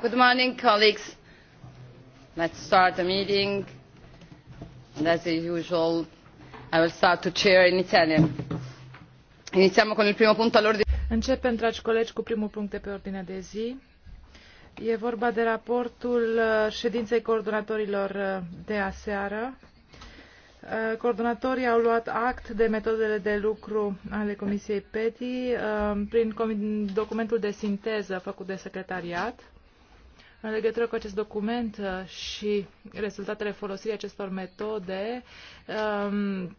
Good morning, colleagues. Let's start the meeting. And as usual, I will start to chair in Italian. Iniziamo con il primo punto all'ordine. Începem, dragi colegi, cu primul punct de pe ordinea de zi. E vorba de raportul uh, ședinței coordonatorilor uh, de aseară. Uh, coordonatorii au luat act de metodele de lucru ale Comisiei PETI prin documentul de sinteză făcut de secretariat în legătură cu acest document uh, și rezultatele folosirii acestor metode, um,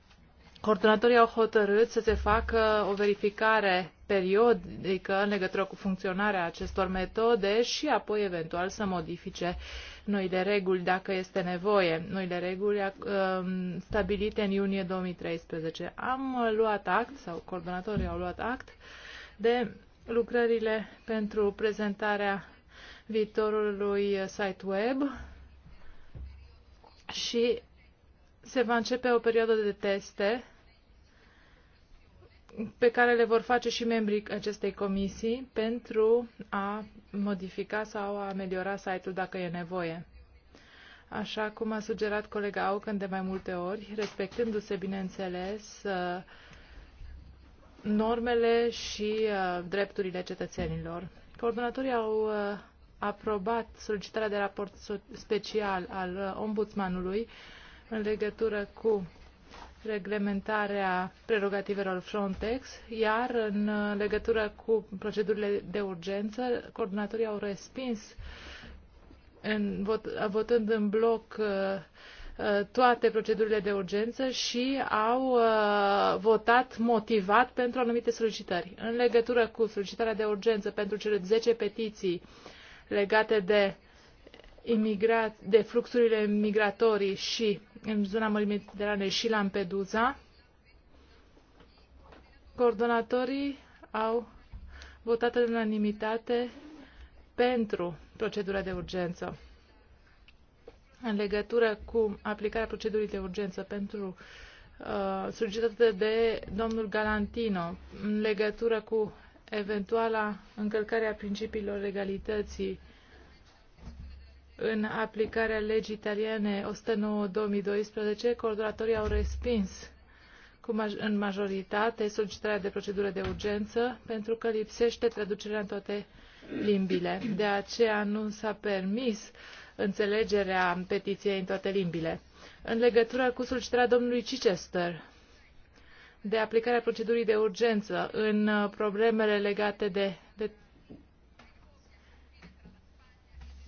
coordonatorii au hotărât să se facă o verificare periodică în legătură cu funcționarea acestor metode și apoi eventual să modifice noile reguli dacă este nevoie, noile reguli um, stabilite în iunie 2013. Am luat act, sau coordonatorii au luat act, de lucrările pentru prezentarea viitorului site web și se va începe o perioadă de teste pe care le vor face și membrii acestei comisii pentru a modifica sau a ameliora site-ul dacă e nevoie. Așa cum a sugerat colega Aucan de mai multe ori, respectându-se, bineînțeles, uh, normele și uh, drepturile cetățenilor. Coordonatorii au uh, aprobat solicitarea de raport special al uh, ombudsmanului în legătură cu reglementarea prerogativelor Frontex, iar în uh, legătură cu procedurile de urgență, coordonatorii au respins, în, vot, votând în bloc uh, toate procedurile de urgență și au votat motivat pentru anumite solicitări. În legătură cu solicitarea de urgență pentru cele 10 petiții uh, legate de, imigrat, de fluxurile migratorii și în zona Mării Mediterane și Lampedusa, coordonatorii au votat în unanimitate pentru procedura de urgență. În legătură cu aplicarea procedurii de urgență pentru uh, solicitată de domnul Galantino, în legătură cu eventuala încălcare a principiilor legalității în aplicarea legii italiene 109-2012, coordonatorii au respins cu maj- în majoritate solicitarea de procedură de urgență pentru că lipsește traducerea în toate limbile. De aceea nu s-a permis înțelegerea petiției în toate limbile. În legătură cu solicitarea domnului Chichester, de aplicarea procedurii de urgență în uh, problemele legate de, de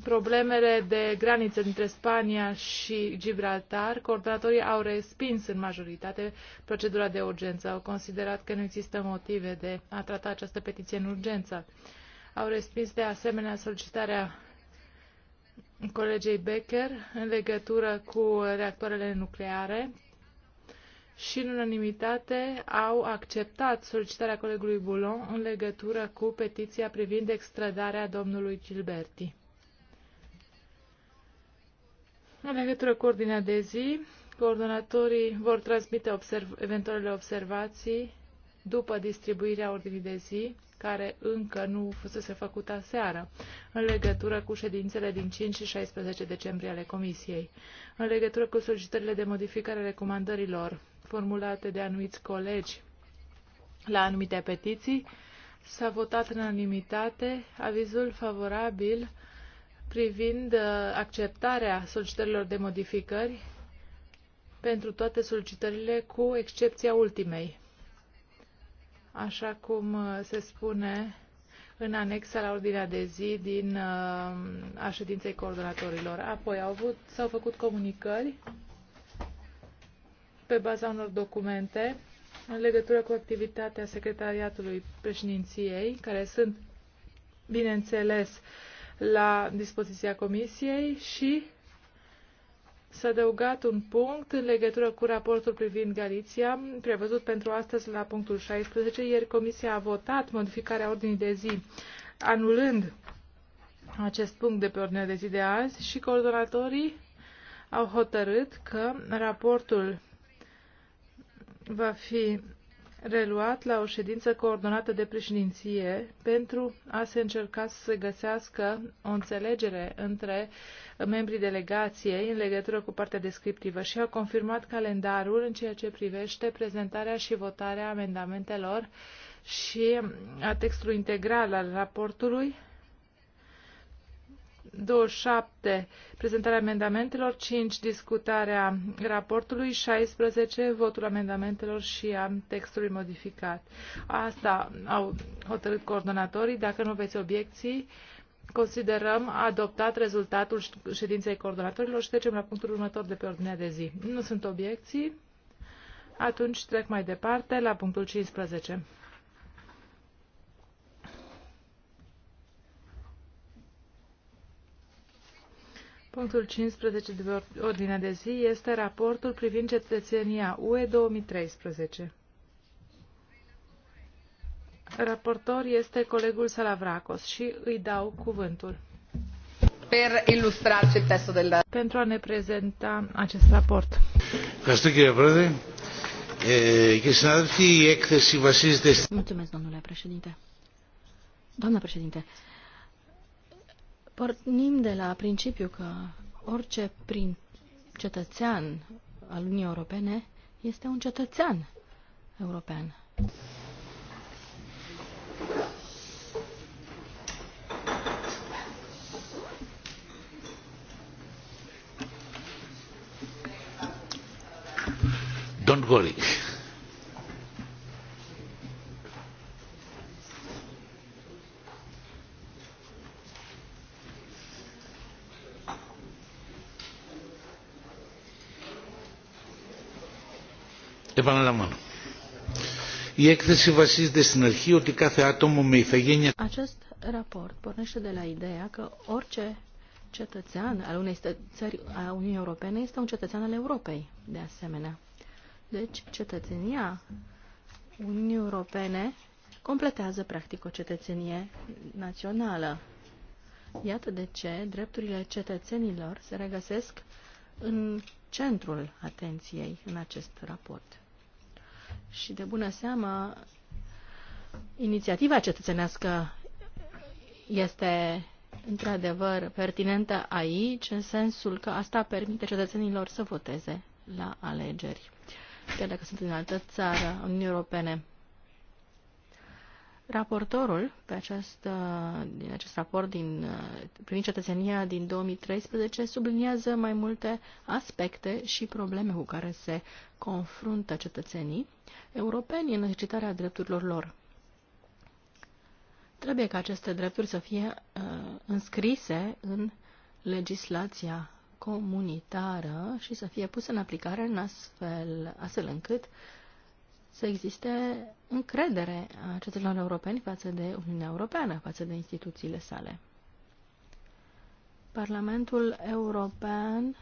problemele de graniță dintre Spania și Gibraltar, coordonatorii au respins în majoritate procedura de urgență. Au considerat că nu există motive de a trata această petiție în urgență. Au respins de asemenea solicitarea colegei Becker în legătură cu reactoarele nucleare, și în unanimitate au acceptat solicitarea colegului Boulon în legătură cu petiția privind extradarea domnului Gilberti. În legătură cu ordinea de zi, coordonatorii vor transmite observ eventualele observații după distribuirea ordinii de zi, care încă nu fusese făcută seară, în legătură cu ședințele din 5 și 16 decembrie ale Comisiei, în legătură cu solicitările de modificare recomandărilor formulate de anumiți colegi la anumite petiții, s-a votat în unanimitate avizul favorabil privind uh, acceptarea solicitărilor de modificări pentru toate solicitările, cu excepția ultimei, așa cum uh, se spune în anexa la ordinea de zi din uh, a ședinței coordonatorilor. Apoi s-au făcut comunicări pe baza unor documente în legătură cu activitatea secretariatului președinției, care sunt, bineînțeles, la dispoziția comisiei și s-a adăugat un punct în legătură cu raportul privind Galiția, prevăzut pentru astăzi la punctul 16. Ieri comisia a votat modificarea ordinii de zi, anulând acest punct de pe ordinea de zi de azi și coordonatorii au hotărât că raportul va fi reluat la o ședință coordonată de președinție pentru a se încerca să se găsească o înțelegere între membrii delegației în legătură cu partea descriptivă și a confirmat calendarul în ceea ce privește prezentarea și votarea amendamentelor și a textului integral al raportului 27, prezentarea amendamentelor, 5, discutarea raportului, 16, votul amendamentelor și a textului modificat. Asta au hotărât coordonatorii. Dacă nu veți obiecții, considerăm adoptat rezultatul ședinței coordonatorilor și trecem la punctul următor de pe ordinea de zi. Nu sunt obiecții? Atunci trec mai departe la punctul 15. Punctul 15 de ordine de zi este raportul privind cetățenia UE 2013. Raportor este colegul Salavracos și îi dau cuvântul. Per ilustrați il de la... Pentru a ne prezenta acest raport. Mulțumesc, domnule președinte. Doamna președinte, Pornim de la principiu că orice prin cetățean al Uniunii Europene este un cetățean european. επαναλαμβάνω. Η έκθεση βασίζεται στην αρχή ότι κάθε άτομο με ηθαγένεια... Acest raport pornește de la ideea că orice cetățean al unei țări a Uniunii Europene este un cetățean al Europei, de asemenea. Deci, cetățenia Uniunii Europene completează, practic, o cetățenie națională. Iată de ce drepturile cetățenilor se regăsesc în centrul atenției în acest raport și de bună seamă inițiativa cetățenească este într-adevăr pertinentă aici, în sensul că asta permite cetățenilor să voteze la alegeri, chiar dacă sunt în altă țară, Uniunea Europeană, Raportorul pe acest, uh, din acest raport din, uh, privind cetățenia din 2013 subliniază mai multe aspecte și probleme cu care se confruntă cetățenii europeni în exercitarea drepturilor lor. Trebuie ca aceste drepturi să fie uh, înscrise în legislația comunitară și să fie puse în aplicare în astfel, astfel încât uh, să existe încredere a cetățenilor europeni față de Uniunea Europeană, față de instituțiile sale. Parlamentul European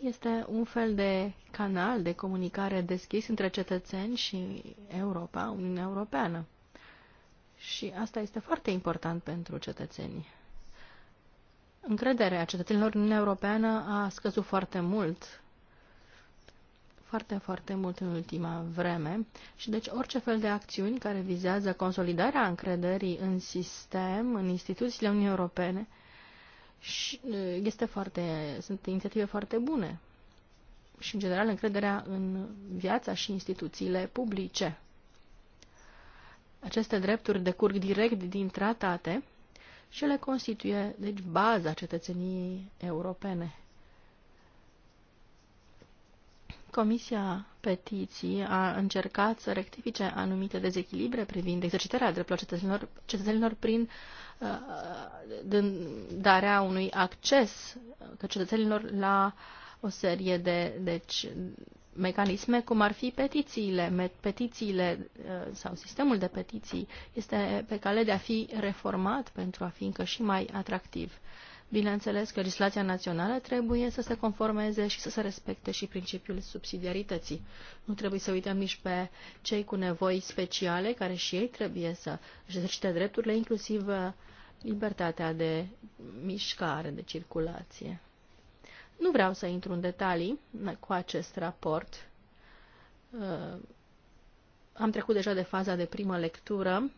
este un fel de canal de comunicare deschis între cetățeni și Europa, Uniunea Europeană. Și asta este foarte important pentru cetățenii. Încrederea cetățenilor în Uniunea Europeană a scăzut foarte mult foarte, foarte mult în ultima vreme și deci orice fel de acțiuni care vizează consolidarea încrederii în sistem, în instituțiile Uniunii Europene, și este foarte, sunt inițiative foarte bune și, în general, încrederea în viața și instituțiile publice. Aceste drepturi decurg direct din tratate și le constituie, deci, baza cetățeniei europene. Comisia Petiții a încercat să rectifice anumite dezechilibre privind exercitarea drepturilor cetățenilor, cetățenilor prin uh, darea unui acces uh, cetățenilor la o serie de deci, mecanisme, cum ar fi petițiile. Petițiile uh, sau sistemul de petiții este pe cale de a fi reformat pentru a fi încă și mai atractiv. Bineînțeles că legislația națională trebuie să se conformeze și să se respecte și principiul subsidiarității. Nu trebuie să uităm nici pe cei cu nevoi speciale, care și ei trebuie să își exercite drepturile, inclusiv uh, libertatea de mișcare, de circulație. Nu vreau să intru în detalii cu acest raport. Uh, am trecut deja de faza de primă lectură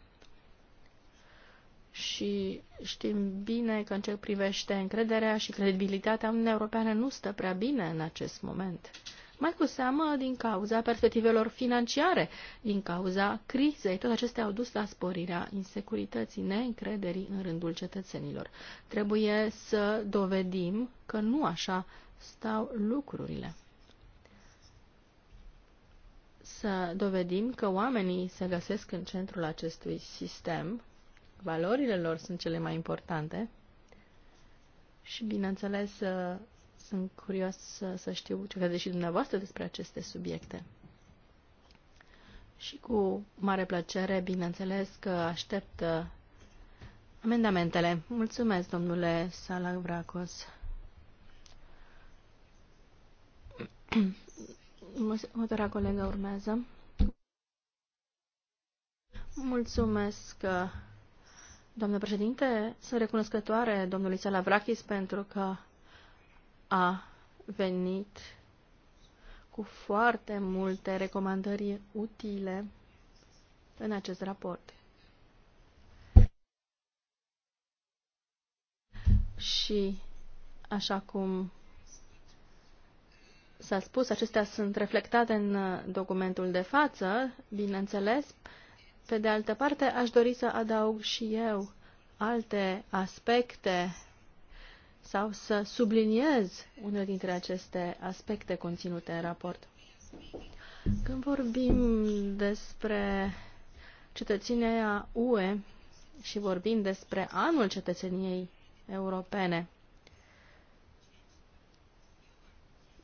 și știm bine că în ce privește încrederea și credibilitatea Uniunii Europeană nu stă prea bine în acest moment. Mai cu seamă din cauza perspectivelor financiare, din cauza crizei, toate acestea au dus la sporirea insecurității, neîncrederii în rândul cetățenilor. Trebuie să dovedim că nu așa stau lucrurile. Să dovedim că oamenii se găsesc în centrul acestui sistem Valorile lor sunt cele mai importante și, bineînțeles, uh, sunt curios să, să știu ce credeți și dumneavoastră despre aceste subiecte. Și cu mare plăcere, bineînțeles, că aștept uh, amendamentele. Mulțumesc, domnule Vracos. Următoarea colegă urmează. Mulțumesc uh, Doamnă președinte, sunt recunoscătoare domnului Salavrakis pentru că a venit cu foarte multe recomandări utile în acest raport. Și, așa cum s-a spus, acestea sunt reflectate în documentul de față, bineînțeles, uh, pe de altă parte, aș dori să adaug și eu alte aspecte sau să subliniez unul dintre aceste aspecte conținute în raport. Când vorbim despre cetățenia UE și vorbim despre anul cetățeniei europene,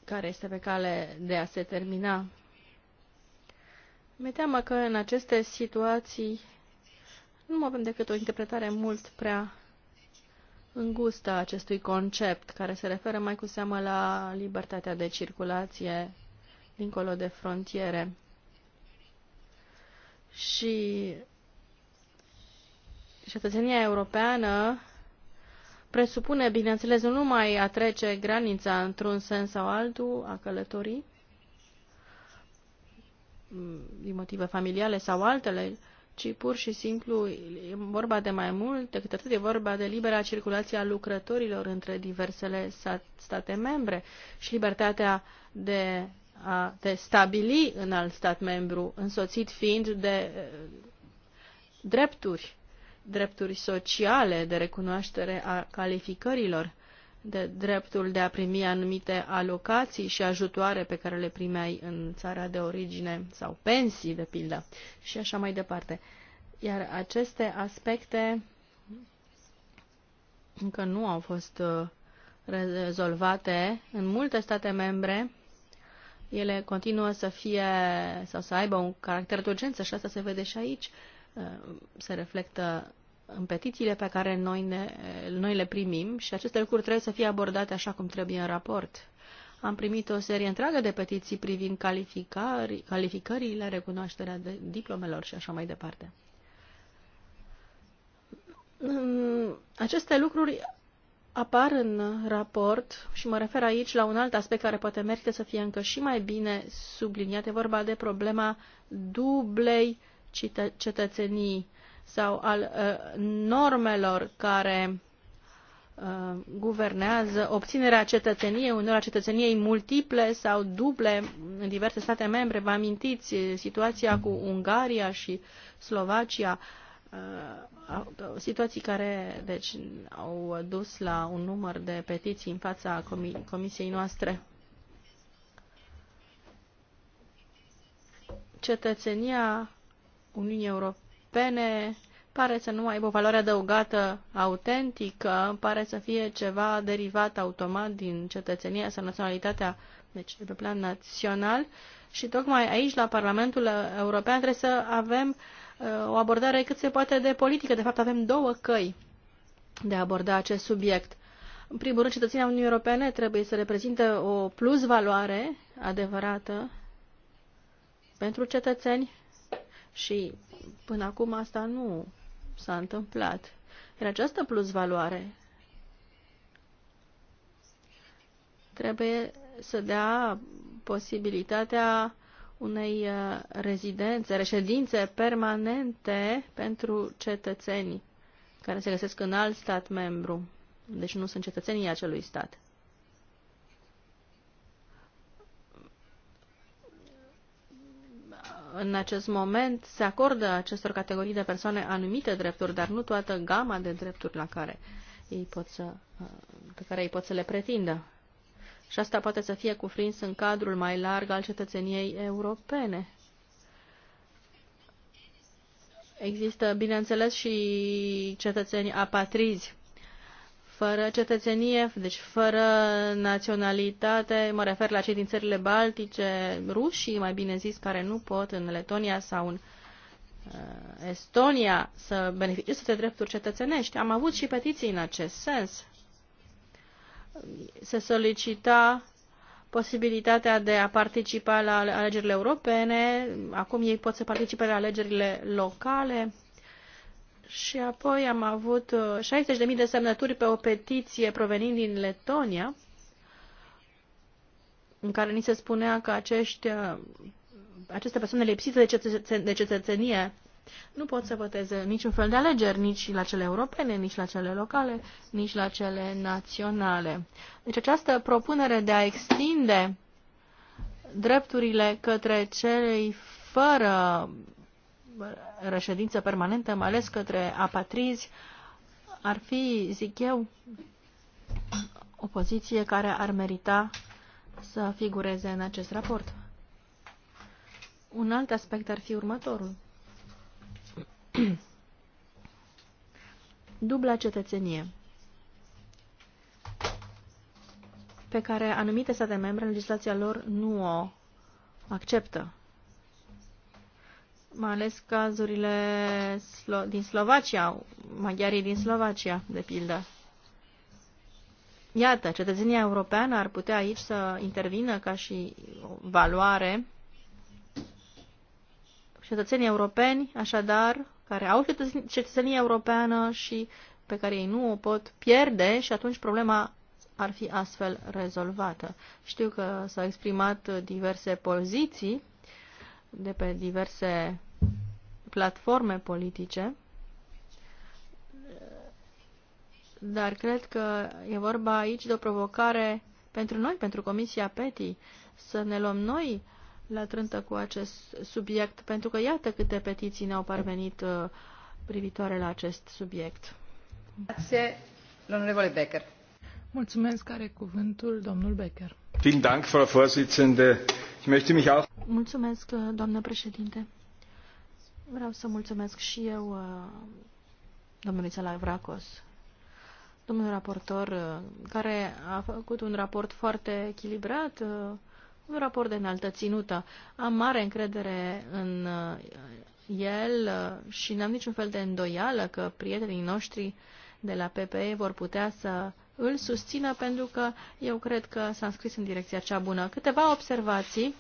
care este pe cale de a se termina mi-e teamă că în aceste situații nu avem decât o interpretare mult prea îngustă a acestui concept, care se referă mai cu seamă la libertatea de circulație dincolo de frontiere. Și cetățenia europeană presupune, bineînțeles, nu numai a trece granița într-un sens sau altul, a călătorii, Mm, din motive familiale sau altele, ci pur și simplu e vorba de mai mult decât atât, e vorba de libera circulație a lucrătorilor între diversele state membre și libertatea de a te stabili în alt stat membru, însoțit fiind de eh, drepturi, drepturi sociale, de recunoaștere a calificărilor de dreptul de a primi anumite alocații și ajutoare pe care le primeai în țara de origine sau pensii, de pildă, și așa mai departe. Iar aceste aspecte încă nu au fost uh, rezolvate în multe state membre. Ele continuă să fie sau să aibă un caracter de urgență și asta se vede și aici. Uh, se reflectă în petițiile pe care noi, ne, noi le primim și aceste lucruri trebuie să fie abordate așa cum trebuie în raport. Am primit o serie întreagă de petiții privind calificări, calificările, recunoașterea de diplomelor și așa mai departe. Mm, aceste lucruri apar în raport și mă refer aici la un alt aspect care poate merită să fie încă și mai bine subliniat. E vorba de problema dublei cetățenii sau al uh, normelor care uh, guvernează obținerea cetățeniei, unora cetățeniei multiple sau duble în diverse state membre. Vă amintiți uh, situația cu Ungaria și Slovacia, situații care deci, au dus la un număr de petiții în fața comisiei noastre. Cetățenia Uniunii Europene pene, pare să nu aibă o valoare adăugată autentică, pare să fie ceva derivat automat din cetățenia sau naționalitatea, deci de pe plan național. Și tocmai aici, la Parlamentul European, trebuie să avem uh, o abordare cât se poate de politică. De fapt, avem două căi de a aborda acest subiect. În primul rând, cetățenia Uniunii Europene trebuie să reprezinte o plus valoare adevărată pentru cetățeni și până acum asta nu s-a întâmplat. Iar această plusvaloare trebuie să dea posibilitatea unei uh, rezidențe, reședințe permanente pentru cetățenii care se găsesc în alt stat membru. Deci nu sunt cetățenii acelui stat. în acest moment se acordă acestor categorii de persoane anumite drepturi, dar nu toată gama de drepturi la care ei pot să, uh, pe care ei pot să le pretindă. Și asta poate să fie cuprins în cadrul mai larg al cetățeniei europene. Există, bineînțeles, și cetățeni apatrizi fără cetățenie, deci fără naționalitate, mă refer la cei din țările baltice, rușii, mai bine zis, care nu pot în Letonia sau în uh, Estonia să beneficieze de drepturi cetățenești. Am avut și petiții în acest sens. Se solicita posibilitatea de a participa la alegerile europene, acum ei pot să participe la alegerile locale și apoi am avut 60.000 uh, de semnături pe o petiție provenind din Letonia, în care ni se spunea că acești, uh, aceste persoane lipsite de, cetățenie nu pot să voteze niciun fel de alegeri, nici la cele europene, nici la cele locale, nici la cele naționale. Deci această propunere de a extinde drepturile către cei fără reședință permanentă, mai ales către apatrizi, ar fi, zic eu, o poziție care ar merita să figureze în acest raport. Un alt aspect ar fi următorul. Dubla cetățenie pe care anumite state membre în legislația lor nu o acceptă mai ales cazurile din Slovacia, maghiarii din Slovacia, de pildă. Iată, cetățenia europeană ar putea aici să intervină ca și valoare. Cetățenii europeni, așadar, care au cetățenie europeană și pe care ei nu o pot pierde și atunci problema ar fi astfel rezolvată. Știu că s-au exprimat diverse poziții de pe diverse platforme politice, dar cred că e vorba aici de o provocare pentru noi, pentru Comisia PETI, să ne luăm noi la trântă cu acest subiect, pentru că iată câte petiții ne-au parvenit uh, privitoare la acest subiect. Grazie, l'onorevole Becker. Mulțumesc, are cuvântul domnul Becker. Mulțumesc, doamnă președinte. Vreau să mulțumesc și eu uh, domnului Țelavracos, domnul raportor, uh, care a făcut un raport foarte echilibrat, uh, un raport de înaltă ținută. Am mare încredere în el și n-am niciun fel de îndoială că prietenii noștri de la PPE vor putea să îl susțină pentru că eu cred că s-a scris în direcția cea bună. Câteva observații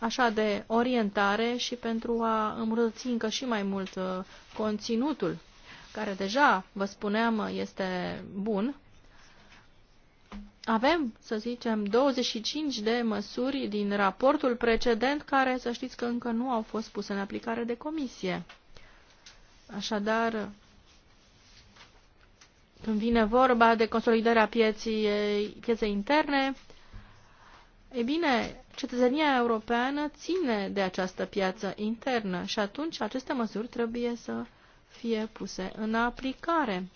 așa de orientare și pentru a îmbrăți încă și mai mult uh, conținutul, care deja, vă spuneam, este bun. Avem, să zicem, 25 de măsuri din raportul precedent care, să știți că încă nu au fost puse în aplicare de comisie. Așadar, când vine vorba de consolidarea pieții, pieței interne, e bine, cetățenia europeană ține de această piață internă și atunci aceste măsuri trebuie să fie puse în aplicare.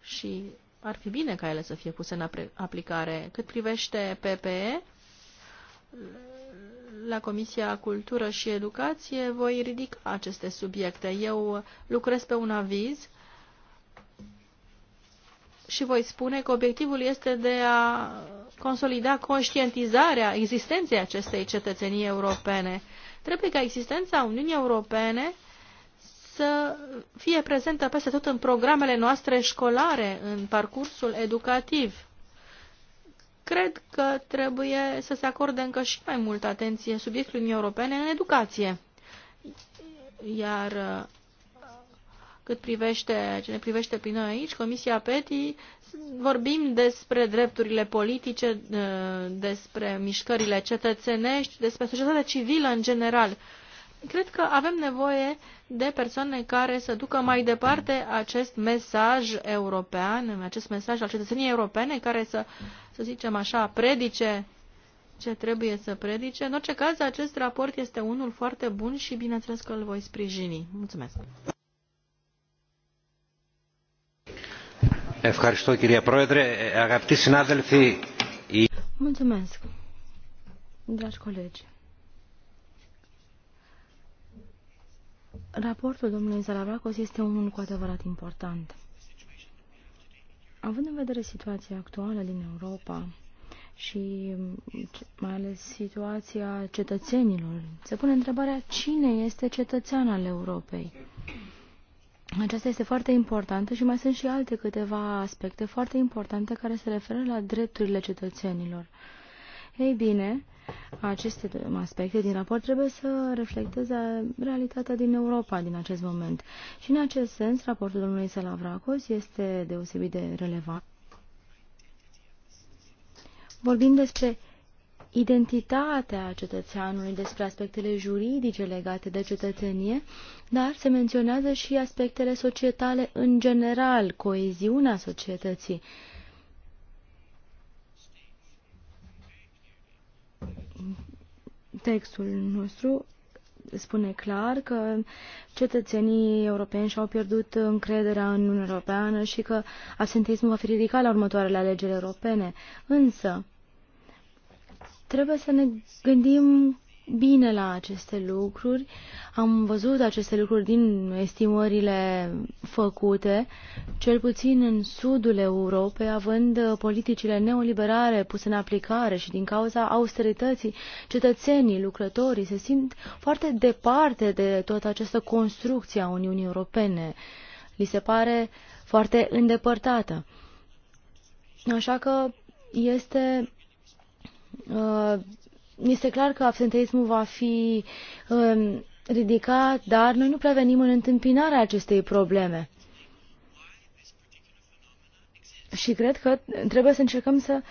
Și ar fi bine ca ele să fie puse în aplicare. Cât privește PPE, la Comisia Cultură și Educație voi ridica aceste subiecte. Eu lucrez pe un aviz și voi spune că obiectivul este de a consolida conștientizarea existenței acestei cetățenii europene. Trebuie ca existența Uniunii Europene să fie prezentă peste tot în programele noastre școlare, în parcursul educativ. Cred că trebuie să se acorde încă și mai multă atenție subiectului Uniunii Europene în educație. Iar cât privește, ce ne privește pe noi aici, Comisia PETI, vorbim despre drepturile politice, despre mișcările cetățenești, despre societatea civilă în general. Cred că avem nevoie de persoane care să ducă mai departe acest mesaj european, acest mesaj al cetățeniei europene care să, să zicem așa, predice ce trebuie să predice. În orice caz, acest raport este unul foarte bun și bineînțeles că îl voi sprijini. Mulțumesc! Mulțumesc, dragi colegi. Raportul domnului Zalavracos este unul cu adevărat important. Având în vedere situația actuală din Europa și mai ales situația cetățenilor, se pune întrebarea cine este cetățean al Europei. Aceasta este foarte importantă și mai sunt și alte câteva aspecte foarte importante care se referă la drepturile cetățenilor. Ei bine, aceste aspecte din raport trebuie să reflecteze realitatea din Europa din acest moment. Și în acest sens, raportul domnului Salavracos este deosebit de relevant. Vorbim despre identitatea cetățeanului, despre aspectele juridice legate de cetățenie, dar se menționează și aspectele societale în general, coeziunea societății. Textul nostru spune clar că cetățenii europeni și-au pierdut încrederea în Uniunea Europeană și că absenteismul va fi ridicat la următoarele alegeri europene. Însă, Trebuie să ne gândim bine la aceste lucruri. Am văzut aceste lucruri din estimările făcute, cel puțin în sudul Europei, având politicile neoliberare puse în aplicare și din cauza austerității, cetățenii, lucrătorii se simt foarte departe de toată această construcție a Uniunii Europene. Li se pare foarte îndepărtată. Așa că este Uh, este clar că absenteismul va fi um, ridicat, dar noi nu prea venim în întâmpinarea acestei probleme. Și cred că trebuie să încercăm să,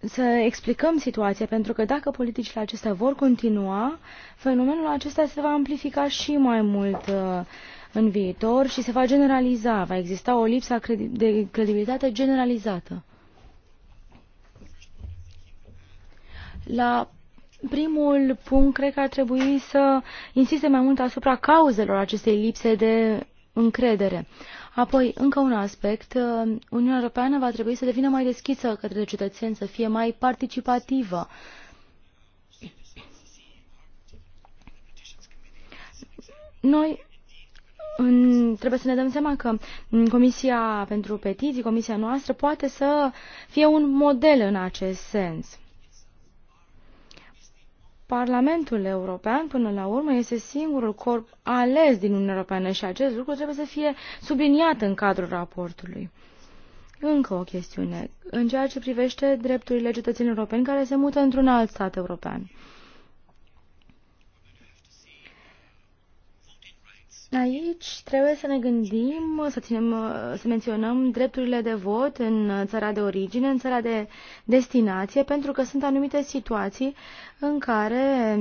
să explicăm situația, pentru că dacă politicile acestea vor continua, fenomenul acesta se va amplifica și mai mult uh, în viitor și se va generaliza, va exista o lipsă de credibilitate generalizată. La primul punct, cred că ar trebui să insiste mai mult asupra cauzelor acestei lipse de încredere. Apoi, încă un aspect, uh, Uniunea Europeană va trebui să devină mai deschisă către cetățeni, să fie mai participativă. Noi trebuie să ne dăm seama că Comisia pentru Petiții, Comisia noastră, poate să fie un model în acest sens. Parlamentul European, până la urmă, este singurul corp ales din Uniunea Europeană și acest lucru trebuie să fie subliniat în cadrul raportului. Încă o chestiune, în ceea ce privește drepturile cetățenilor europeni care se mută într-un alt stat european. Aici trebuie să ne gândim, să, ținem, să menționăm drepturile de vot în țara de origine, în țara de destinație, pentru că sunt anumite situații în care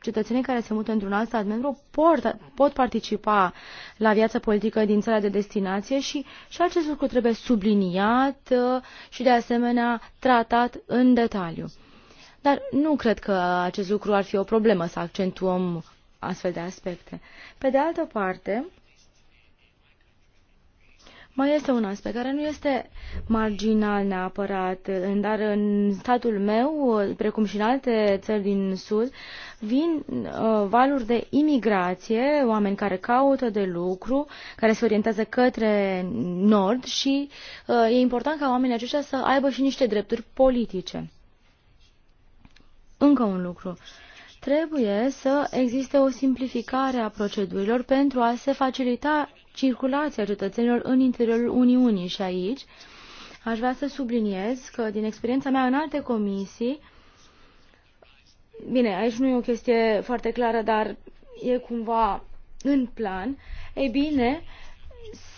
cetățenii care se mută într-un alt stat membru pot, pot participa la viața politică din țara de destinație și, și acest lucru trebuie subliniat uh, și de asemenea tratat în detaliu. Dar nu cred că acest lucru ar fi o problemă să accentuăm astfel de aspecte. Pe de altă parte, mai este un aspect care nu este marginal neapărat, dar în statul meu, precum și în alte țări din sud, vin uh, valuri de imigrație, oameni care caută de lucru, care se orientează către nord și uh, e important ca oamenii aceștia să aibă și niște drepturi politice. Încă un lucru. Uh, Trebuie să existe o simplificare a procedurilor pentru a se facilita circulația cetățenilor în interiorul Uniunii și aici aș vrea să subliniez că din experiența mea în alte comisii, bine, aici nu e o chestie foarte clară, dar e cumva în plan, E bine,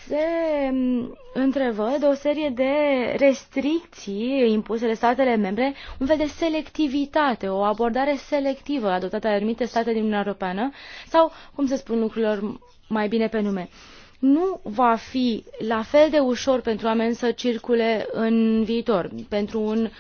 se mm, întrevăd o serie de restricții impuse de statele membre, un fel de selectivitate, o abordare selectivă adoptată de anumite state din Uniunea Europeană sau, cum se spun lucrurilor mai bine pe nume, nu va fi la fel de ușor pentru oameni să circule în viitor, pentru un uh,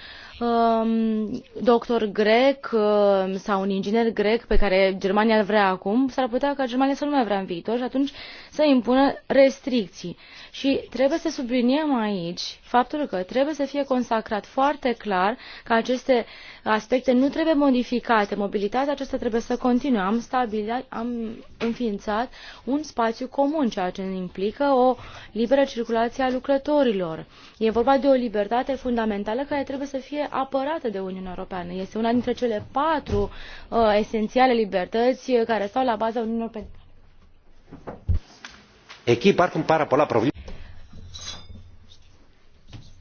um, doctor grec um, sau un inginer grec pe care Germania îl vrea acum, s-ar putea ca Germania să nu mai vrea în viitor și atunci să impună restricții. Și trebuie să subliniem aici faptul că trebuie să fie consacrat foarte clar că aceste aspecte nu trebuie modificate. Mobilitatea aceasta trebuie să continue. Am, stabilit, am înființat un spațiu comun, ceea ce implică o liberă circulație a lucrătorilor. E vorba de o libertate fundamentală care trebuie să fie apărată de Uniunea Europeană. Este una dintre cele patru uh, esențiale libertăți care stau la baza Uniunii Europene. cum υπάρχουν pe la προβλήματα.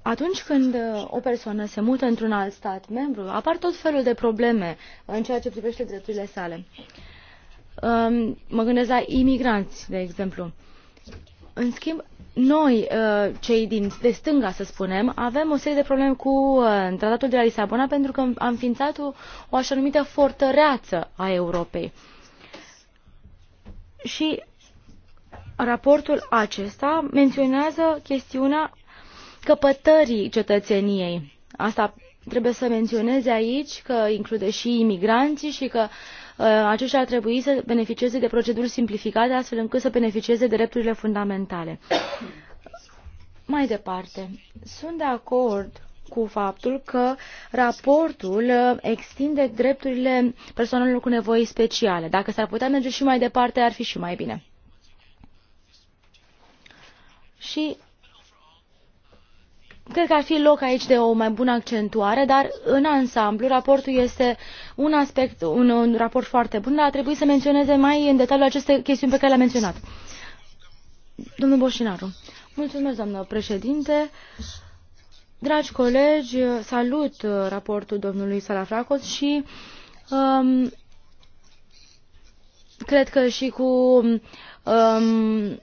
Atunci când uh, o persoană se mută într-un alt stat membru, apar tot felul de probleme în ceea ce privește drepturile sale. Um, mă gândesc la imigranți, de exemplu. În schimb, noi, uh, cei din, de stânga, să spunem, avem o serie de probleme cu uh, tratatul de la Lisabona pentru că am ființat o, o așa numită fortăreață a Europei. Și raportul acesta menționează chestiunea căpătării cetățeniei. Asta trebuie să menționeze aici că include și imigranții și că uh, aceștia ar trebui să beneficieze de proceduri simplificate astfel încât să beneficieze de drepturile fundamentale. Mai departe, sunt de acord cu faptul că raportul uh, extinde drepturile persoanelor cu nevoi speciale. Dacă s-ar putea merge și mai departe, ar fi și mai bine. Și Cred că ar fi loc aici de o mai bună accentuare, dar în ansamblu raportul este un aspect, un, un raport foarte bun, dar ar trebui să menționeze mai în detaliu aceste chestiuni pe care le-am menționat. Domnul Boșinaru, mulțumesc, doamnă președinte. Dragi colegi, salut raportul domnului Salafracos și um, cred că și cu um,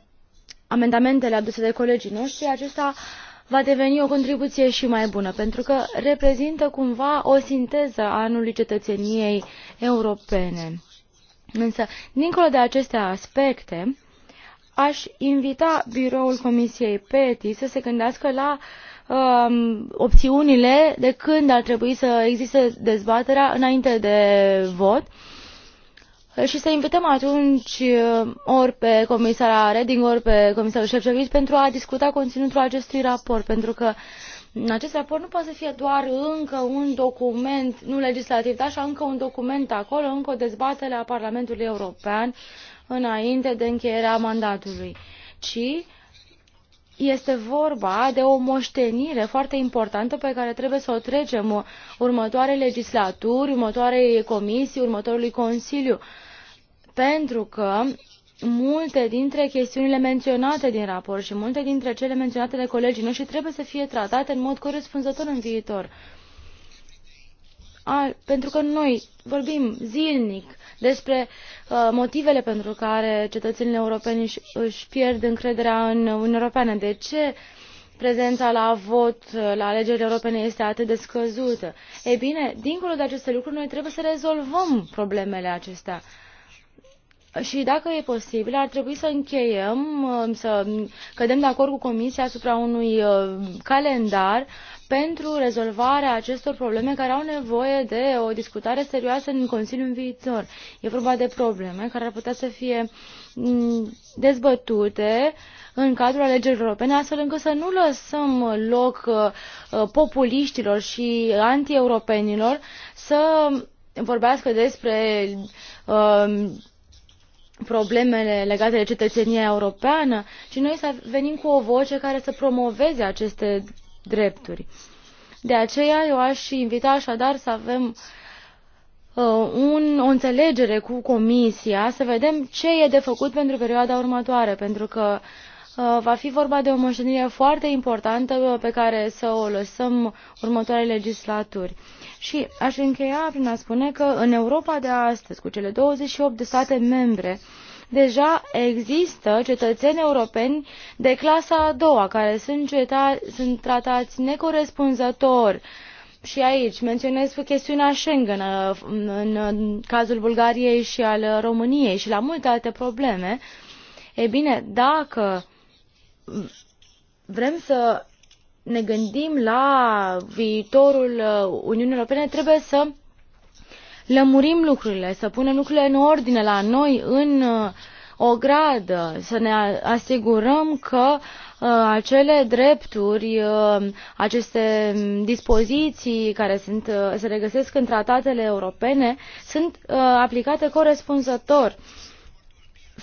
amendamentele aduse de colegii noștri, acesta uh, va deveni o contribuție și mai bună, pentru că reprezintă cumva o sinteză a anului cetățeniei europene. Însă, dincolo de aceste aspecte, aș invita biroul Comisiei PETI să se gândească la um, opțiunile de când ar trebui să existe dezbaterea înainte de vot, uh, și să invităm atunci uh, ori pe comisara Reding, ori pe comisarul Șefcevici pentru a discuta conținutul acestui raport, pentru că acest raport nu poate să fie doar încă un document, nu legislativ, dar așa încă un document acolo, încă o dezbatere a Parlamentului European înainte de încheierea mandatului, ci este vorba de o moștenire foarte importantă pe care trebuie să o trecem următoarei legislaturi, următoarei comisii, următorului Consiliu pentru că multe dintre chestiunile menționate din raport și multe dintre cele menționate de colegii noștri trebuie să fie tratate în mod corespunzător în viitor. A, pentru că noi vorbim zilnic despre uh, motivele pentru care cetățenii europeni își, își pierd încrederea în Uniunea Europeană. De ce prezența la vot uh, la alegerile europene este atât de scăzută? Ei bine, dincolo de aceste lucruri, noi trebuie să rezolvăm problemele acestea. Uh, și dacă e posibil, ar trebui să încheiem, um, să cădem de acord cu Comisia asupra unui uh, calendar pentru rezolvarea acestor probleme care au nevoie de o discutare serioasă în Consiliul în viitor. E vorba de probleme care ar putea să fie mm, dezbătute în cadrul alegerilor europene, astfel încât să nu lăsăm loc uh, uh, populiștilor și antieuropenilor să vorbească despre uh, problemele legate de cetățenia europeană, ci noi să venim cu o voce care să promoveze aceste drepturi. De aceea eu aș invita așadar să avem uh, un, o înțelegere cu Comisia, să vedem ce e de făcut pentru perioada următoare, pentru că uh, Uh, va fi vorba de o moștenire foarte importantă uh, pe care să o lăsăm următoarei legislaturi. Și aș încheia prin a spune că în Europa de astăzi, cu cele 28 de state membre, deja există cetățeni europeni de clasa a doua care sunt, ceta- sunt tratați necorespunzător. Și aici menționez chestiunea Schengen uh, în cazul Bulgariei și al României și la multe alte probleme. E bine, dacă vrem să ne gândim la viitorul uh, Uniunii Europene, trebuie să lămurim lucrurile, să punem lucrurile în ordine la noi, în uh, o gradă, să ne asigurăm că uh, acele drepturi, aceste dispoziții care sunt, se regăsesc în tratatele europene, sunt aplicate corespunzător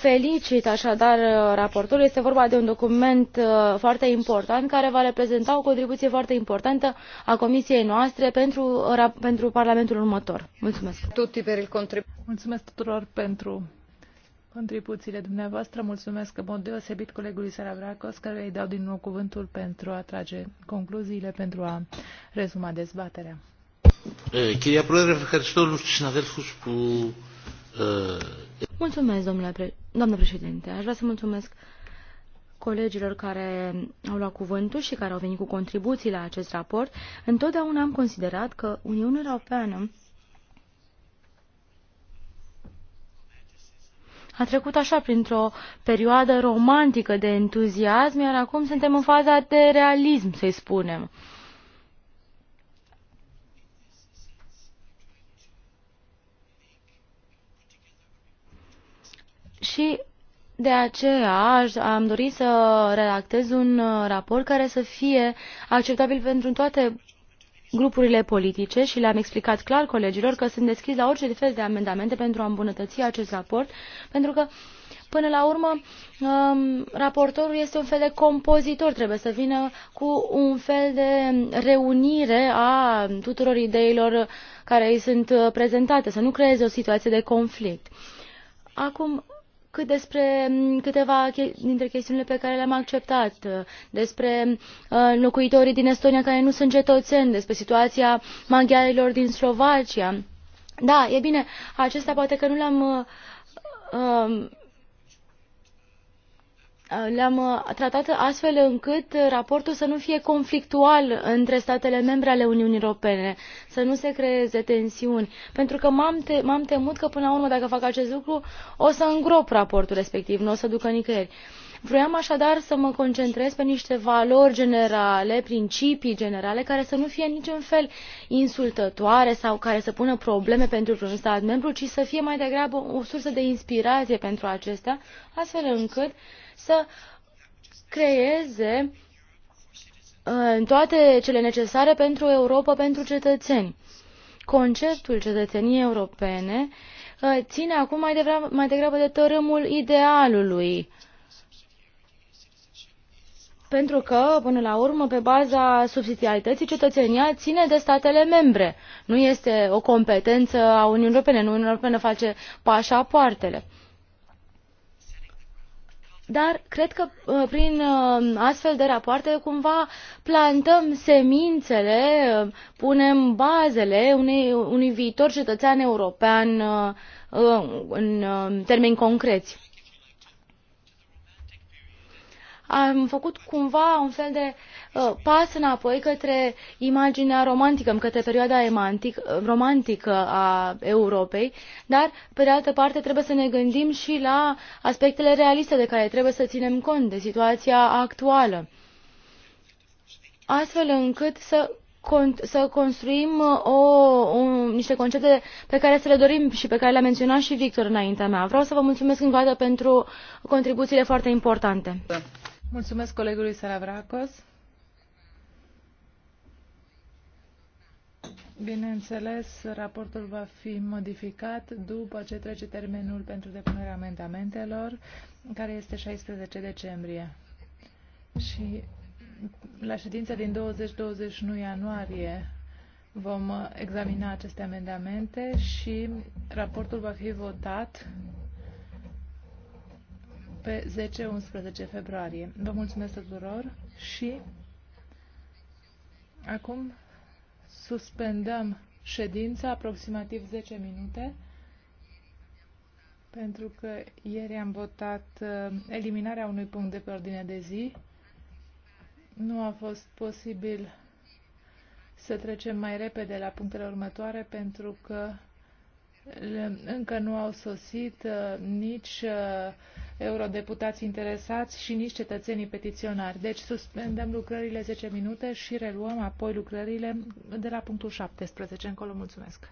Felicit așadar uh, raportul. Este vorba de un document uh, foarte important care va reprezenta o contribuție foarte importantă a comisiei noastre pentru, uh, pentru Parlamentul următor. Mulțumesc! Mulțumesc tuturor pentru contribuțiile dumneavoastră. Mulțumesc în mod deosebit colegului Saravracos, care îi dau din nou cuvântul pentru a trage concluziile, pentru a rezuma dezbaterea. Κυρία Πρόεδρε, ευχαριστώ όλους τους συναδέλφους που... Mulțumesc, domnule Doamnă președinte, aș vrea să mulțumesc colegilor care au luat cuvântul și care au venit cu contribuții la acest raport. Întotdeauna am considerat că Uniunea Europeană a trecut așa printr-o perioadă romantică de entuziasm, iar acum suntem în faza de realism, să-i spunem. și de aceea am dorit să redactez un uh, raport care să fie acceptabil pentru toate grupurile politice și le-am explicat clar colegilor că sunt deschis la orice fel de amendamente pentru a îmbunătăți acest raport, pentru că Până la urmă, um, raportorul este un fel de compozitor, trebuie să vină cu un fel de reunire a tuturor ideilor care îi sunt uh, prezentate, să nu creeze o situație de conflict. Acum, cât despre câteva dintre chestiunile pe care le-am acceptat, uh, despre uh, locuitorii din Estonia care nu sunt cetățeni, despre situația maghiarilor din Slovacia. Da, e bine, acestea poate că nu le-am uh, um, Uh, le-am uh, tratat astfel încât raportul să nu fie conflictual între statele membre ale Uniunii Europene, să nu se creeze tensiuni, pentru că m-am, temut că până la urmă dacă fac acest lucru o să îngrop raportul respectiv, nu o să ducă nicăieri. Vroiam așadar să mă concentrez pe niște valori generale, principii generale, care să nu fie niciun fel insultătoare sau care să pună probleme pentru un stat membru, ci să fie mai degrabă o sursă de inspirație pentru acestea, astfel încât uh, să creeze uh, toate cele necesare pentru Europa, pentru cetățeni. Conceptul cetățeniei europene uh, ține acum mai degrabă, mai degrabă de tărâmul idealului. Pentru că, până la urmă, pe baza subsidiarității, cetățenia ține de statele membre. Nu este o competență a Uniunii Europene. Nu Uniunea Europeană face pașapoartele dar cred că uh, prin uh, astfel de rapoarte cumva plantăm semințele, uh, punem bazele unei, unui viitor cetățean european în termeni concreți. Am făcut cumva un fel de Uh, pas înapoi către imaginea romantică, către perioada emantic, uh, romantică a Europei, dar, pe de altă parte, trebuie să ne gândim și la aspectele realiste de care trebuie să ținem cont, de situația actuală, astfel încât să să construim uh, o, o, niște concepte pe care să le dorim și pe care le-a menționat și Victor înaintea mea. Vreau să vă mulțumesc încă o dată pentru contribuțiile foarte importante. Mulțumesc colegului Saravracos. Bineînțeles, raportul va fi modificat după ce trece termenul pentru depunerea amendamentelor, care este 16 decembrie. Și la ședința din 20-21 ianuarie vom examina aceste amendamente și raportul va fi votat pe 10-11 februarie. Vă mulțumesc tuturor și acum suspendăm ședința aproximativ 10 minute pentru că ieri am votat uh, eliminarea unui punct de pe ordine de zi. Nu a fost posibil să trecem mai repede la punctele următoare pentru că uh, încă nu au sosit uh, nici eurodeputați interesați și nici cetățenii petiționari. Deci suspendăm lucrările 10 minute și reluăm apoi lucrările de la punctul 17 încolo. Mulțumesc!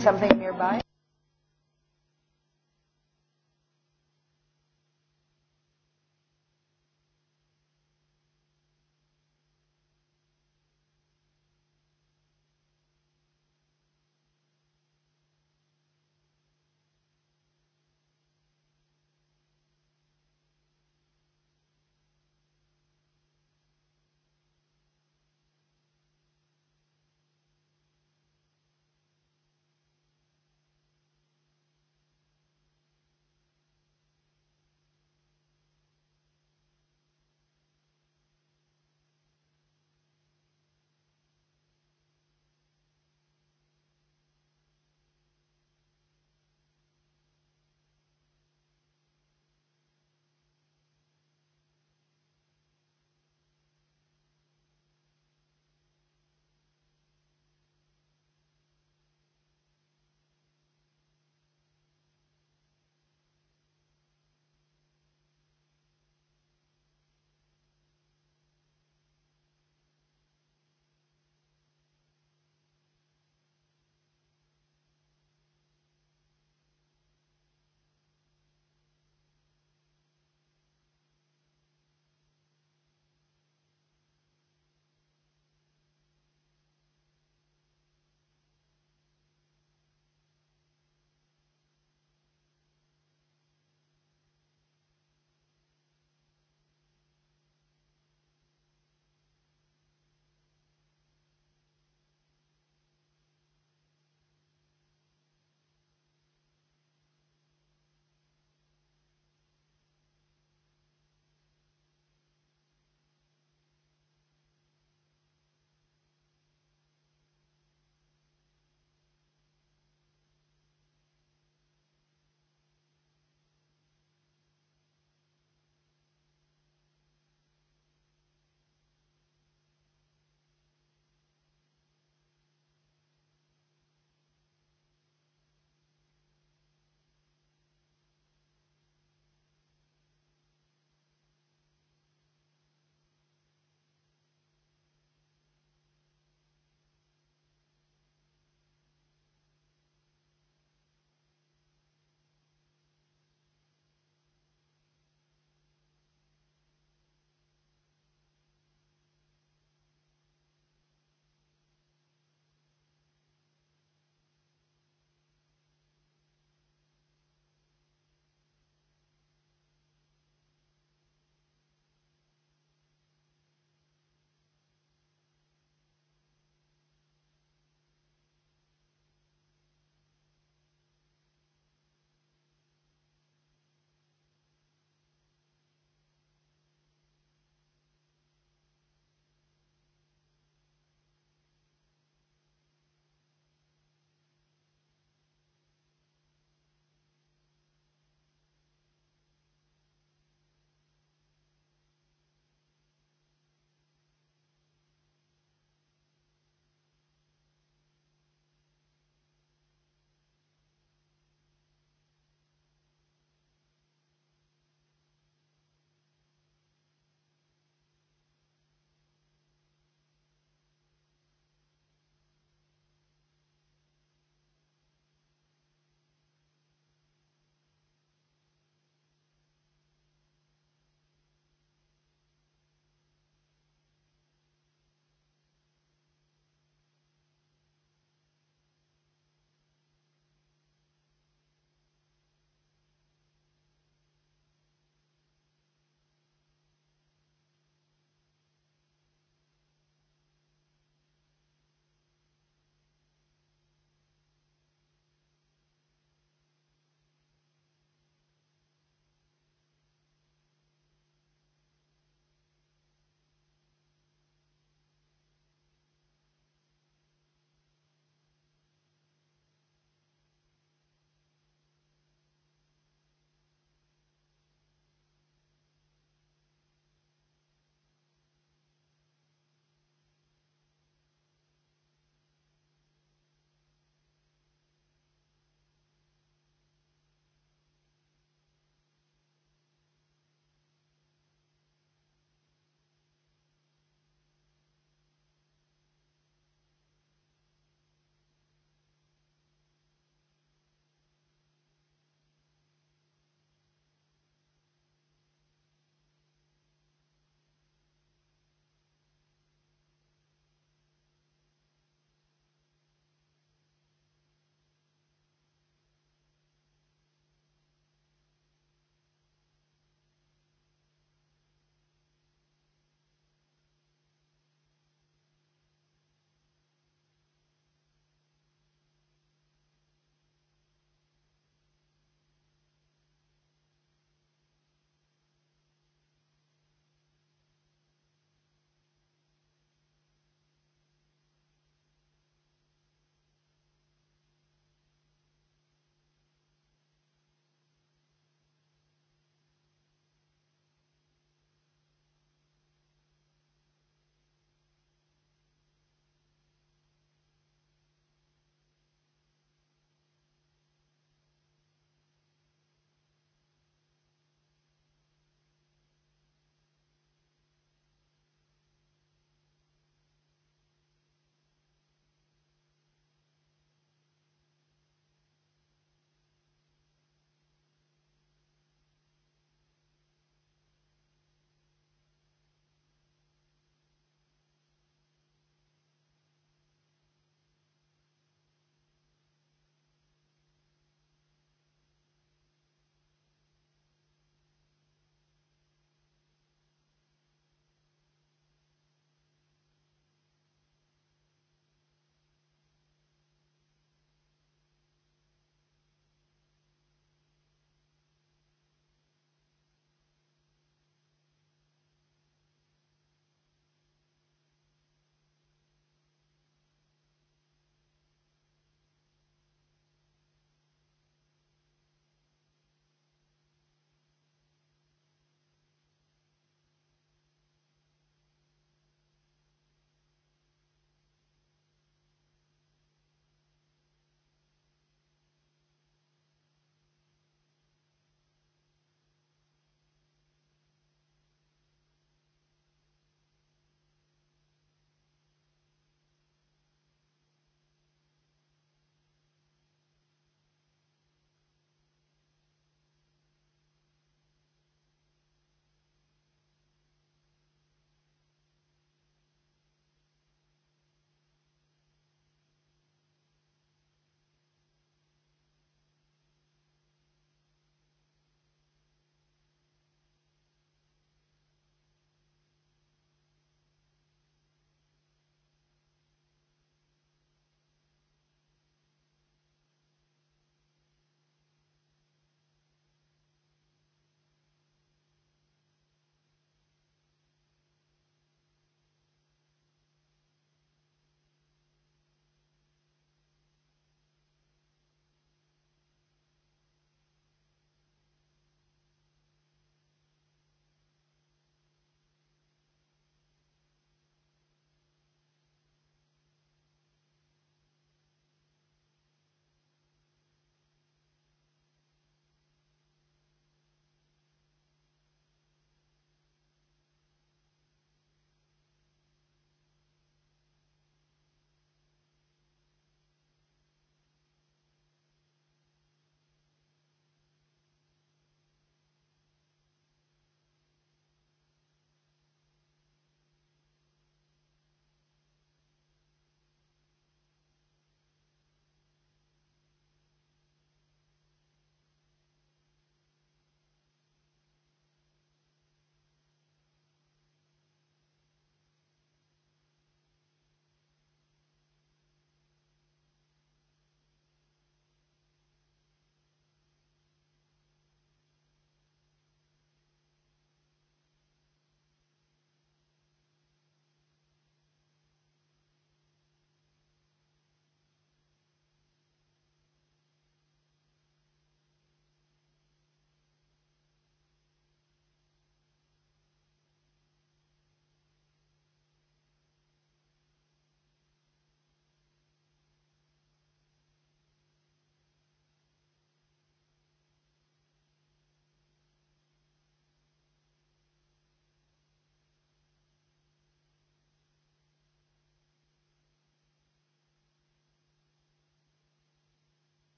something nearby?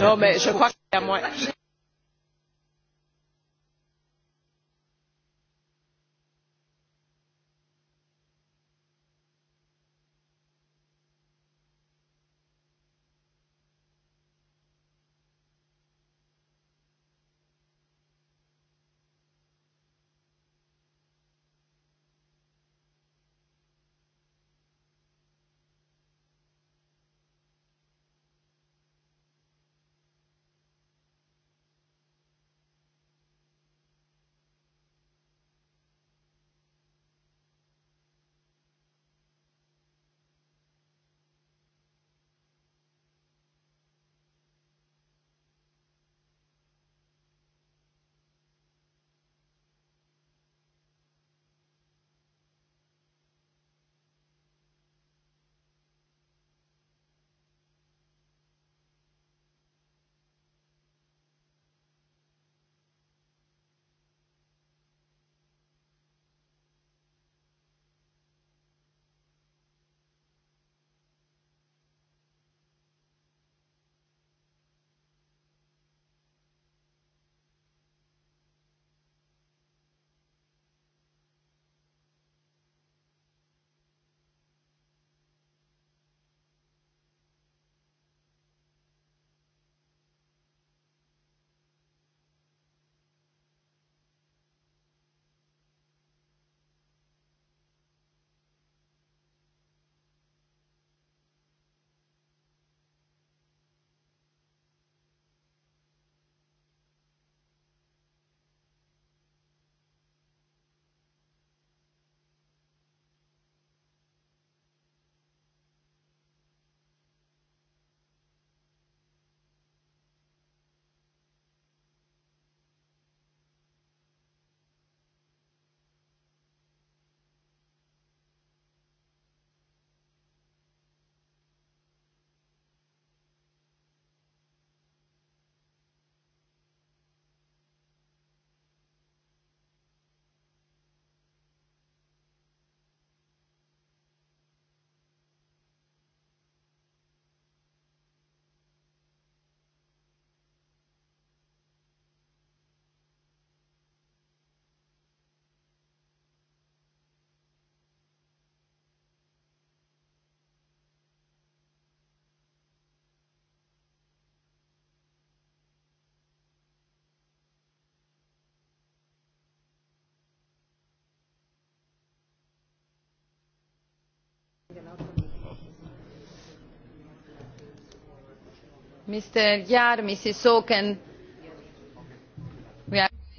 non mais je crois qu'il y a moyen.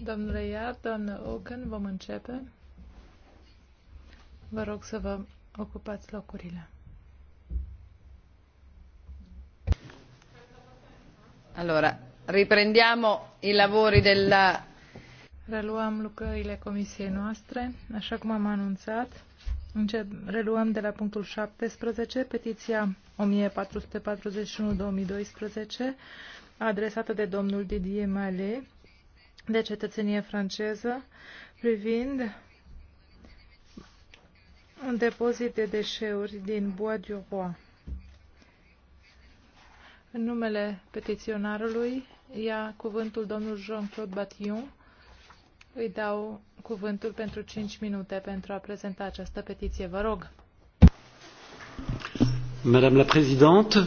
Domnule Iar, doamnă Oken, vom începe. Vă rog să vă ocupați locurile. Allora, riprendiamo i lavori della Reluăm lucrările comisiei noastre, așa cum am anunțat. Încep, reluăm de la punctul 17, petiția 1441-2012, adresată de domnul Didier Male, de cetățenie franceză, privind un depozit de deșeuri din Bois du Roi. În numele petiționarului ia cuvântul domnul Jean-Claude Batillon. Îi dau cuvântul pentru 5 minute pentru a prezenta această petiție. Vă rog. Madame la Présidente,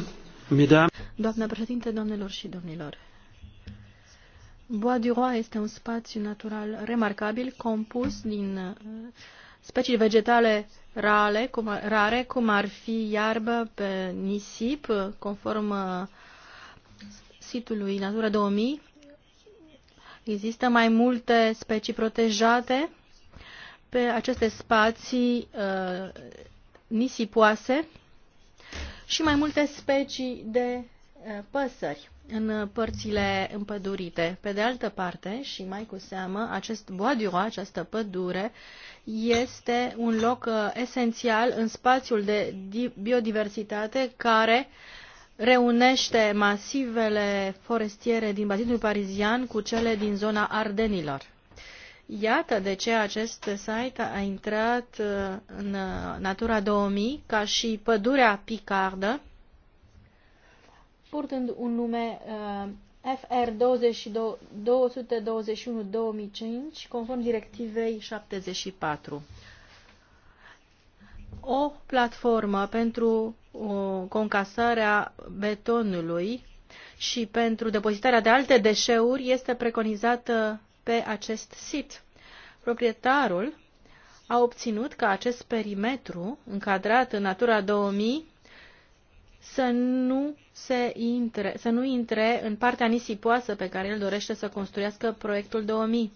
Mesdames... Doamna președinte, domnilor și domnilor, Bois du Roi este un spațiu natural remarcabil compus din uh, specii vegetale rare, cum ar, rare, cum ar fi iarbă pe nisip, conform uh, sitului Natura 2000, Există mai multe specii protejate pe aceste spații uh, nisipoase și mai multe specii de uh, păsări în părțile împădurite. Pe de altă parte, și mai cu seamă, acest boadiu, această pădure, este un loc uh, esențial în spațiul de biodiversitate care uh, reunește masivele forestiere din bazinul parizian cu cele din zona Ardenilor. Iată de ce acest site a intrat uh, în uh, Natura 2000 ca și pădurea picardă, purtând un nume uh, FR 221-2005, conform directivei 74 o platformă pentru concasarea betonului și pentru depozitarea de alte deșeuri este preconizată pe acest sit. Proprietarul a obținut ca acest perimetru, încadrat în Natura 2000, să nu, se intre, să nu intre în partea nisipoasă pe care el dorește să construiască proiectul 2000.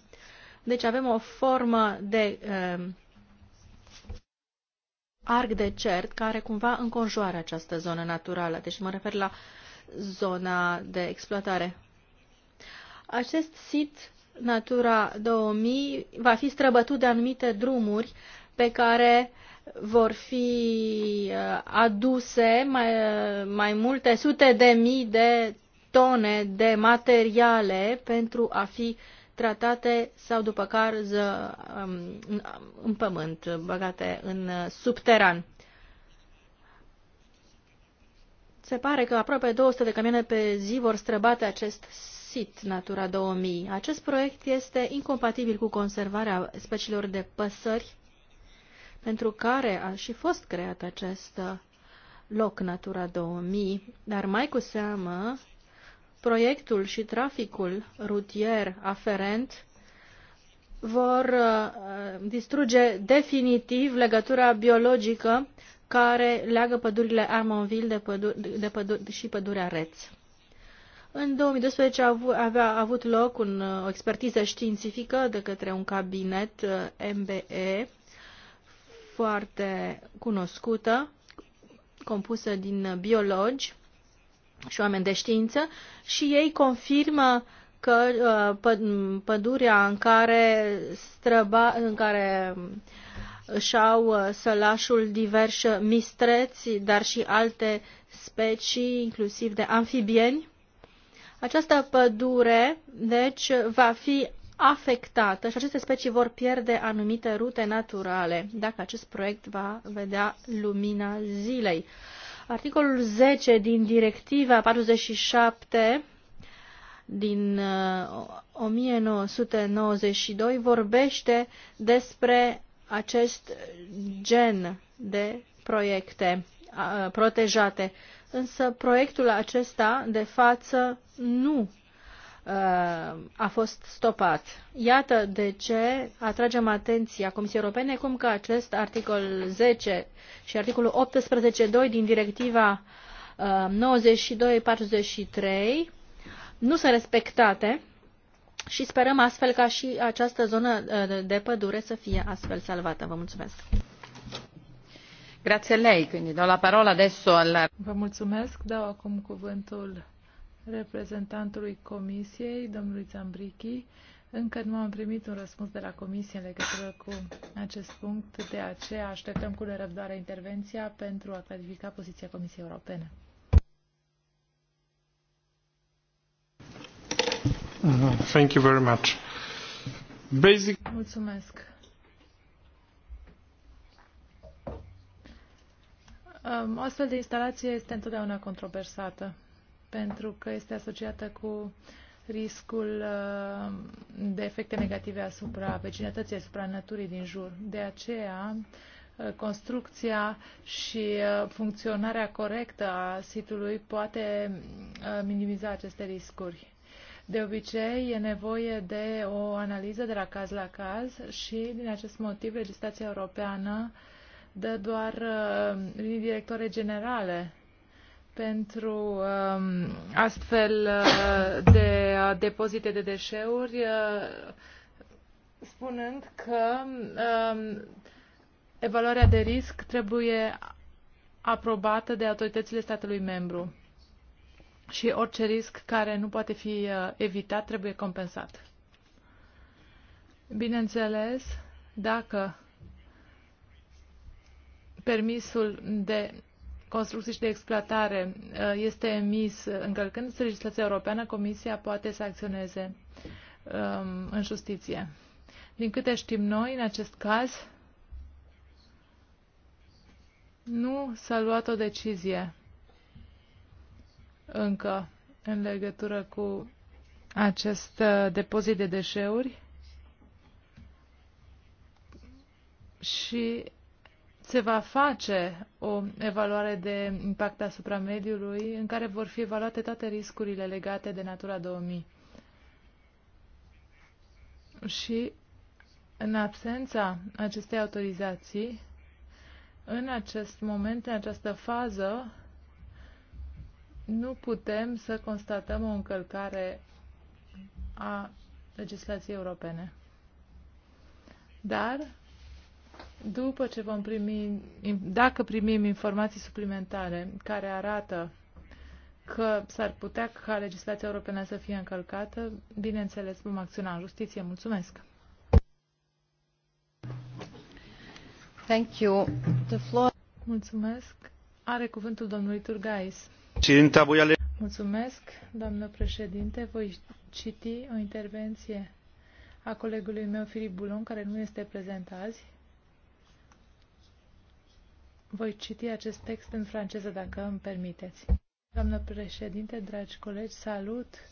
Deci avem o formă de uh, arc de cert care cumva înconjoară această zonă naturală. Deci mă refer la zona de exploatare. Acest sit Natura 2000 va fi străbătut de anumite drumuri pe care vor fi uh, aduse mai, uh, mai multe sute de mii de tone de materiale pentru a fi uh, tratate sau după carză um, în pământ, băgate în subteran. Se pare că aproape 200 de camioane pe zi vor străbate acest sit Natura 2000. Acest proiect este incompatibil cu conservarea speciilor de păsări pentru care a și fost creat acest loc Natura 2000, dar mai cu seamă proiectul și traficul rutier aferent vor uh, distruge definitiv legătura biologică care leagă pădurile Armonville de pădu- de pădu- și pădurea Reț. În 2012 a avea avut loc un, uh, o expertiză științifică de către un cabinet uh, MBE foarte cunoscută, compusă din biologi și oameni de știință și ei confirmă că uh, pădurea în care, străba, în care își uh, au uh, sălașul diversi mistreți, dar și alte specii, inclusiv de amfibieni. Această pădure, deci, va fi afectată și aceste specii vor pierde anumite rute naturale dacă acest proiect va vedea lumina zilei. Articolul 10 din Directiva 47 din 1992 uh, vorbește despre acest gen de proiecte uh, protejate. Însă proiectul acesta de față nu a fost stopat. Iată de ce atragem atenția Comisiei Europene cum că acest articol 10 și articolul 18.2 din directiva 92-43 uh, nu sunt respectate și sperăm astfel ca și această zonă uh, de pădure să fie astfel salvată. Vă mulțumesc. Grazie a lei, quindi do la parola adesso al... Vă mulțumesc, dau acum cuvântul reprezentantului Comisiei, domnului Zambrichi. Încă nu am primit un răspuns de la Comisie în legătură cu acest punct, de aceea așteptăm cu nerăbdare intervenția pentru a clarifica poziția Comisiei Europene. Uh, thank you very much. Basic... Mulțumesc. O um, astfel de instalație este întotdeauna controversată pentru că este asociată cu riscul uh, de efecte negative asupra vecinătății, asupra naturii din jur. De aceea, uh, construcția și uh, funcționarea corectă a sitului poate minimiza aceste riscuri. De obicei, e nevoie de o analiză de la caz la caz și, din acest motiv, legislația europeană dă doar linii directoare generale pentru um, astfel uh, de uh, depozite de deșeuri, uh, spunând că um, evaluarea de risc trebuie aprobată de autoritățile statului membru și orice risc care nu poate fi uh, evitat trebuie compensat. Bineînțeles, dacă permisul de construcții și de exploatare uh, este emis încălcând legislația europeană, Comisia poate să acționeze um, în justiție. Din câte știm noi, în acest caz, nu s-a luat o decizie încă în legătură cu acest uh, depozit de deșeuri și se va face o evaluare de impact asupra mediului în care vor fi evaluate toate riscurile legate de Natura 2000. Și în absența acestei autorizații, în acest moment, în această fază, nu putem să constatăm o încălcare a legislației europene. Dar după ce vom primi, dacă primim informații suplimentare care arată că s-ar putea ca legislația europeană să fie încălcată, bineînțeles vom acționa în justiție. Mulțumesc! Thank you. The floor... Mulțumesc. Are cuvântul domnului Turgais. Mulțumesc, doamnă președinte. Voi citi o intervenție a colegului meu, Filip Bulon, care nu este prezent azi voi citi acest text în franceză, dacă îmi permiteți. Doamnă președinte, dragi colegi, salut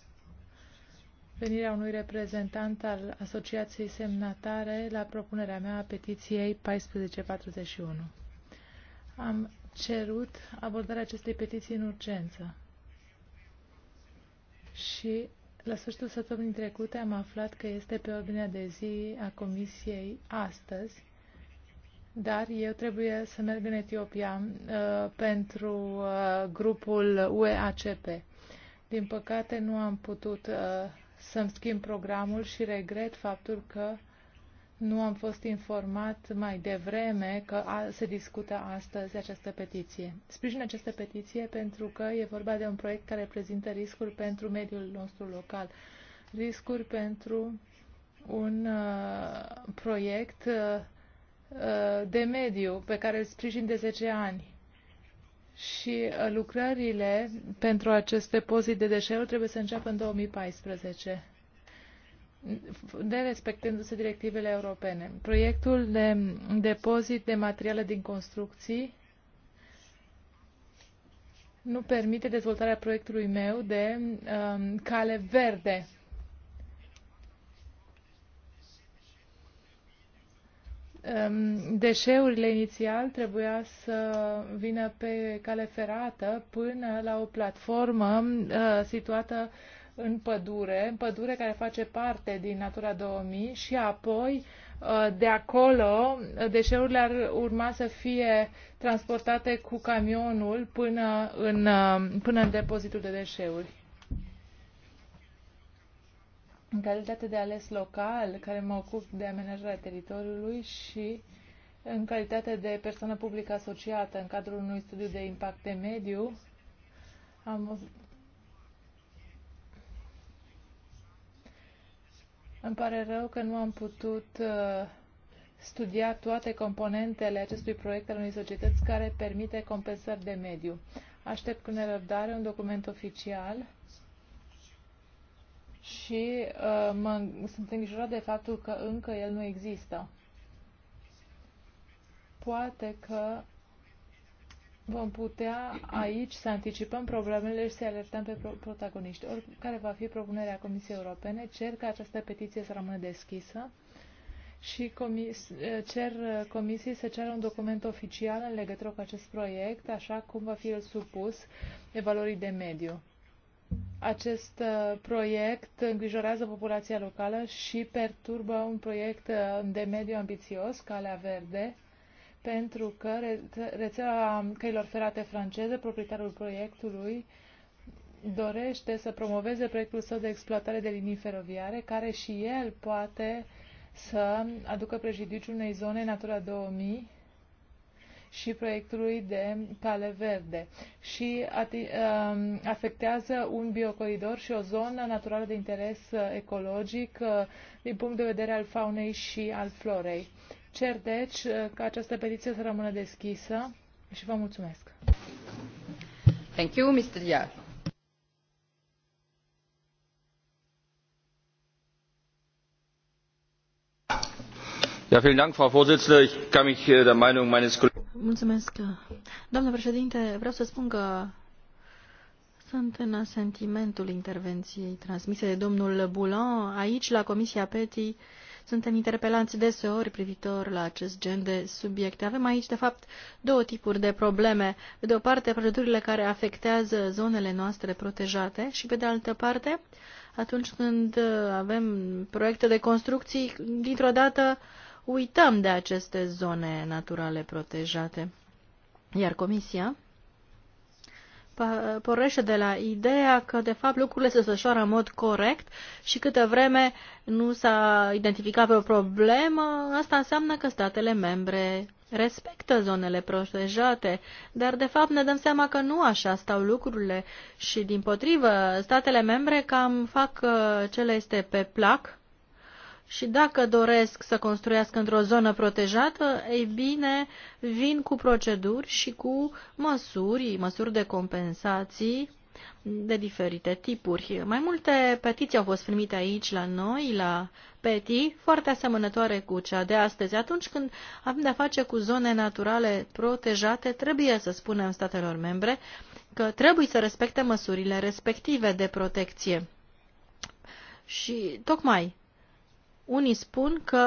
venirea unui reprezentant al Asociației Semnatare la propunerea mea a petiției 1441. Am cerut abordarea acestei petiții în urgență și la sfârșitul săptămânii trecute am aflat că este pe ordinea de zi a Comisiei astăzi dar eu trebuie să merg în Etiopia uh, pentru uh, grupul UEACP. Din păcate nu am putut uh, să-mi schimb programul și regret faptul că nu am fost informat mai devreme că a, se discută astăzi această petiție. Sprijin această petiție pentru că e vorba de un proiect care prezintă riscuri pentru mediul nostru local, riscuri pentru un uh, proiect uh, Uh, de mediu pe care îl sprijin de 10 ani. Și uh, lucrările pentru aceste pozii de deșeuri trebuie să înceapă în 2014 de respectându-se directivele europene. Proiectul de depozit de materiale din construcții nu permite dezvoltarea proiectului meu de um, cale verde Ehm, deșeurile inițial trebuia să vină pe cale ferată până la o platformă eh, situată în pădure, în pădure care face parte din Natura 2000 și apoi eh, de acolo eh, deșeurile ar urma să fie transportate cu camionul până în, până în depozitul de deșeuri în calitate de ales local, care mă ocup de amenajarea teritoriului și în calitate de persoană publică asociată în cadrul unui studiu de impact de mediu, am Îmi pare rău că nu am putut uh, studia toate componentele acestui proiect al unei societăți care permite compensări de mediu. Aștept cu nerăbdare un document oficial și uh, mă, sunt îngrijorat de faptul că încă el nu există. Poate că vom putea aici să anticipăm problemele și să alertăm pe protagoniști. Oricare va fi propunerea Comisiei Europene, cer ca această petiție să rămână deschisă și comis, cer Comisiei să ceară un document oficial în legătură cu acest proiect, așa cum va fi el supus evaluării de mediu acest uh, proiect îngrijorează populația locală și perturbă un proiect uh, de mediu ambițios, Calea Verde, pentru că rețeaua căilor ferate franceze, proprietarul proiectului, dorește să promoveze proiectul său de exploatare de linii feroviare, care și el poate să aducă prejudiciu unei zone Natura 2000 și proiectului de cale verde și um, afectează un biocoridor și o zonă naturală de interes uh, ecologic uh, din punct de vedere al faunei și al florei. Cer deci uh, ca această petiție să rămână deschisă și vă mulțumesc. Thank you, Mr. Yar. frau Vorsitzende. ich kann mich äh, der meinung meines kollegen Mulțumesc. Doamnă președinte, vreau să spun că sunt în asentimentul intervenției transmise de domnul Boulan. Aici, la Comisia PETI, suntem interpelanți deseori privitor la acest gen de subiecte. Avem aici, de fapt, două tipuri de probleme. Pe de o parte, procedurile care afectează zonele noastre protejate și, pe de altă parte, atunci când avem proiecte de construcții, dintr-o dată, uh, uităm de aceste zone naturale protejate. Iar Comisia porește de la ideea că, de fapt, lucrurile se desfășoară în mod corect și câtă vreme nu s-a identificat pe o problemă, asta înseamnă că statele membre respectă zonele protejate, dar de fapt ne dăm seama că nu așa stau lucrurile și din potrivă statele membre cam fac uh, ce le este pe plac și dacă doresc să construiască într-o zonă protejată, ei bine, vin cu proceduri și cu măsuri, măsuri de compensații de diferite tipuri. Mai multe petiții au fost primite aici la noi, la PETI, foarte asemănătoare cu cea de astăzi. Atunci când avem de-a face cu zone naturale protejate, trebuie să spunem statelor membre că trebuie să respecte măsurile respective de protecție. Și tocmai unii spun că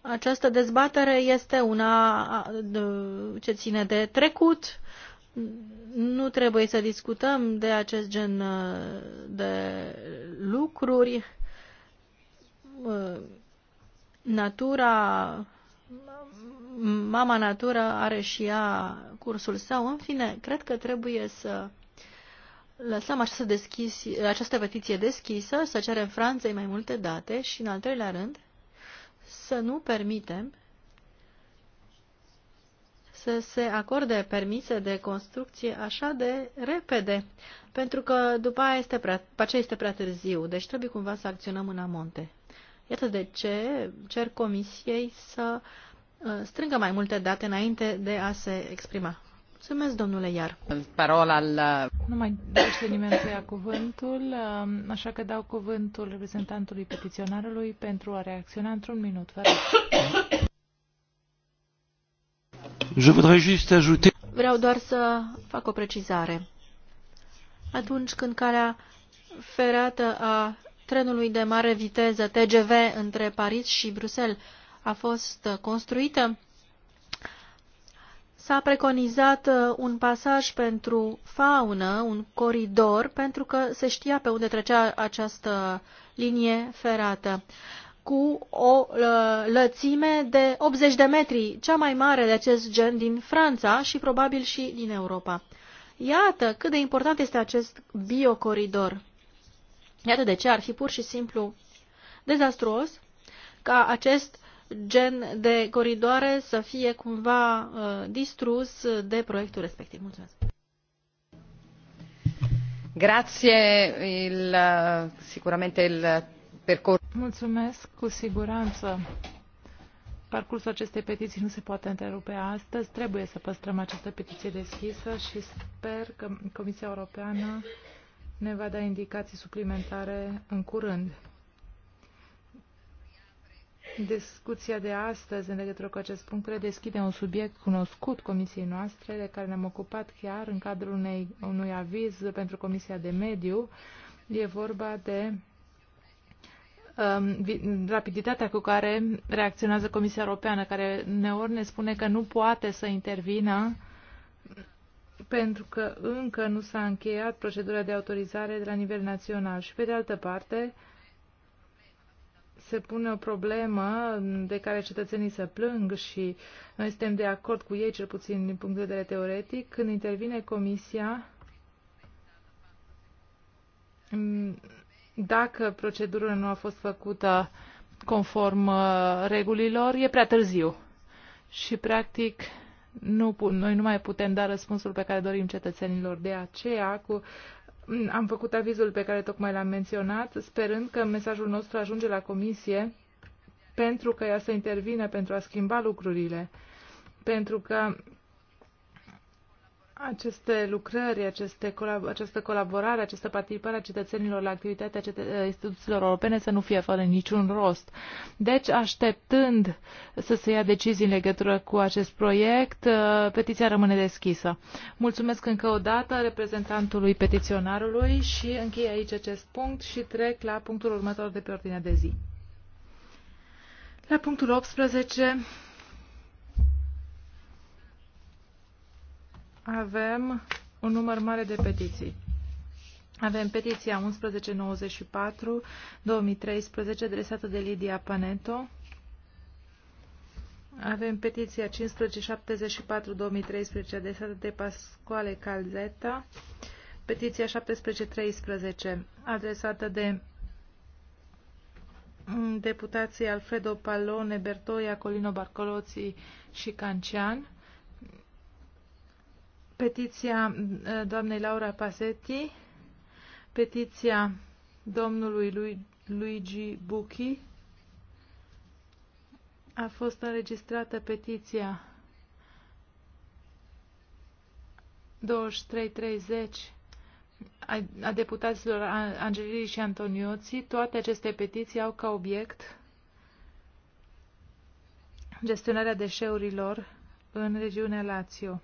această dezbatere este una ce ține de trecut. Nu trebuie să discutăm de acest gen uh, de lucruri. Uh, natura, mama natură are și ea cursul său. În fine, cred că trebuie să lăsăm această, deschis, această petiție deschisă, să cerem Franței mai multe date și, în al treilea rând, să nu permitem să se acorde permise de construcție așa de repede, pentru că după aceea este prea, după aceea este prea târziu, deci trebuie cumva să acționăm în amonte. Iată de ce cer comisiei să uh, strângă mai multe date înainte de a se exprima. Mulțumesc, domnule Iar. Parola al. Uh, nu mai dorește nimeni să ia cuvântul, um, așa că dau cuvântul reprezentantului petiționarului pentru a reacționa într-un minut. Vreau doar să fac o precizare. Atunci când calea ferată a trenului de mare viteză TGV între Paris și Bruxelles a fost construită, s-a preconizat uh, un pasaj pentru faună, un coridor, pentru că se știa pe unde trecea această linie ferată cu o lățime de 80 de metri, cea mai mare de acest gen din Franța și probabil și din Europa. Iată cât de important este acest biocoridor. Iată de ce ar fi pur și simplu dezastruos ca acest gen de coridoare să fie cumva uh, distrus de proiectul respectiv. Mulțumesc! Grazie, il, uh, sicuramente il percorso. Mulțumesc, cu siguranță. Parcursul acestei petiții nu se poate întrerupe astăzi. Trebuie să păstrăm această petiție deschisă și sper că Comisia Europeană ne va da indicații suplimentare în curând. Discuția de astăzi în legătură cu acest punct redeschide un subiect cunoscut comisiei noastre, de care ne-am ocupat chiar în cadrul unei, unui aviz pentru Comisia de Mediu. E vorba de um, rapiditatea cu care reacționează Comisia Europeană, care neori ne spune că nu poate să intervină pentru că încă nu s-a încheiat procedura de autorizare de la nivel național și, pe de altă parte, uh, se pune o problemă de care cetățenii se plâng și noi suntem de acord cu ei, cel puțin din punct de vedere teoretic, când intervine comisia mm, dacă procedura nu a fost făcută conform uh, regulilor, e prea târziu. Și, practic, nu, noi nu mai putem da răspunsul pe care dorim cetățenilor. De aceea, cu am făcut avizul pe care tocmai l-am menționat, sperând că mesajul nostru ajunge la comisie pentru că ea să intervine pentru a schimba lucrurile, pentru că aceste lucrări, aceste colab această colaborare, această participare a cetățenilor la activitatea cetă instituțiilor europene să nu fie fără niciun rost. Deci, așteptând să se ia decizii în legătură cu acest proiect, uh, petiția rămâne deschisă. Mulțumesc încă o dată reprezentantului petiționarului și închei aici acest punct și trec la punctul următor de pe ordinea de zi. La punctul 18 avem un număr mare de petiții. Avem petiția 1194 2013 adresată de Lidia Paneto. Avem petiția 1574 2013 adresată de Pascoale Calzeta. Petiția 1713 adresată de deputații Alfredo Pallone, Bertoia, Colino Barcoloții și Cancian petiția eh, doamnei Laura Pasetti, petiția domnului Luigi Buchi a fost înregistrată petiția 2330 a deputaților Angelii și Antonioții. Toate aceste petiții au ca obiect gestionarea deșeurilor în regiunea Lazio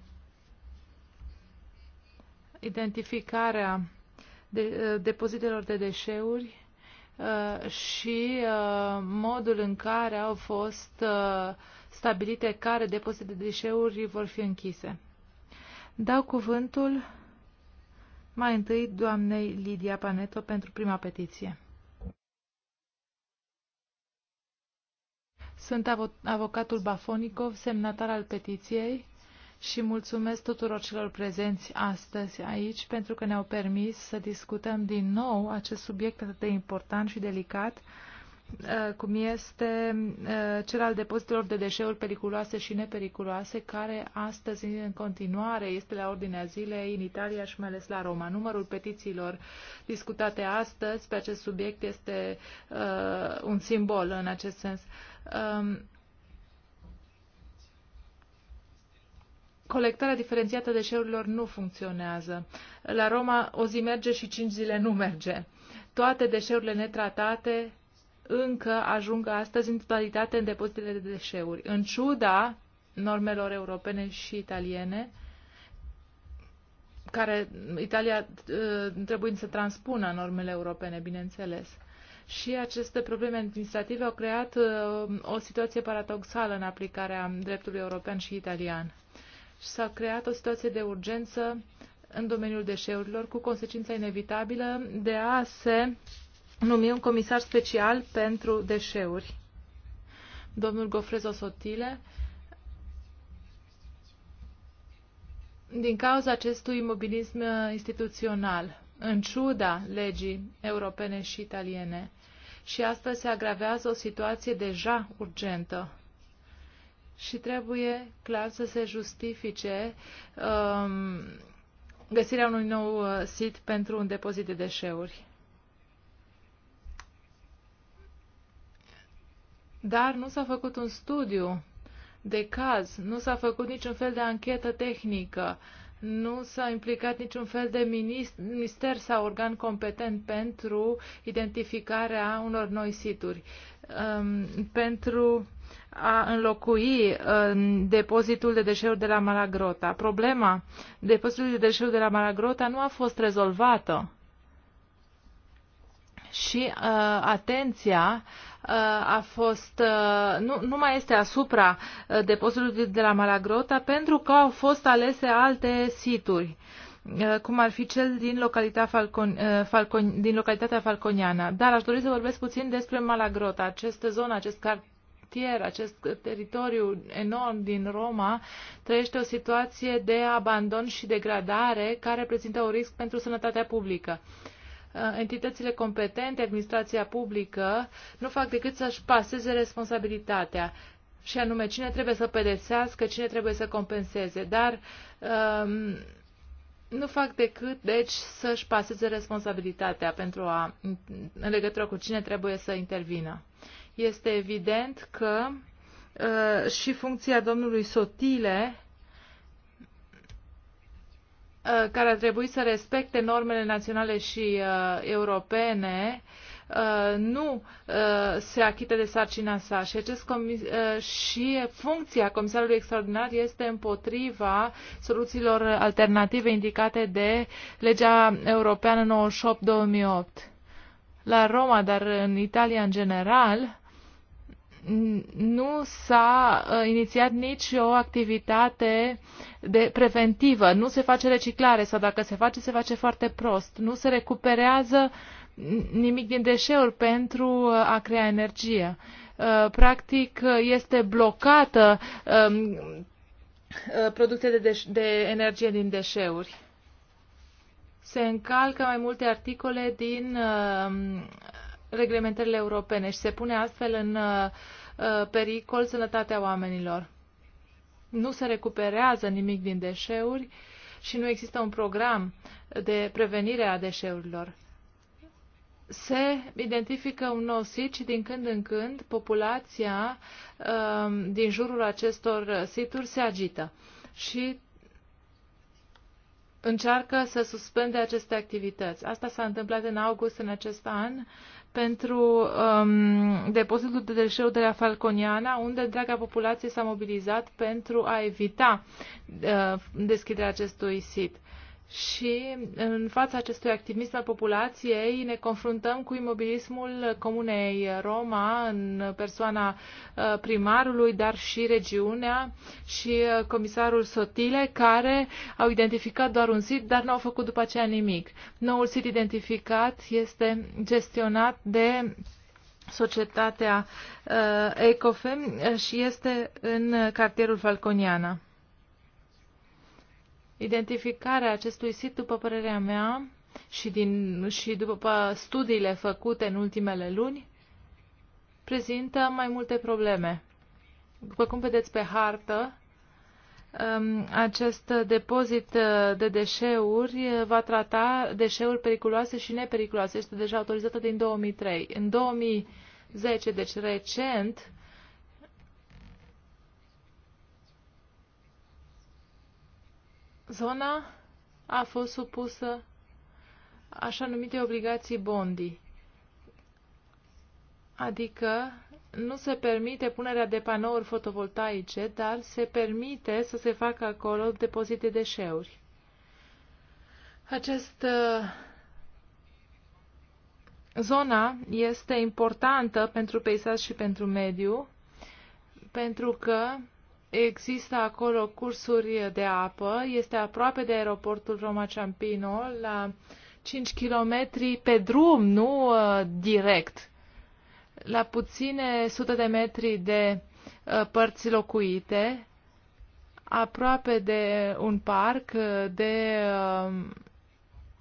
identificarea de, uh, depozitelor de deșeuri uh, și uh, modul în care au fost stabilite care depozite de deșeuri vor fi închise. Dau cuvântul mai întâi doamnei Lidia Paneto pentru prima petiție. Sunt avocatul Bafonicov, semnatar al petiției și mulțumesc tuturor celor prezenți astăzi aici pentru că ne-au permis să discutăm din nou acest subiect atât de important și delicat uh, cum este uh, cel al depozitelor de deșeuri periculoase și nepericuloase, care astăzi în continuare este la ordinea zilei în Italia și mai ales la Roma. Numărul petițiilor discutate astăzi pe acest subiect este uh, un simbol în acest sens. Uh, colectarea diferențiată deșeurilor nu funcționează. La Roma o zi merge și cinci zile nu merge. Toate deșeurile netratate încă ajung astăzi în totalitate în depozitele de deșeuri. În ciuda normelor europene și italiene, care Italia uh, trebuie să transpună normele europene, bineînțeles. Și aceste probleme administrative au creat uh, o situație paradoxală în aplicarea dreptului european și italian s-a creat o situație de urgență în domeniul deșeurilor, cu consecința inevitabilă de a se numi un comisar special pentru deșeuri. Domnul Gofrezo Sotile, din cauza acestui imobilism instituțional, în ciuda legii europene și italiene, și astăzi se agravează o situație deja urgentă și trebuie clar să se justifice um, găsirea unui nou uh, sit pentru un depozit de deșeuri. Dar nu s-a făcut un studiu de caz, nu s-a făcut niciun fel de anchetă tehnică. Uh, nu s-a implicat niciun fel de minister sau organ competent pentru identificarea unor noi situri. Um, pentru a înlocui uh, depozitul de deșeuri de la Malagrota. Problema depozitului de deșeuri de la Malagrota nu a fost rezolvată și uh, atenția uh, a fost, uh, nu, nu mai este asupra uh, depozitului de la Malagrota pentru că au fost alese alte situri uh, cum ar fi cel din localitatea, Falcon, Falcon, din localitatea Falconiana. Dar aș dori să vorbesc puțin despre Malagrota, această zonă, acest cartier, acest teritoriu enorm din Roma trăiește o situație de abandon și degradare care prezintă un risc pentru sănătatea publică. Uh, Uh, entitățile competente, administrația publică, nu fac decât să-și paseze responsabilitatea și anume cine trebuie să pedesească, cine trebuie să compenseze, dar um, nu fac decât, deci, să-și paseze responsabilitatea pentru a, în legătură cu cine trebuie să intervină. Este evident că uh, și funcția domnului Sotile Uh, care ar trebui să respecte normele naționale și uh, europene uh, nu se achită de sarcina sa și, acest comis, și funcția comisarului extraordinar este împotriva soluțiilor alternative indicate de legea europeană 98-2008. La Roma, dar în Italia în general, nu s-a ă, inițiat nici o activitate de preventivă, nu se face reciclare sau dacă se face, se face foarte prost, nu se recuperează nimic din deșeuri pentru ă, a crea energie. Ă, practic este blocată producția de, de energie din deșeuri. Se încalcă mai multe articole din reglementările europene și se pune astfel în uh, uh, pericol sănătatea oamenilor. Nu se recuperează nimic din deșeuri și nu există un program de prevenire a deșeurilor. Se identifică un nou sit și din când în când populația um, din jurul acestor situri se agită și încearcă să suspende aceste activități. Asta s-a întâmplat în august în acest an pentru um, depozitul de deșeuri de la Falconiana, unde întreaga populație s-a mobilizat pentru a evita uh, deschiderea acestui sit. Uh, și în fața acestui activism al populației ne confruntăm cu imobilismul comunei Roma în persoana uh, primarului, dar și regiunea și uh, comisarul Sotile, care au identificat doar un sit, dar nu au făcut după aceea nimic. Noul sit identificat este gestionat de societatea uh, Ecofem și este în cartierul Falconiana. Identificarea acestui sit, după părerea mea, și, din, și după studiile făcute în ultimele luni, prezintă mai multe probleme. După cum vedeți pe hartă, um, acest depozit uh, de deșeuri va trata deșeuri periculoase și nepericuloase. Este deja autorizată din 2003. În 2010, deci recent, zona a fost supusă așa numite obligații bondi, adică nu se permite punerea de panouri fotovoltaice, dar se permite să se facă acolo depozite de deșeuri. Această uh, Zona este importantă pentru peisaj și pentru mediu, pentru că Există acolo cursuri de apă, este aproape de aeroportul Roma Ciampino, la 5 km pe drum, nu uh, direct. La puține sute de metri de uh, părți locuite, aproape de un parc, uh, de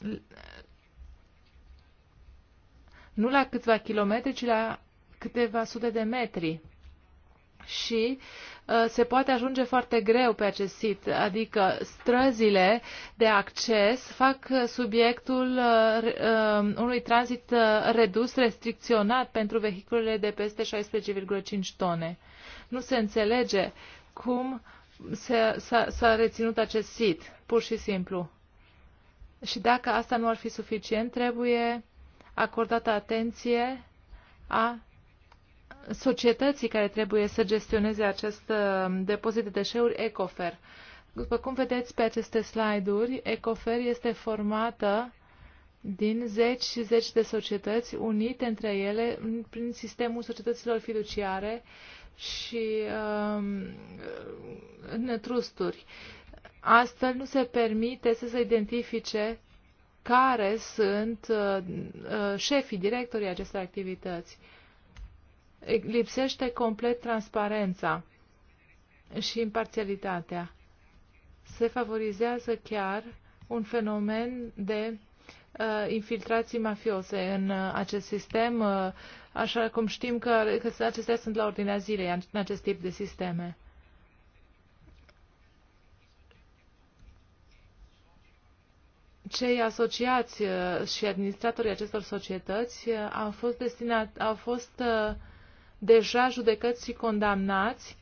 uh, nu la câțiva kilometri, ci la câteva sute de metri. Și Uh, se poate ajunge foarte greu pe acest sit, adică străzile de acces fac subiectul uh, uh, unui tranzit redus, restricționat pentru vehiculele de peste 16,5 tone. Nu se înțelege cum s-a reținut acest sit, pur și simplu. Și dacă asta nu ar fi suficient, trebuie acordată atenție a societății care trebuie să gestioneze acest um, depozit de deșeuri, Ecofer. După cum vedeți pe aceste slide-uri, Ecofer este formată din zeci și zeci de societăți unite între ele prin sistemul societăților fiduciare și uh, în trusturi. Astfel nu se permite să se identifice care sunt uh, uh șefii, directorii acestor activități. Uh, lipsește complet transparența și imparțialitatea. Se favorizează chiar un fenomen de uh, infiltrații mafiose în uh, acest sistem, uh, așa cum știm că, că acestea sunt la ordinea zilei în acest tip de sisteme. Cei asociați uh, și administratorii acestor societăți uh, au fost, destinat, au fost uh, deja judecăți și condamnați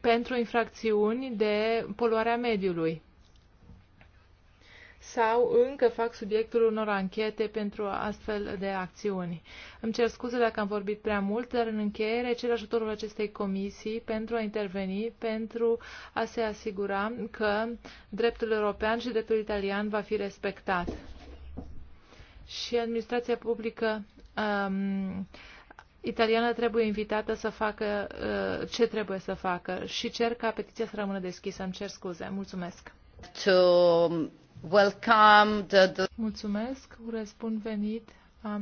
pentru infracțiuni de poluarea mediului sau încă fac subiectul unor anchete pentru astfel de acțiuni. Îmi cer scuze dacă am vorbit prea mult, dar în încheiere cer ajutorul acestei comisii pentru a interveni, pentru a se asigura că dreptul european și dreptul italian va fi respectat. Și administrația publică um, italiană trebuie invitată să facă uh, ce trebuie să facă și cer ca petiția să rămână deschisă. Îmi cer scuze. Mulțumesc. To welcome the, the... Mulțumesc. Urez bun venit a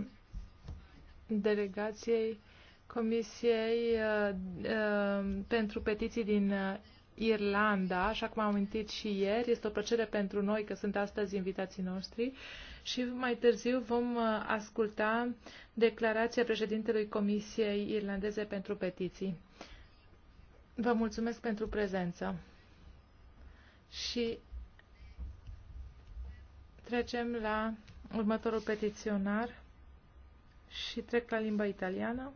delegației Comisiei uh, uh, pentru Petiții din uh, Irlanda, așa cum am amintit și ieri, este o plăcere pentru noi că sunt astăzi invitații noștri și mai târziu vom uh, asculta declarația președintelui Comisiei Irlandeze pentru Petiții. Vă mulțumesc pentru prezență și trecem la următorul petiționar și trec la limba italiană.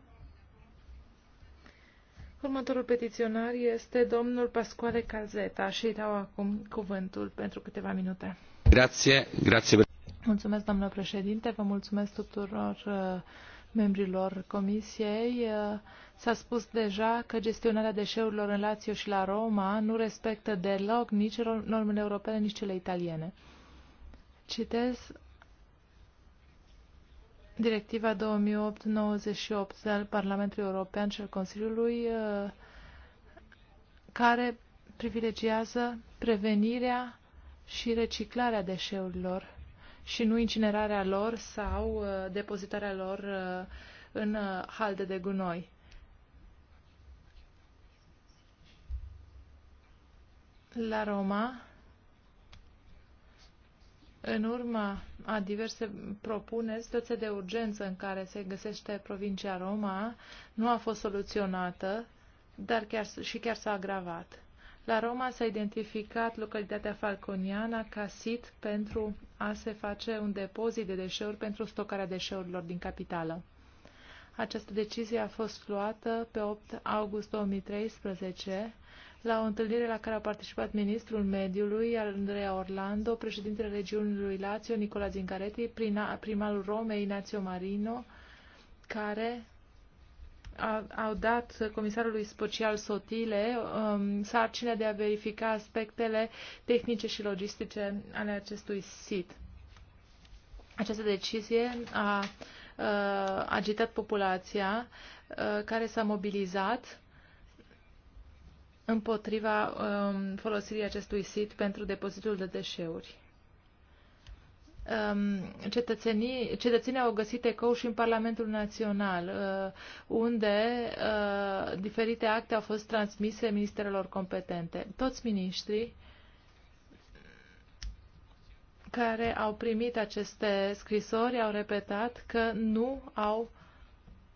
Următorul petiționar este domnul Pascoale Calzeta și îi dau acum cuvântul pentru câteva minute. Grație, grație. Mulțumesc, doamnă președinte, vă mulțumesc tuturor uh, membrilor comisiei. Uh, s-a spus deja că gestionarea deșeurilor în Lazio și la Roma nu respectă deloc nici normele europene, nici cele italiene. Citez Directiva 2008-98 al Parlamentului European și al Consiliului uh, care privilegiază prevenirea și reciclarea deșeurilor și nu incinerarea lor sau uh, depozitarea lor uh, în halde de gunoi. La Roma, în urma a diverse propuneri, situația de urgență în care se găsește provincia Roma nu a fost soluționată dar chiar, și chiar s-a agravat. La Roma s-a identificat localitatea Falconiana ca sit pentru a se face un depozit de deșeuri pentru stocarea deșeurilor din capitală. Această decizie a fost luată pe 8 august 2013 la o întâlnire la care a participat ministrul mediului, Andrea Orlando, președintele regiunii Lazio, Nicola Zingaretti, primarul Romei, Ignacio Marino, care a, au dat comisarului special Sotile um, sarcina de a verifica aspectele tehnice și logistice ale acestui sit. Această decizie a uh, agitat populația uh, care s-a mobilizat împotriva um, folosirii acestui sit pentru depozitul de deșeuri. Um, cetățenii, cetățenii au găsit ecou și în Parlamentul Național, uh, unde uh, diferite acte au fost transmise ministerelor competente. Toți miniștrii care au primit aceste scrisori au repetat că nu au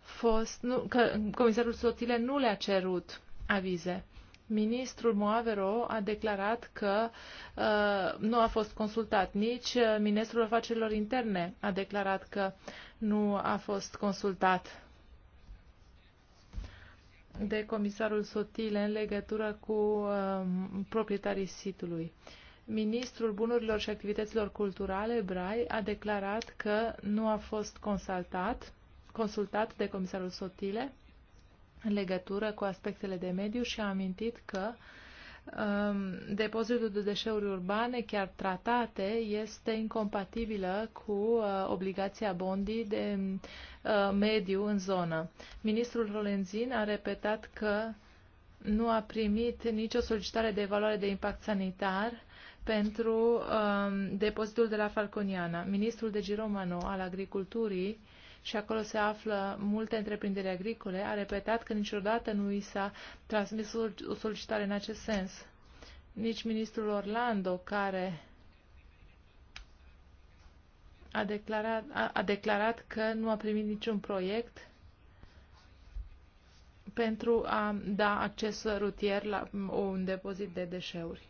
fost, nu, că comisarul Sotile nu le-a cerut avize. Ministrul Moavero a declarat că uh, nu a fost consultat. Nici uh, ministrul afacerilor interne a declarat că nu a fost consultat de comisarul Sotile în legătură cu uh, proprietarii sitului. Ministrul Bunurilor și Activităților Culturale, Brai, a declarat că nu a fost consultat, consultat de comisarul Sotile în legătură cu aspectele de mediu și a amintit că um, depozitul de deșeuri urbane, chiar tratate, este incompatibilă cu uh, obligația bondii de uh, mediu în zonă. Ministrul Rolenzin a repetat că nu a primit nicio solicitare de evaluare de impact sanitar pentru um, depozitul de la Falconiana. Ministrul de Giromano al Agriculturii și acolo se află multe întreprinderi agricole, a repetat că niciodată nu i s-a transmis o solicitare în acest sens. Nici ministrul Orlando, care a declarat, a, a declarat că nu a primit niciun proiect pentru a da acces rutier la un depozit de deșeuri.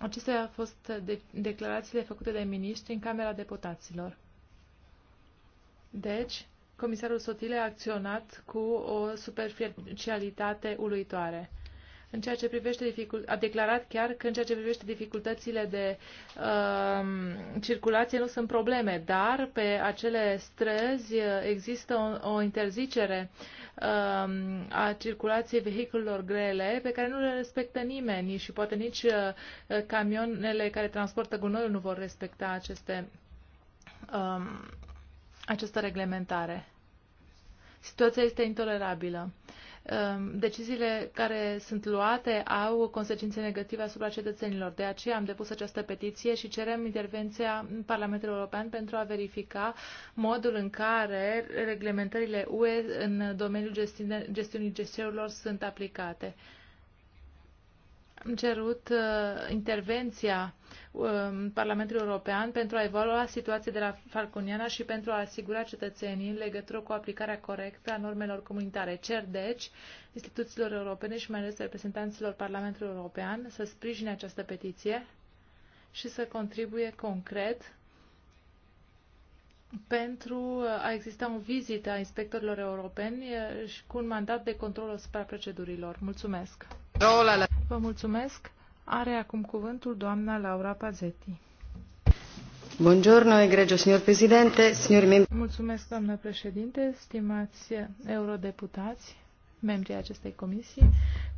Acestea au fost de declarațiile făcute de ministri în Camera Deputaților. Deci, comisarul Sotile a acționat cu o superficialitate uluitoare. În ceea ce privește dificult... a declarat chiar că în ceea ce privește dificultățile de uh, circulație nu sunt probleme, dar pe acele străzi există o, o interzicere uh, a circulației vehiculelor grele pe care nu le respectă nimeni și poate nici uh, camionele care transportă gunoiul nu vor respecta aceste uh, această reglementare. Situația este intolerabilă. Ehm, deciziile care sunt luate au consecințe negative asupra cetățenilor. De aceea am depus această petiție și cerem intervenția Parlamentului European pentru a verifica modul în care reglementările UE în domeniul gestiunii gestiunilor sunt aplicate am cerut uh, intervenția uh, Parlamentului European pentru a evalua situația de la Falconiana și pentru a asigura cetățenii în legătură cu aplicarea corectă a normelor comunitare. Cer, deci, instituțiilor europene și mai ales reprezentanților Parlamentului European să sprijine această petiție și să contribuie concret pentru a exista o vizită a inspectorilor europeni și cu un mandat de control asupra procedurilor. Mulțumesc! Vă mulțumesc! Are acum cuvântul doamna Laura Pazetti. Buongiorno, egregio signor Presidente, signori membri. Mulțumesc, doamna președinte, stimați eurodeputați, membrii acestei comisii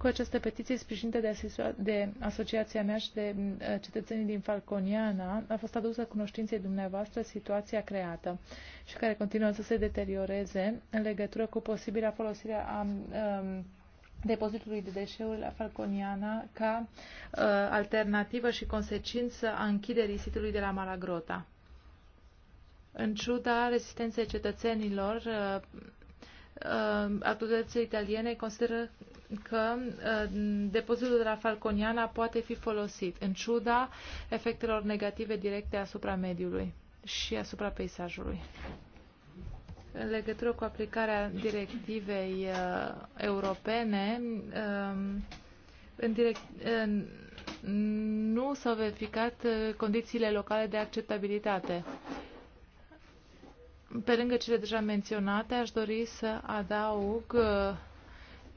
cu această petiție sprijinită de, de asociația mea și de cetățenii din Falconiana, a fost adusă cunoștinței dumneavoastră situația creată și care continuă să se deterioreze în legătură cu posibilă folosirea a um, depozitului de deșeuri la Falconiana ca uh, alternativă și consecință a închiderii sitului de la Malagrota. În ciuda rezistenței cetățenilor, uh, uh autoritățile italiene consideră că uh, depozitul de la Falconiana poate fi folosit, în ciuda efectelor negative directe asupra mediului și asupra peisajului. În legătură cu aplicarea directivei uh, europene, uh, în direct, uh, nu s-au verificat uh, condițiile locale de acceptabilitate. Pe lângă cele deja menționate, aș dori să adaug uh,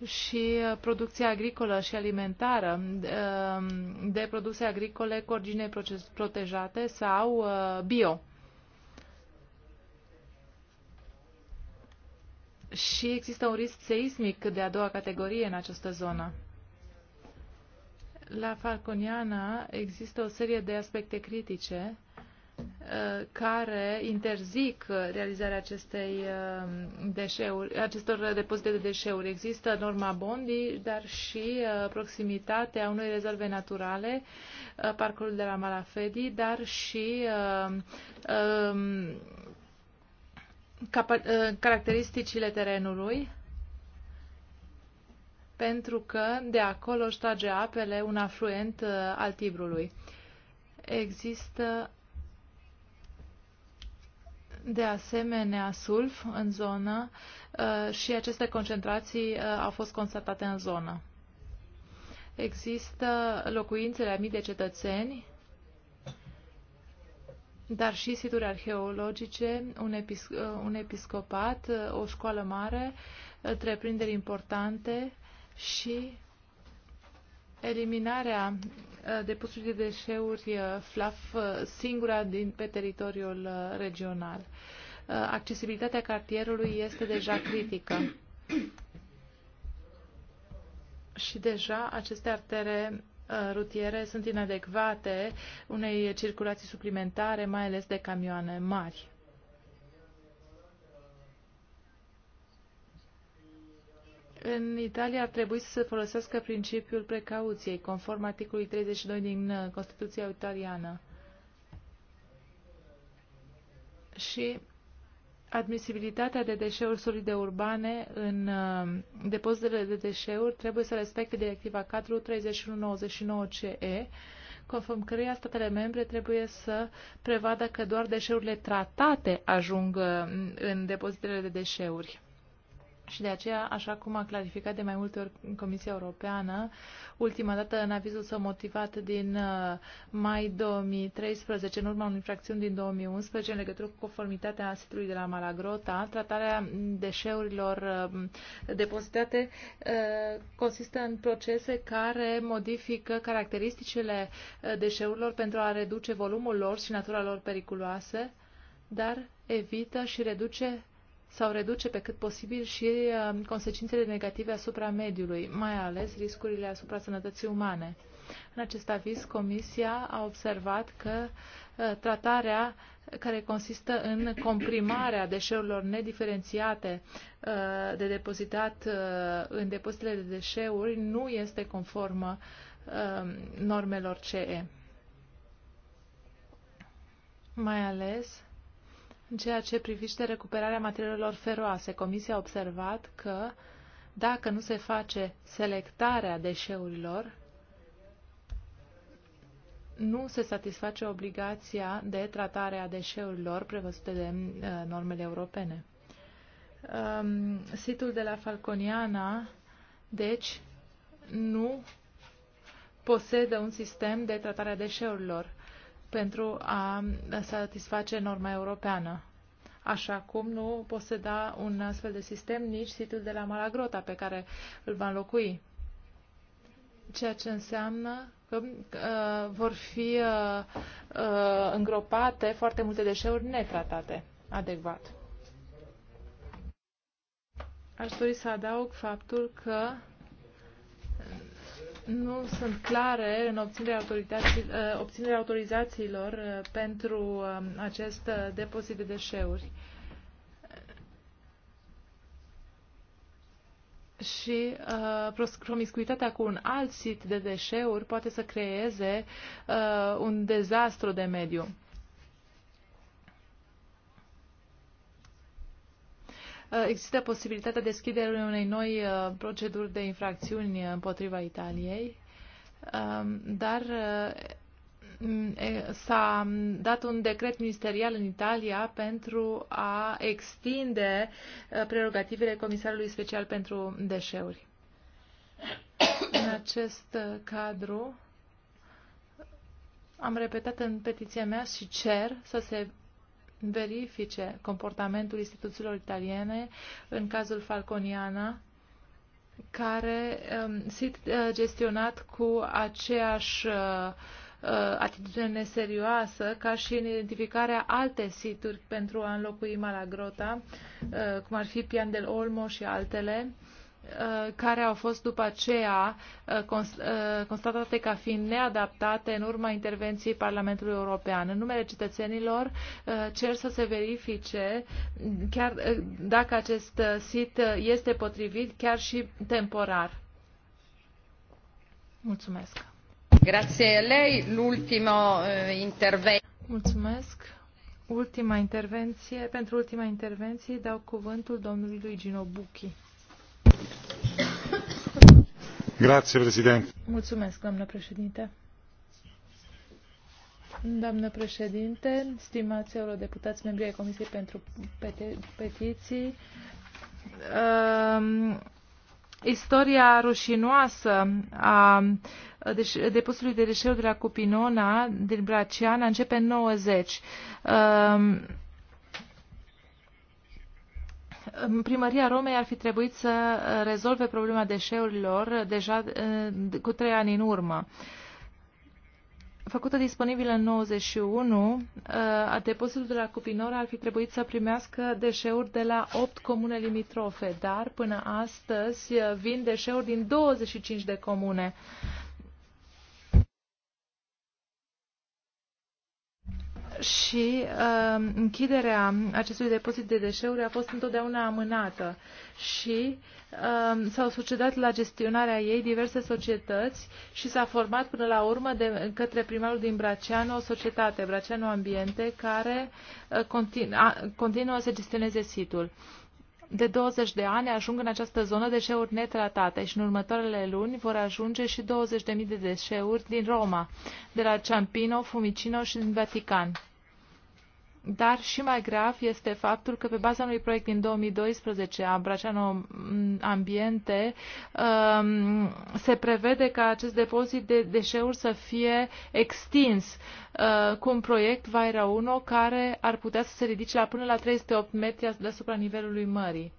și uh, producția agricolă și alimentară uh, de produse agricole cu origine protejate sau uh, bio. Și există un risc seismic de a doua categorie în această zonă. La Falconiana există o serie de aspecte critice Uh, care interzic realizarea acestei uh, deșeuri, acestor depozite de deșeuri. Există norma Bondi, dar și uh, proximitatea unei rezerve naturale, parcul de la Malafedi, dar și um, caracteristicile terenului pentru că de acolo își trage apele un afluent al Tibrului. Există de asemenea sulf în zonă uh, și aceste concentrații uh, au fost constatate în zonă. Există locuințele a mii de cetățeni, dar și situri arheologice, un, episc uh, un episcopat, o școală mare, întreprinderi importante și eliminarea uh, depusului de deșeuri FLAF uh, uh, singura din, pe teritoriul regional. Accesibilitatea cartierului este deja critică. Și deja aceste artere rutiere sunt inadecvate unei circulații suplimentare, mai ales de camioane mari. în Italia ar trebui să se folosească principiul precauției, conform articolului 32 din uh, Constituția italiană. Și admisibilitatea de deșeuri solide urbane în uh, depozitele de deșeuri trebuie să respecte directiva 4 3199 CE, conform căreia statele membre trebuie să prevadă că doar deșeurile tratate ajung uh, în depozitele de deșeuri. Și de aceea, așa cum a clarificat de mai multe ori Comisia Europeană, ultima dată în avizul său motivat din uh, mai 2013, în urma unui infracțiuni din 2011, în legătură cu conformitatea asitului de la Malagrota, tratarea deșeurilor uh, depozitate uh, consistă în procese care modifică caracteristicile deșeurilor pentru a reduce volumul lor și natura lor periculoase, dar evită și reduce sau reduce pe cât posibil și um, consecințele negative asupra mediului, mai ales riscurile asupra sănătății umane. În acest aviz, Comisia a observat că uh, tratarea care consistă în comprimarea deșeurilor nediferențiate uh, de depozitat uh, în depozitele de deșeuri nu este conformă um, normelor CE. Mai ales în ceea ce privește recuperarea materialelor feroase, Comisia a observat că dacă nu se face selectarea deșeurilor, nu se satisface obligația de tratare a deșeurilor prevăzute de uh, normele europene. Um, situl de la Falconiana, deci, nu posedă un sistem de tratare a deșeurilor pentru a satisface norma europeană. Așa cum nu poseda un astfel de sistem nici situl de la Malagrota pe care îl va înlocui. Ceea ce înseamnă că uh, vor fi uh, uh, îngropate foarte multe deșeuri netratate adecvat. Aș dori să adaug faptul că nu sunt clare în obținerea, uh, obținerea autorizațiilor uh, pentru um, acest uh, depozit de deșeuri. și uh, promiscuitatea cu un alt sit de deșeuri poate să creeze uh, un dezastru de mediu. Uh, există posibilitatea deschiderii unei noi uh, proceduri de infracțiuni uh, împotriva Italiei, um, dar s-a dat un decret ministerial în Italia pentru a extinde prerogativele Comisarului Special pentru Deșeuri. În acest cadru am repetat în petiția mea și cer să se verifice comportamentul instituțiilor italiene în cazul Falconiana, care um, sit gestionat cu aceeași uh, uh, atitudine neserioasă ca și în identificarea alte situri pentru a înlocui Malagrota, uh, cum ar fi Pian del Olmo și altele, Uh, care au fost după aceea uh, uh, constatate ca fiind neadaptate în urma intervenției Parlamentului European. În numele cetățenilor cer să se verifice chiar dacă acest sit este potrivit chiar și temporar. Mulțumesc. Grazie lei. L'ultimo intervento. Mulțumesc. Ultima intervenție, pentru ultima intervenție dau cuvântul domnului Luigi Buchi. Grazie, președinte. Mulțumesc, doamnă președinte. Doamnă președinte, stimați eurodeputați, membri ai Comisiei pentru Petiții, um, istoria rușinoasă a depozitului de deșeuri de la Cupinona, din Braciana, începe în 90. Um, primăria Romei ar fi trebuit să rezolve problema deșeurilor deja eh, cu trei ani în urmă. Făcută disponibilă în 91, eh, a depozitul de la Cupinor ar fi trebuit să primească deșeuri de la 8 comune limitrofe, dar până astăzi eh, vin deșeuri din 25 de comune. și uh, închiderea acestui depozit de deșeuri a fost întotdeauna amânată și uh, s-au succedat la gestionarea ei diverse societăți și s-a format până la urmă de către primarul din Braceanu o societate, Braceanu Ambiente, care uh, continu, a, continuă să gestioneze situl de 20 de ani ajung în această zonă deșeuri netratate și în următoarele luni vor ajunge și 20.000 de deșeuri din Roma, de la Ciampino, Fumicino și din Vatican. Dar și mai grav este faptul că pe baza unui proiect din 2012 a Braceanu Ambiente um, se prevede ca acest depozit de deșeuri să fie extins uh, cu un proiect Vaira 1 care ar putea să se ridice la până la 308 metri deasupra nivelului mării.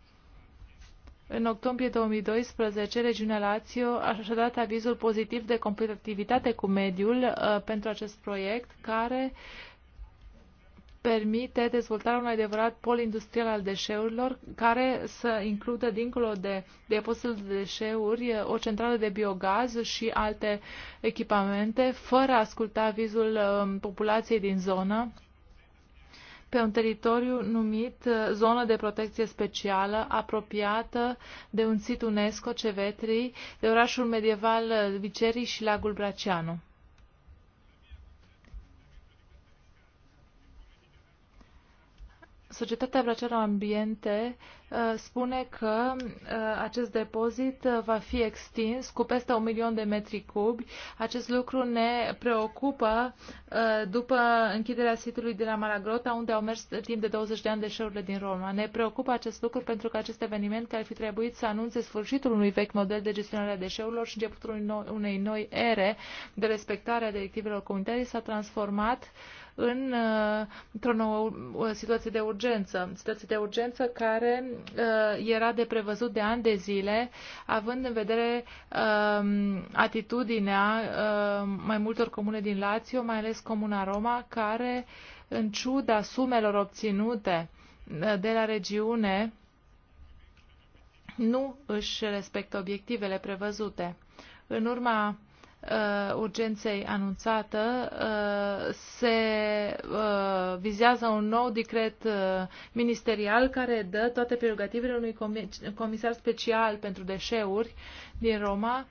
În octombrie 2012, regiunea Lazio a dat avizul pozitiv de competitivitate cu mediul uh, pentru acest proiect, care permite dezvoltarea unui adevărat pol industrial al deșeurilor, care să includă, dincolo de depozitul de deșeuri, o centrală de biogaz și alte echipamente, fără a asculta vizul um, populației din zonă, pe un teritoriu numit uh, zonă de protecție specială, apropiată de un sit UNESCO, Cevetrii, de orașul medieval uh, Vicerii și lagul Braceanu. Societatea Bracerea Ambiente uh, spune că uh, acest depozit uh, va fi extins cu peste un milion de metri cubi. Acest lucru ne preocupă după închiderea sitului de la Malagrota, unde au mers timp de 20 de ani deșeurile din Roma. Ne preocupă acest lucru pentru că acest eveniment care ar fi trebuit să anunțe sfârșitul unui vechi model de gestionare a deșeurilor și începutul unei noi ere de respectare a directivelor comunitare s-a transformat uh, în, uh, într-o nouă uh, situație de urgență. Situație de urgență care uh, era de prevăzut de ani de zile, având în vedere um, atitudinea mai multor comune din Lazio, mai ales comuna Roma, care, în ciuda sumelor obținute de la regiune, nu își respectă obiectivele prevăzute. În urma uh, urgenței anunțată, uh, se uh, vizează un nou decret uh, ministerial care dă toate prerogativele unui comisar special pentru deșeuri din Roma,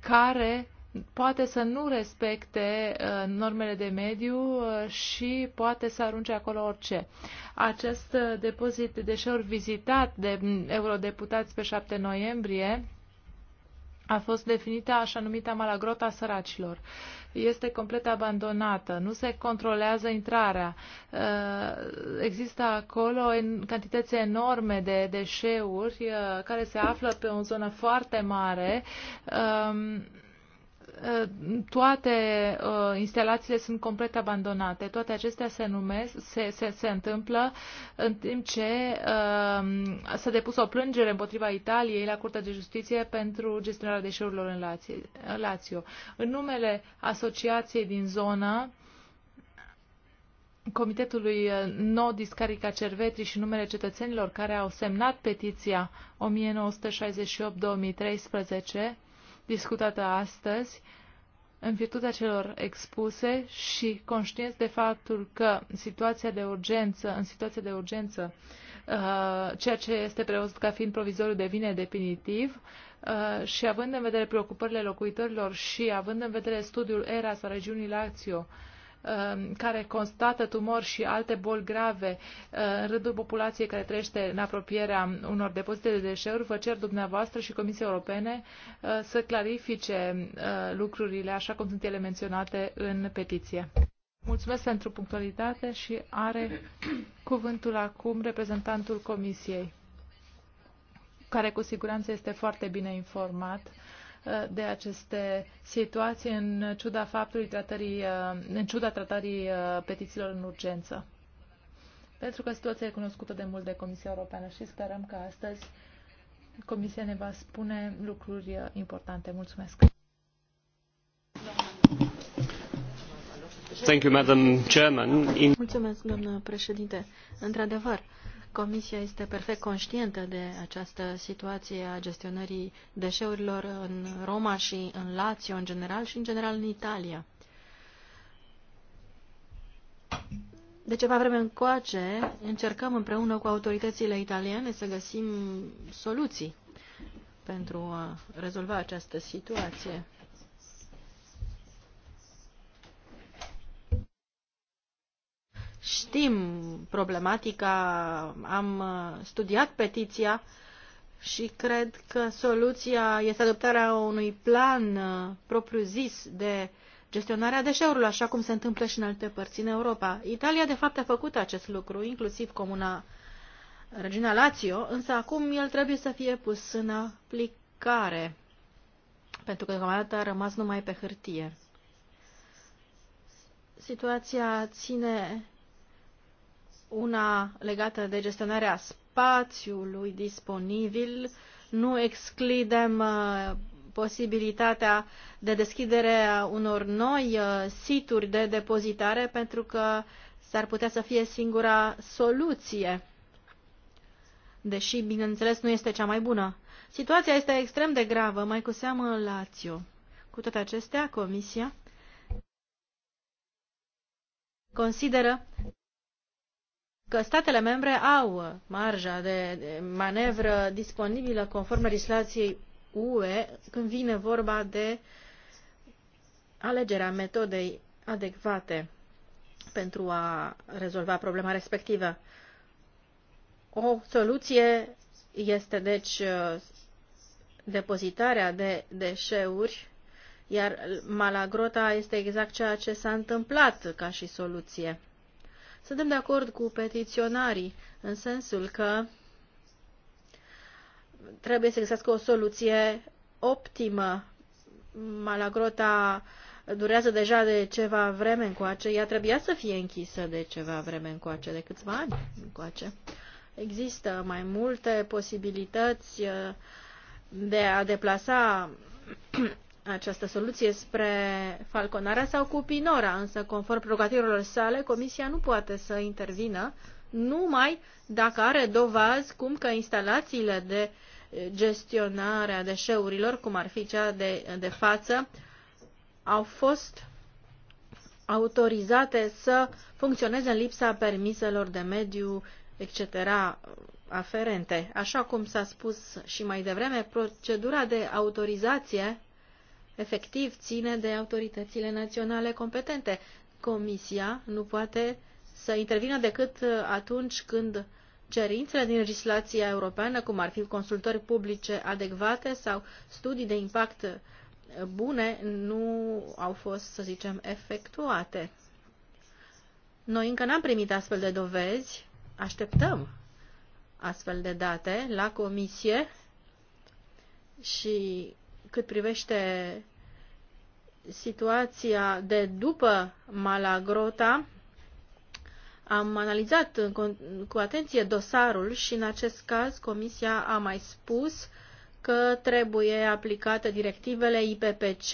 care poate să nu respecte uh, normele de mediu uh, și poate să arunce acolo orice. Acest uh, depozit de deșeuri vizitat de mm, eurodeputați pe 7 noiembrie a fost definită așa numita Malagrota săracilor. Este complet abandonată, nu se controlează intrarea. Uh, există acolo cantități enorme de deșeuri uh, care se află pe o zonă foarte mare um, toate uh, instalațiile sunt complet abandonate. Toate acestea se numesc, se, se, se întâmplă în timp ce uh, s-a depus o plângere împotriva Italiei la Curtea de Justiție pentru gestionarea deșeurilor în Lazio. În, numele asociației din zonă, Comitetului uh, No Discarica Cervetri și numele cetățenilor care au semnat petiția 1968-2013, discutată astăzi, în virtutea celor expuse și conștienți de faptul că situația de urgență, în situația de urgență, uh, ceea ce este prevăzut ca fiind provizoriu devine definitiv uh, și având în vedere preocupările locuitorilor și având în vedere studiul ERA sau regiunii Lazio, Um, care constată tumori și alte boli grave uh, în rândul populației care trăiește în apropierea unor depozite de deșeuri, vă cer dumneavoastră și Comisiei Europene uh, să clarifice uh, lucrurile așa cum sunt ele menționate în petiție. Mulțumesc pentru punctualitate și are cuvântul acum reprezentantul Comisiei, care cu siguranță este foarte bine informat de aceste situații în ciuda faptului tratării, uh, în ciuda tratării uh, petițiilor în urgență. Pentru că situația e cunoscută de mult de Comisia Europeană și sperăm că astăzi Comisia ne va spune lucruri uh, importante. Mulțumesc! Mulțumesc, doamnă președinte. Într-adevăr, Comisia este perfect conștientă de această situație a gestionării deșeurilor în Roma și în Lazio în general și în general în Italia. De ceva vreme încoace încercăm împreună cu autoritățile italiene să găsim soluții pentru a rezolva această situație. Știm problematica, am uh, studiat petiția și cred că soluția este adoptarea unui plan uh, propriu-zis de gestionarea deșeurilor, așa cum se întâmplă și în alte părți în Europa. Italia, de fapt, a făcut acest lucru, inclusiv comuna regiunea Lazio, însă acum el trebuie să fie pus în aplicare, pentru că deocamdată a rămas numai pe hârtie. Situația ține una legată de gestionarea spațiului disponibil. Nu excludem uh, posibilitatea de deschidere a unor noi uh, situri de depozitare pentru că s-ar putea să fie singura soluție, deși, bineînțeles, nu este cea mai bună. Situația este extrem de gravă, mai cu seamă în Lazio. Cu toate acestea, Comisia consideră că statele membre au marja de manevră disponibilă conform legislației UE când vine vorba de alegerea metodei adecvate pentru a rezolva problema respectivă. O soluție este, deci, depozitarea de deșeuri, iar Malagrota este exact ceea ce s-a întâmplat ca și soluție. Suntem de acord cu petiționarii în sensul că trebuie să găsească o soluție optimă. Malagrota durează deja de ceva vreme încoace. Ea trebuia să fie închisă de ceva vreme încoace, de câțiva ani încoace. Există mai multe posibilități eh, de a deplasa această soluție spre falconarea sau cu Pinora, însă conform prerogativelor sale, Comisia nu poate să intervină numai dacă are dovadă cum că instalațiile de gestionare a deșeurilor, cum ar fi cea de, de față, au fost autorizate să funcționeze în lipsa permiselor de mediu, etc., aferente. Așa cum s-a spus și mai devreme, procedura de autorizație efectiv ține de autoritățile naționale competente. Comisia nu poate să intervină decât uh, atunci când cerințele din legislația europeană, cum ar fi consultări publice adecvate sau studii de impact uh, bune, nu au fost, să zicem, efectuate. Noi încă n-am primit astfel de dovezi, așteptăm astfel de date la comisie și cât privește situația de după Malagrota, am analizat cu atenție dosarul și în acest caz Comisia a mai spus că trebuie aplicate directivele IPPC,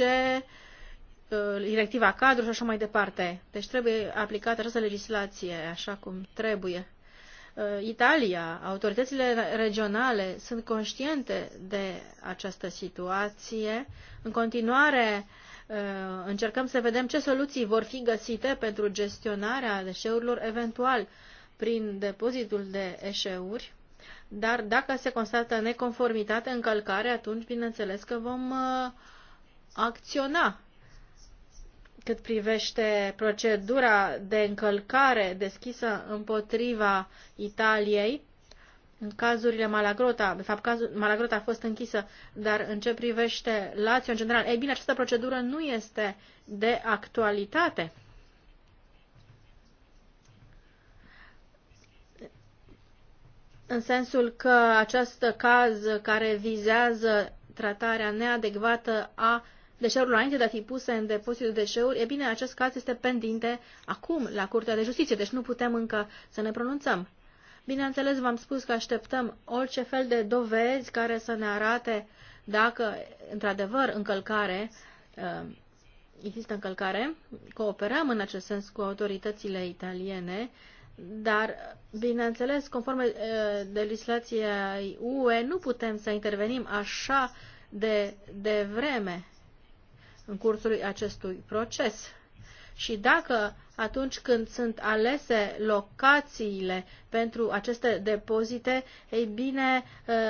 uh, directiva cadru și așa mai departe. Deci trebuie aplicată această legislație așa cum trebuie. Uh, Italia, autoritățile regionale sunt conștiente de această situație. În continuare, uh, încercăm să vedem ce soluții vor fi găsite pentru gestionarea deșeurilor, eventual prin depozitul de eșeuri, dar dacă se constată neconformitate, încălcare, atunci bineînțeles că vom uh, acționa cât privește procedura de încălcare deschisă împotriva Italiei, în cazurile Malagrota, de fapt cazul Malagrota a fost închisă, dar în ce privește Lazio în general, ei bine, această procedură nu este de actualitate. În sensul că acest caz care vizează tratarea neadecvată a deșeurilor înainte de a fi puse în depozitul deșeuri, e bine, acest caz este pendinte acum la Curtea de Justiție, deci nu putem încă să ne pronunțăm. Bineînțeles, v-am spus că așteptăm orice fel de dovezi care să ne arate dacă, într-adevăr, încălcare, uh, există încălcare. Cooperăm în acest sens cu autoritățile italiene, dar, bineînțeles, conform uh, de legislația UE, nu putem să intervenim așa de, de vreme în cursul acestui proces. Și dacă atunci când sunt alese locațiile pentru aceste depozite, ei bine,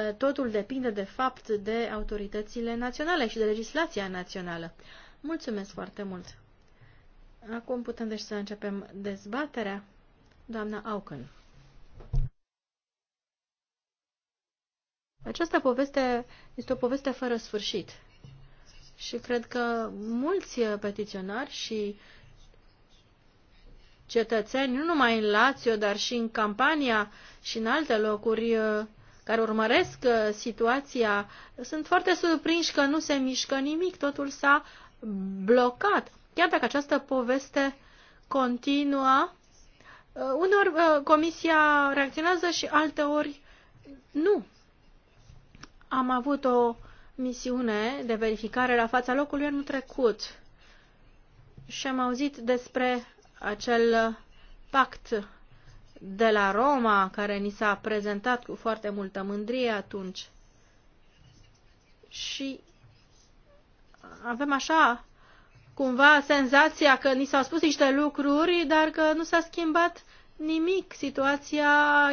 ă, totul depinde de fapt de autoritățile naționale și de legislația națională. Mulțumesc foarte mult! Acum putem deci să începem dezbaterea. Doamna Auken. Această poveste este o poveste fără sfârșit și cred că mulți petiționari și cetățeni, nu numai în Lazio, dar și în Campania și în alte locuri uh, care urmăresc uh, situația, sunt foarte surprinși că nu se mișcă nimic, totul s-a blocat. Chiar dacă această poveste continuă, uh, uneori comisia reacționează și alteori nu. Am avut o misiune de verificare la fața locului anul trecut și am auzit despre acel pact de la Roma care ni s-a prezentat cu foarte multă mândrie atunci. Și avem așa cumva senzația că ni s-au spus niște lucruri, dar că nu s-a schimbat nimic. Situația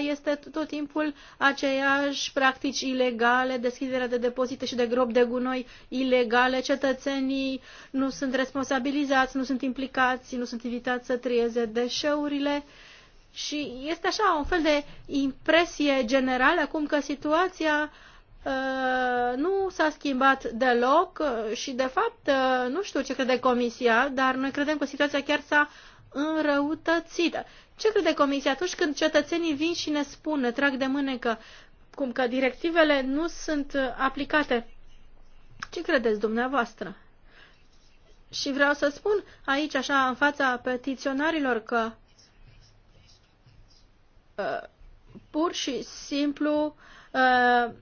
este tot timpul aceeași, practici ilegale, deschiderea de depozite și de grob de gunoi ilegale, cetățenii nu sunt responsabilizați, nu sunt implicați, nu sunt invitați să trieze deșeurile. Și este așa un fel de impresie generală acum că situația uh, nu s-a schimbat deloc uh, și, de fapt, uh, nu știu ce crede Comisia, dar noi credem că situația chiar s-a uh, înrăutățită. Ce crede Comisia atunci când cetățenii vin și ne spun, ne trag de mânecă, cum că directivele nu sunt aplicate? Ce credeți dumneavoastră? Și vreau să spun aici, așa, în fața petiționarilor, că uh, pur și simplu uh,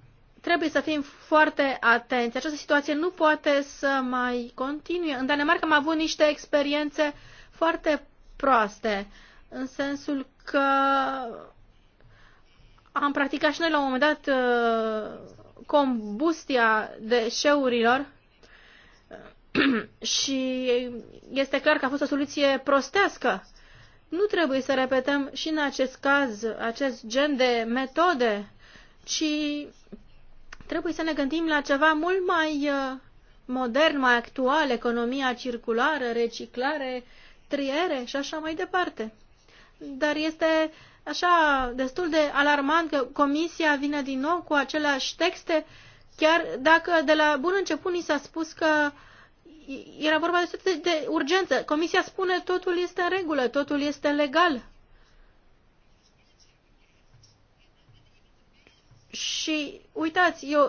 trebuie să fim foarte atenți. Această situație nu poate să mai continue. În Danemarca am avut niște experiențe foarte proaste, în sensul că am practicat și noi la un moment dat uh, combustia deșeurilor uh, și este clar că a fost o soluție prostească. Nu trebuie să repetăm și în acest caz acest gen de metode, ci trebuie să ne gândim la ceva mult mai uh, modern, mai actual, economia circulară, reciclare, striere și așa mai departe. Dar este așa destul de alarmant că comisia vine din nou cu aceleași texte, chiar dacă de la bun început ni s-a spus că era vorba de, de urgență. Comisia spune totul este în regulă, totul este legal. Și uitați, e o,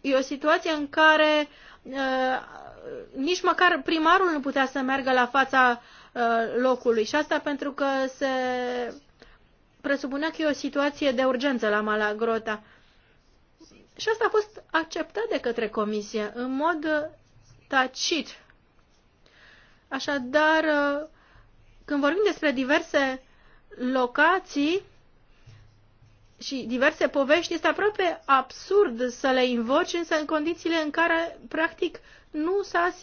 e o situație în care uh, nici măcar primarul nu putea să meargă la fața Uh, locului. Și asta pentru că se presupunea că e o situație de urgență la Malagrota. Și asta a fost acceptat de către comisie în mod uh, tacit. Așadar, uh, când vorbim despre diverse locații și diverse povești, este aproape absurd să le invoci, însă în condițiile în care, practic, nu s-a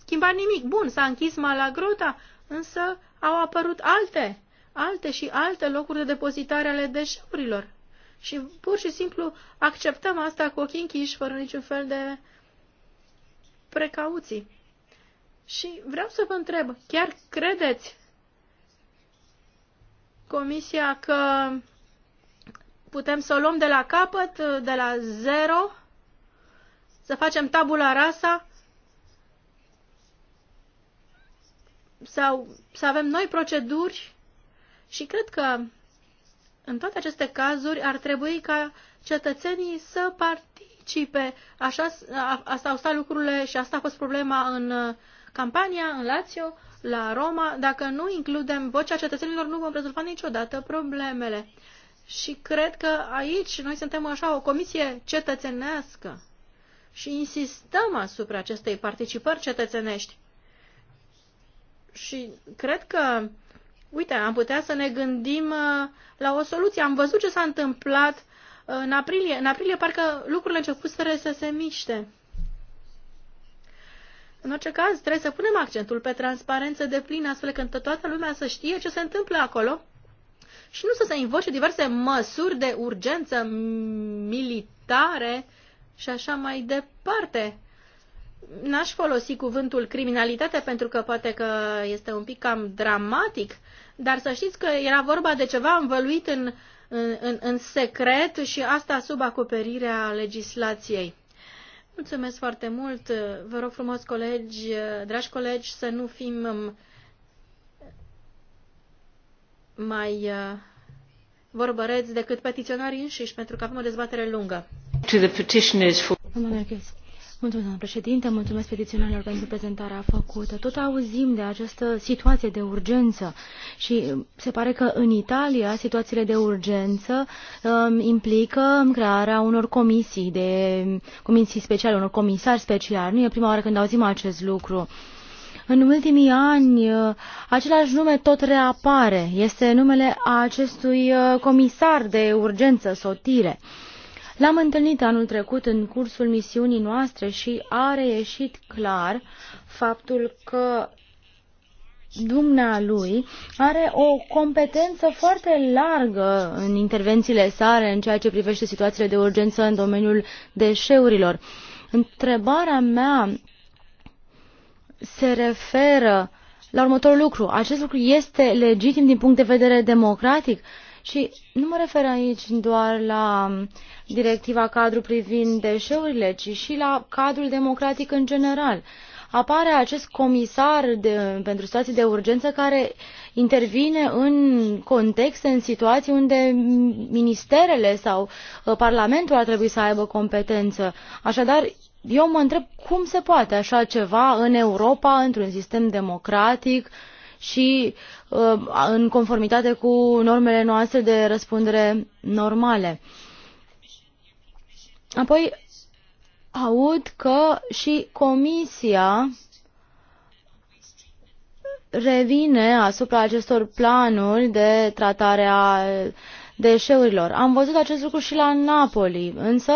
schimbat nimic. Bun, s-a închis Malagrota, însă au apărut alte, alte și alte locuri de depozitare ale deșeurilor. Și pur și simplu acceptăm asta cu ochii închiși, fără niciun fel de precauții. Și vreau să vă întreb, chiar credeți comisia că putem să o luăm de la capăt, de la zero, să facem tabula rasa sau să avem noi proceduri și cred că în toate aceste cazuri ar trebui ca cetățenii să participe. Așa, asta au stat lucrurile și asta a fost problema în uh, campania, în Lazio, la Roma. Dacă nu includem vocea cetățenilor, nu vom rezolva niciodată problemele. Și cred că aici noi suntem așa o comisie cetățenească și insistăm asupra acestei participări cetățenești. Și cred că, uite, am putea să ne gândim uh, la o soluție. Am văzut ce s-a întâmplat uh, în aprilie. În aprilie parcă lucrurile începuseră să se miște. În orice caz, trebuie să punem accentul pe transparență de plin, astfel că toată lumea să știe ce se întâmplă acolo și nu să se invoce diverse măsuri de urgență militare și așa mai departe n-aș folosi cuvântul criminalitate pentru că poate că este un pic cam dramatic, dar să știți că era vorba de ceva învăluit în, în, în, în secret și asta sub acoperirea legislației. Mulțumesc foarte mult. Vă rog frumos, colegi, dragi colegi, să nu fim um, mai uh, vorbăreți decât petiționarii înșiși, pentru că avem o dezbatere lungă. for... Mulțumesc, doamnă președinte, mulțumesc petiționarilor pentru prezentarea făcută. Tot auzim de această situație de urgență și se pare că în Italia situațiile de urgență um, implică crearea unor comisii, de comisii speciale, unor comisari speciali. Nu e prima oară când auzim acest lucru. În ultimii ani, uh, același nume tot reapare. Este numele acestui uh, comisar de urgență, Sotire. L-am întâlnit anul trecut în cursul misiunii noastre și a reieșit clar faptul că dumnealui are o competență foarte largă în intervențiile sale în ceea ce privește situațiile de urgență în domeniul deșeurilor. Întrebarea mea se referă la următorul lucru. Acest lucru este legitim din punct de vedere democratic? Uh, și nu mă refer aici doar la directiva cadru privind deșeurile, ci și la cadrul democratic în general. Apare acest comisar de, pentru situații de urgență care intervine în contexte, în situații unde ministerele sau uh, parlamentul ar trebui să aibă competență. Așadar, eu mă întreb cum se poate așa ceva în Europa, într-un sistem democratic, uh, și uh, în conformitate cu normele noastre de răspundere normale. Apoi aud că și Comisia revine asupra acestor planuri de tratare a deșeurilor. Am văzut acest lucru și la Napoli, însă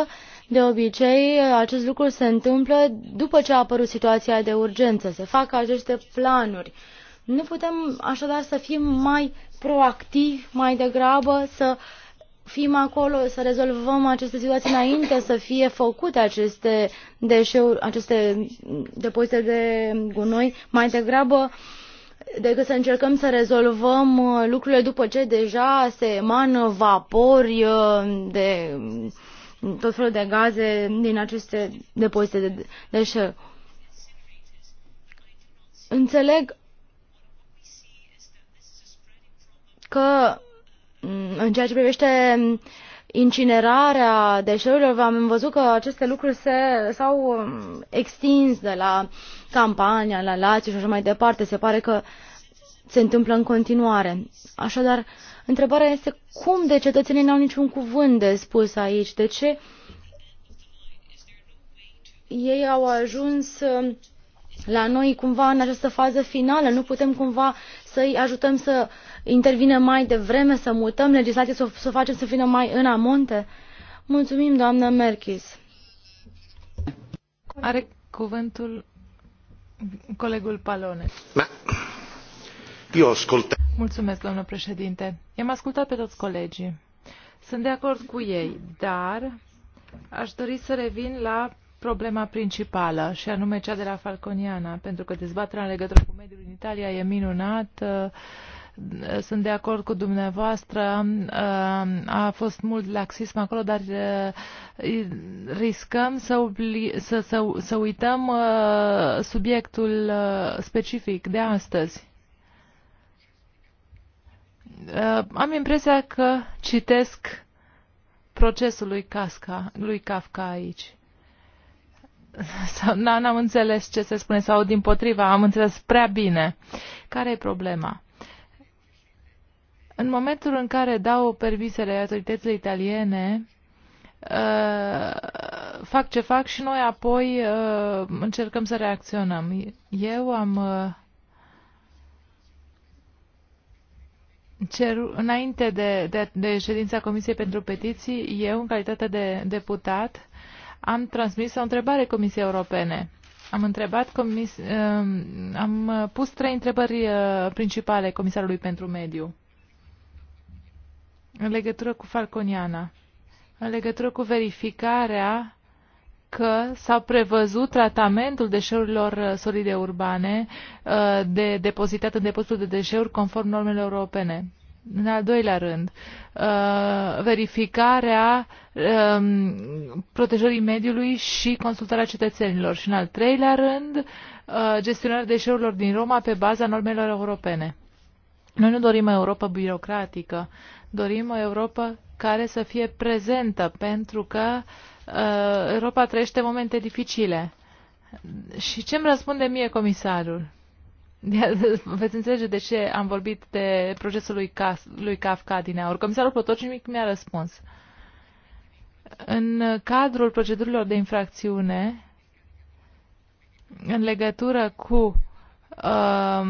de obicei acest lucru se întâmplă după ce a apărut situația de urgență. Se fac aceste planuri nu putem așadar să fim mai proactivi, mai degrabă, să fim acolo, să rezolvăm aceste situații înainte să fie făcute aceste deșeuri, aceste depozite de gunoi, mai degrabă decât să încercăm să rezolvăm uh, lucrurile după ce deja se emană vapori uh, de tot felul de gaze din aceste depozite de deșeuri. Înțeleg că mm, în ceea ce privește incinerarea deșeurilor, am văzut că aceste lucruri se, s-au mm, extins de la campania, la Lazio și așa mai departe. Se pare că se întâmplă în continuare. Așadar, întrebarea este cum de cetățenii n-au niciun cuvânt de spus aici? De ce ei au ajuns mm, la noi cumva în această fază finală? Nu putem cumva să-i ajutăm să uh, intervine mai devreme, să mutăm legislația, să, să o facem să vină mai în amonte? Mulțumim, doamnă Merchis. Are cuvântul colegul Palone. Ma, eu ascult. Mulțumesc, doamnă președinte. I-am ascultat pe toți colegii. Sunt de acord cu ei, dar aș dori să revin la problema principală, și anume cea de la Falconiana, pentru că dezbaterea în legătură cu mediul în Italia e minunată sunt de acord cu dumneavoastră, a fost mult laxism acolo, dar riscăm să, obli- să, să, să uităm subiectul specific de astăzi am impresia că citesc procesul lui, Casca, lui Kafka aici. Sau n-am înțeles ce se spune, sau din potriva, am înțeles prea bine. Care e problema? În momentul în care dau permisele autorităților italiene, uh, fac ce fac și noi apoi uh, încercăm să reacționăm. Eu am uh, cer, înainte de, de, de ședința Comisiei pentru Petiții, eu, în calitate de deputat, am transmis o întrebare Comisiei Europene. Am întrebat, comis, am pus trei întrebări principale Comisarului pentru Mediu în legătură cu Falconiana, în legătură cu verificarea că s au prevăzut tratamentul deșeurilor uh, solide urbane uh, de depozitat în depozitul de deșeuri conform normelor europene. În al doilea rând, uh, verificarea um, protejării mediului și consultarea cetățenilor. Și în al treilea rând, gestionarea deșeurilor din Roma pe baza normelor europene. Noi nu dorim o Europa birocratică, Dorim o Europa care să fie prezentă, pentru că uh, Europa trăiește momente dificile. Și ce îmi răspunde mie comisarul? Veți înțelege de ce am vorbit de procesul lui, Cas, lui Kafka din aur. Comisarul Plotocinic mi-a răspuns. În cadrul procedurilor de infracțiune, în legătură cu uh,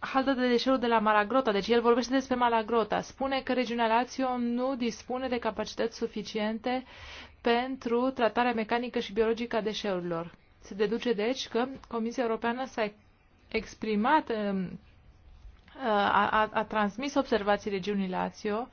halda de deșeuri de la Malagrota. Deci el vorbește despre Malagrota. Spune că regiunea Lazio nu dispune de capacități suficiente pentru tratarea mecanică și biologică a deșeurilor. Se deduce deci că Comisia Europeană s-a exprimat, um, a, a, a transmis observații regiunii Lazio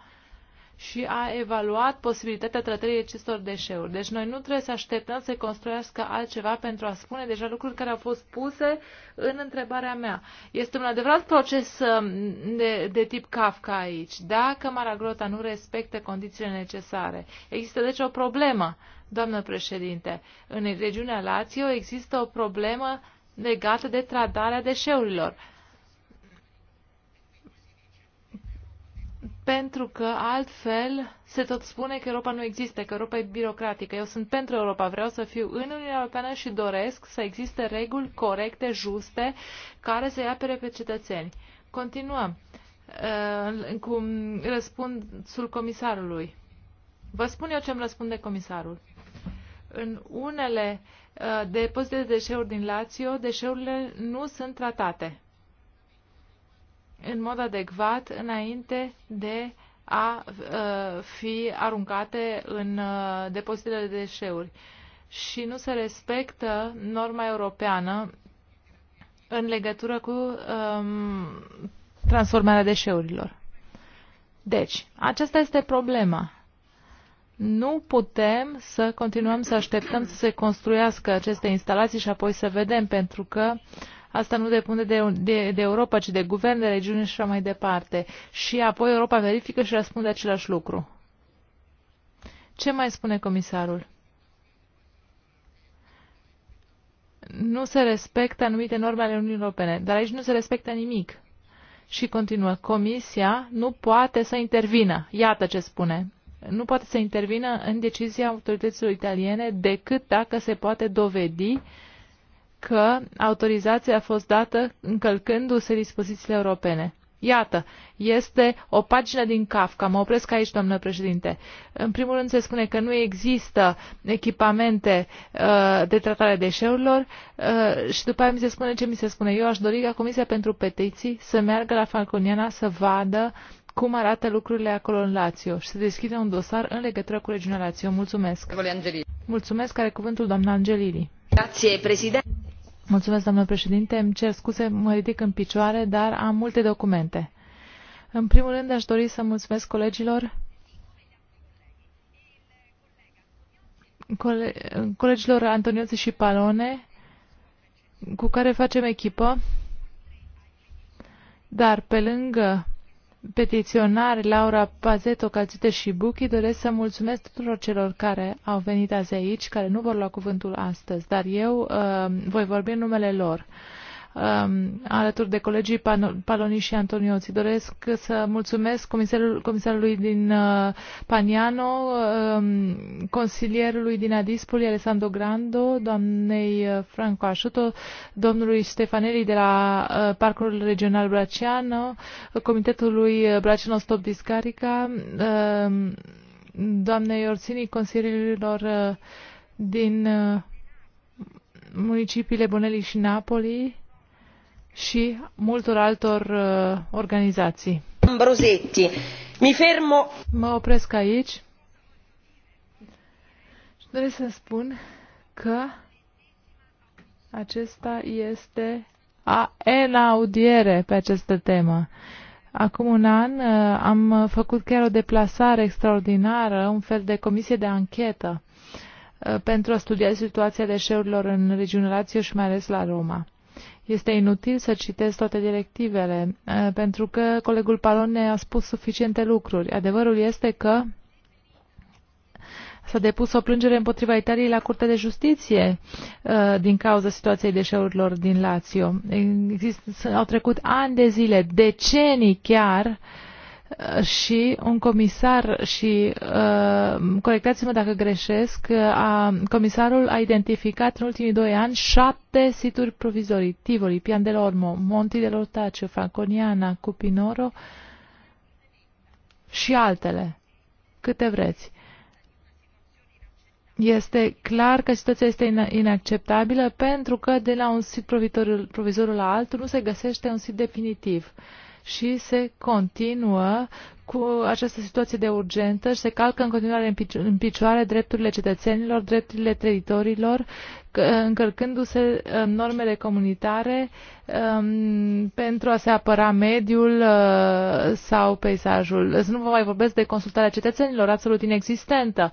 și a evaluat posibilitatea tratării acestor deșeuri. Deci noi nu trebuie să așteptăm să construiască altceva pentru a spune deja lucruri care au fost puse în întrebarea mea. Este un adevărat proces um, de, de tip Kafka aici. Dacă Maragrota nu respectă condițiile necesare, există deci o problemă, doamnă președinte. În regiunea Lazio există o problemă legată de tratarea deșeurilor pentru că altfel se tot spune că Europa nu există, că Europa e birocratică. Eu sunt pentru Europa, vreau să fiu în Uniunea Europeană și doresc să existe reguli corecte, juste, care să-i apere pe cetățeni. Continuăm uh, cu răspunsul comisarului. Vă spun eu ce îmi răspunde comisarul. În unele uh, depozite de deșeuri din Lazio, deșeurile nu sunt tratate în mod adecvat înainte de a uh, fi aruncate în uh, depozitele de deșeuri și nu se respectă norma europeană în legătură cu um, transformarea deșeurilor. Deci, aceasta este problema. Nu putem să continuăm să așteptăm să se construiască aceste instalații și apoi să vedem, pentru că Asta nu depinde de, de, de Europa, ci de guvern, de regiune și așa mai departe. Și apoi Europa verifică și răspunde același lucru. Ce mai spune comisarul? Nu se respectă anumite norme ale Uniunii Europene, dar aici nu se respectă nimic. Și continuă, Comisia nu poate să intervină. Iată ce spune. Nu poate să intervină în decizia autorităților italiene decât dacă se poate dovedi uh, că autorizația a fost dată încălcându-se dispozițiile europene. Iată, este o pagină din Kafka. Mă opresc aici, doamnă președinte. În primul rând se spune că nu există echipamente uh, de tratare deșeurilor uh, și după aceea mi se spune ce mi se spune. Eu aș dori ca Comisia pentru Petiții să meargă la Falconiana să vadă cum arată lucrurile acolo în Lazio și să deschidă un dosar în legătură cu regiunea Lazio. Mulțumesc. Mulțumesc. Are cuvântul doamna Angelili. Grazie, președinte. Mulțumesc, doamnă președinte. Îmi cer scuze, mă ridic în picioare, dar am multe documente. În primul rând, aș dori să mulțumesc colegilor colegilor Antonioți și Palone, cu care facem echipă, dar pe lângă petiționari Laura Pazeto, Calțite și Buchi doresc să mulțumesc tuturor celor care au venit azi aici, care nu vor lua cuvântul astăzi, dar eu uh, voi vorbi în numele lor. Uh, Um, alături de colegii Paloni și Ți Doresc să mulțumesc comisarului din uh, Paniano, um, consilierului din Adispoli, Alessandro Grando, doamnei uh, Franco Așuto, domnului stefaneli de la uh, Parcul Regional Braceano, Comitetului Braceano Stop Discarica, um, doamnei Orsini, consilierilor din municipiile Bonelli și Napoli, și multor altor uh, organizații. Ambrosetti, mi fermo. Mă opresc aici și doresc să spun că acesta este a ena audiere pe această temă. Acum un an uh, am făcut chiar o deplasare extraordinară, un fel de comisie de anchetă uh, pentru a studia situația deșeurilor în regiunea Lazio și mai ales la Roma. Este inutil să citesc toate directivele, eh, pentru că colegul Palone a spus suficiente lucruri. Adevărul este că s-a depus o plângere împotriva Italiei la Curtea de Justiție eh, din cauza situației deșeurilor din Lazio. Exist, au trecut ani de zile, decenii chiar, uh, și un comisar și, uh, corectați-mă dacă greșesc, uh, a, comisarul a identificat în ultimii doi ani șapte situri provizorii, Tivoli, Pian de Ormo, Monti de Lortaciu, Franconiana, Cupinoro și altele, câte vreți. Este clar că situația este inacceptabilă pentru că de la un sit provizor la altul nu se găsește un sit definitiv. Uh, și se continuă cu această situație de urgentă și se calcă în continuare în, picioare drepturile cetățenilor, drepturile teritoriilor, încărcându se um, normele comunitare um, pentru a se apăra mediul uh, sau peisajul. Să nu vă mai vorbesc de consultarea cetățenilor, absolut inexistentă.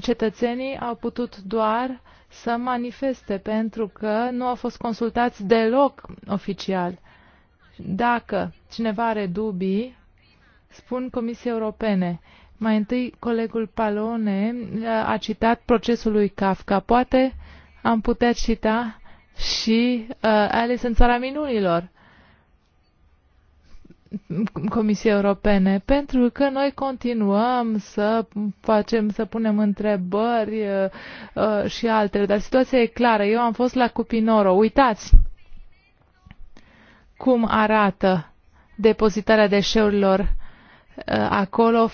Cetățenii au putut doar să manifeste pentru că nu au fost consultați deloc oficial. Dacă cineva are dubii, spun Comisiei Europene. Mai întâi, colegul Palone uh, a citat procesul lui Kafka. Poate am putea cita și uh, Alice în țara minunilor Comisiei Europene, pentru că noi continuăm să facem, să punem întrebări uh, uh și altele, dar situația e clară. Eu am fost la Cupinoro, uitați, cum arată depozitarea deșeurilor uh, acolo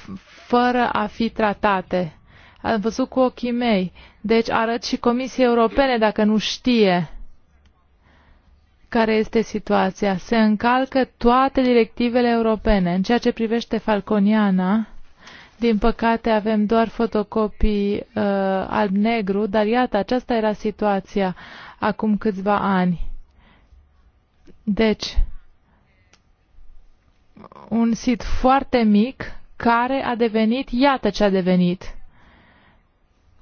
fără a fi tratate. Am văzut cu ochii mei. Deci arăt și Comisiei Europene dacă nu știe care este situația. Se încalcă toate directivele europene. În ceea ce privește Falconiana, din păcate avem doar fotocopii uh, alb-negru, dar iată, aceasta era situația acum câțiva ani. Deci, un sit foarte mic care a devenit, iată ce a devenit.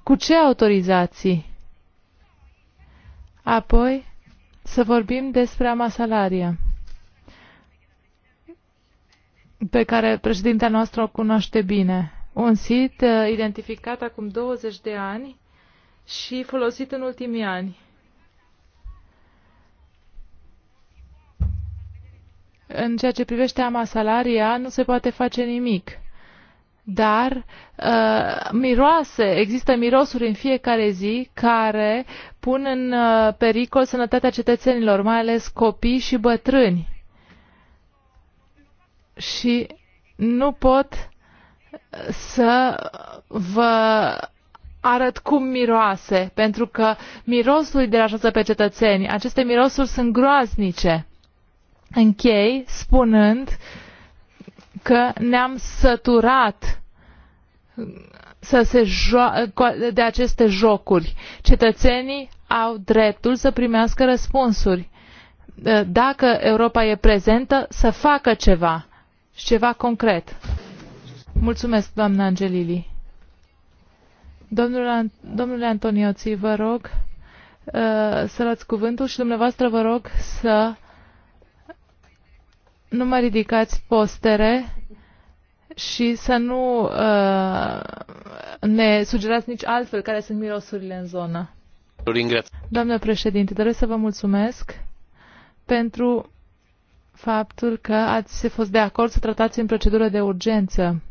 Cu ce autorizații? Apoi, să vorbim despre amasalaria pe care președintea noastră o cunoaște bine. Un sit uh, identificat acum 20 de ani și folosit în ultimii ani. În ceea ce privește Amasalaria, nu se poate face nimic. Dar uh, miroase, există mirosuri în fiecare zi care pun în uh, pericol sănătatea cetățenilor, mai ales copii și bătrâni. Și nu pot uh, să vă arăt cum miroase, pentru că mirosul îi deranjează pe cetățeni. Aceste mirosuri sunt groaznice. Închei spunând că ne-am săturat să se de aceste jocuri. Cetățenii au dreptul să primească răspunsuri. Ă, dacă Europa e prezentă, să facă ceva și ceva concret. Mulțumesc, doamna Angelili. Domnul, domnule Antonioții, vă rog ă, să luați cuvântul și dumneavoastră vă rog să nu mă ridicați postere și să nu uh, ne sugerați nici altfel care sunt mirosurile în zonă. Doamnă președinte, doresc să vă mulțumesc pentru faptul că ați fost de acord să tratați în procedură de urgență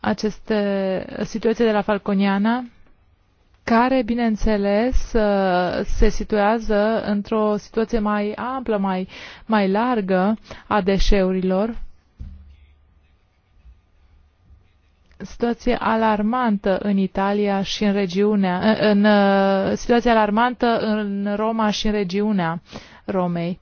aceste situații de la Falconiana care, bineînțeles, uh, se situează într-o situație mai amplă, mai, mai largă a deșeurilor. Situație alarmantă în Italia și în regiunea, în, în uh, situație alarmantă în Roma și în regiunea Romei.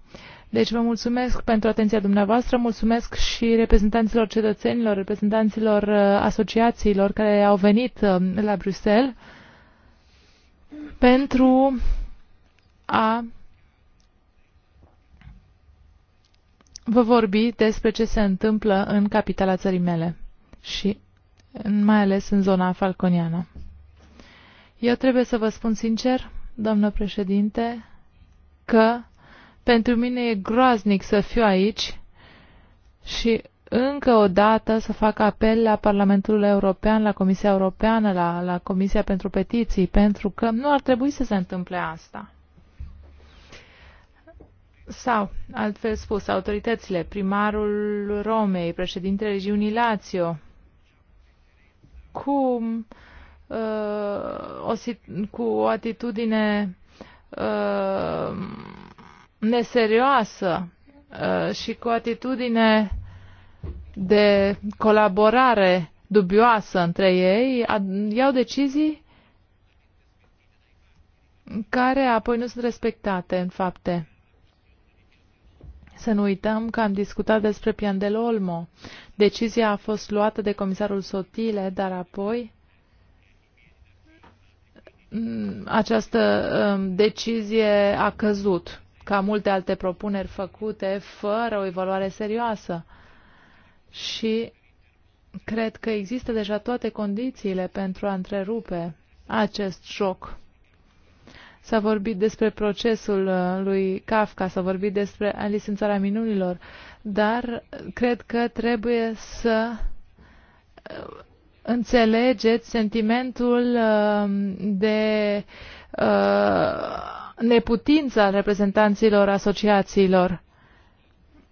Deci vă mulțumesc pentru atenția dumneavoastră, mulțumesc și reprezentanților cetățenilor, reprezentanților uh, asociațiilor care au venit la Bruxelles pentru a vă vorbi despre ce se întâmplă în capitala țării mele și mai ales în zona falconiană. Eu trebuie să vă spun sincer, doamnă președinte, că pentru mine e groaznic să fiu aici și încă o dată să fac apel la Parlamentul European, la Comisia Europeană, la, la Comisia pentru Petiții, pentru că nu ar trebui să se întâmple asta. Sau, altfel spus, autoritățile, primarul Romei, președintele regiunii Lazio, cu, uh, o, cu o atitudine uh, neserioasă uh, și cu o atitudine de colaborare dubioasă între ei, iau decizii care apoi nu sunt respectate în fapte. Să nu uităm că am discutat despre Pian Olmo. Decizia a fost luată de comisarul Sotile, dar apoi mm, această um, decizie a căzut, ca multe alte propuneri făcute, fără o evaluare serioasă și cred că există deja toate condițiile pentru a întrerupe acest joc. S-a vorbit despre procesul uh, lui Kafka, s-a vorbit despre Alice în țara minunilor, dar cred că trebuie să uh, înțelegeți sentimentul uh, de neputință al reprezentanților asociațiilor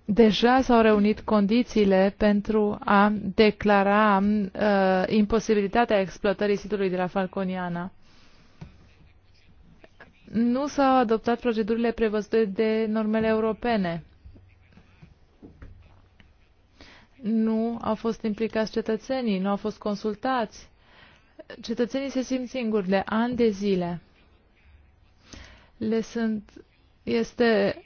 deja s-au reunit condițiile pentru a declara uh, imposibilitatea exploatării sitului de la Falconiana. Nu s-au adoptat procedurile prevăzute de normele europene. Nu au fost implicați cetățenii, nu au fost consultați. Cetățenii se simt singuri de ani de zile. Le sunt, este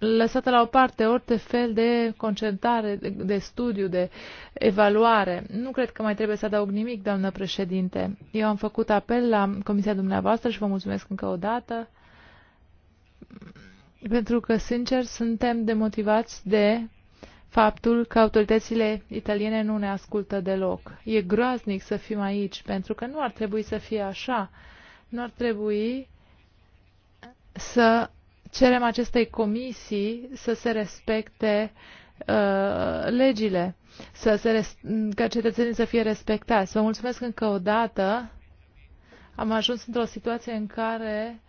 lăsată la o parte orice fel de concentrare, de studiu, de evaluare. Nu cred că mai trebuie să adaug nimic, doamnă președinte. Eu am făcut apel la comisia dumneavoastră și vă mulțumesc încă o dată, pentru că, sincer, suntem demotivați de faptul că autoritățile italiene nu ne ascultă deloc. E groaznic să fim aici, pentru că nu ar trebui să fie așa. Nu ar trebui să cerem acestei comisii să se respecte uh, legile, să se ca cetățenii să fie respectați. Vă mulțumesc încă o dată. Am ajuns într-o situație în care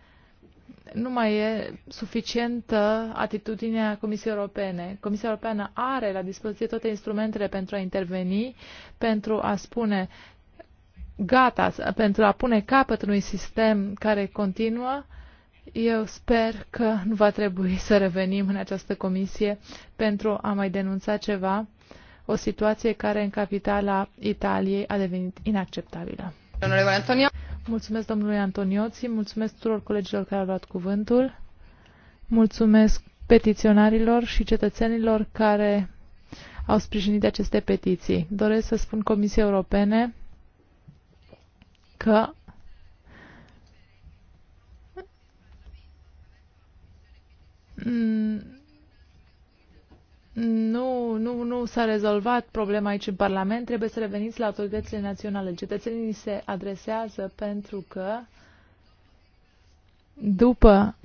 nu mai e suficientă atitudinea Comisiei Europene. Comisia Europeană are la dispoziție toate instrumentele pentru a interveni, pentru a spune gata, pentru a pune capăt unui sistem care continuă eu sper că nu va trebui să revenim în această comisie pentru a mai denunța ceva, o situație care în capitala Italiei a devenit inacceptabilă. Mulțumesc domnului Antonioți, mulțumesc tuturor colegilor care au luat cuvântul, mulțumesc petiționarilor și cetățenilor care au sprijinit aceste petiții. Doresc să spun Comisiei Europene că nu, nu, nu s-a rezolvat problema aici în Parlament, trebuie să reveniți la autoritățile naționale. Cetățenii se adresează pentru că după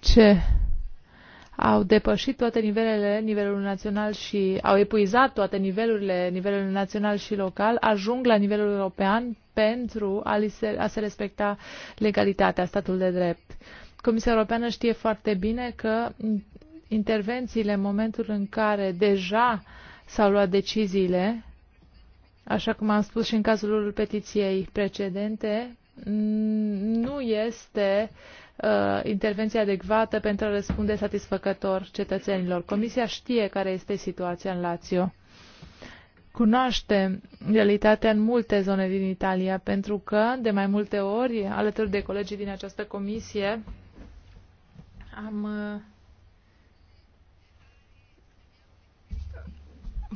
ce au depășit toate nivelele, nivelul național și au epuizat toate nivelurile, nivelul național și local, ajung la nivelul european pentru a, se, respecta legalitatea, statul de drept. Comisia Europeană știe foarte bine că intervențiile în momentul în care deja s-au luat deciziile, așa cum am spus și în cazul petiției precedente, nu este uh, intervenția adecvată pentru a răspunde satisfăcător cetățenilor. Comisia știe care este situația în Lazio. Cunoaște realitatea în multe zone din Italia, pentru că, de mai multe ori, alături de colegii din această comisie, am uh,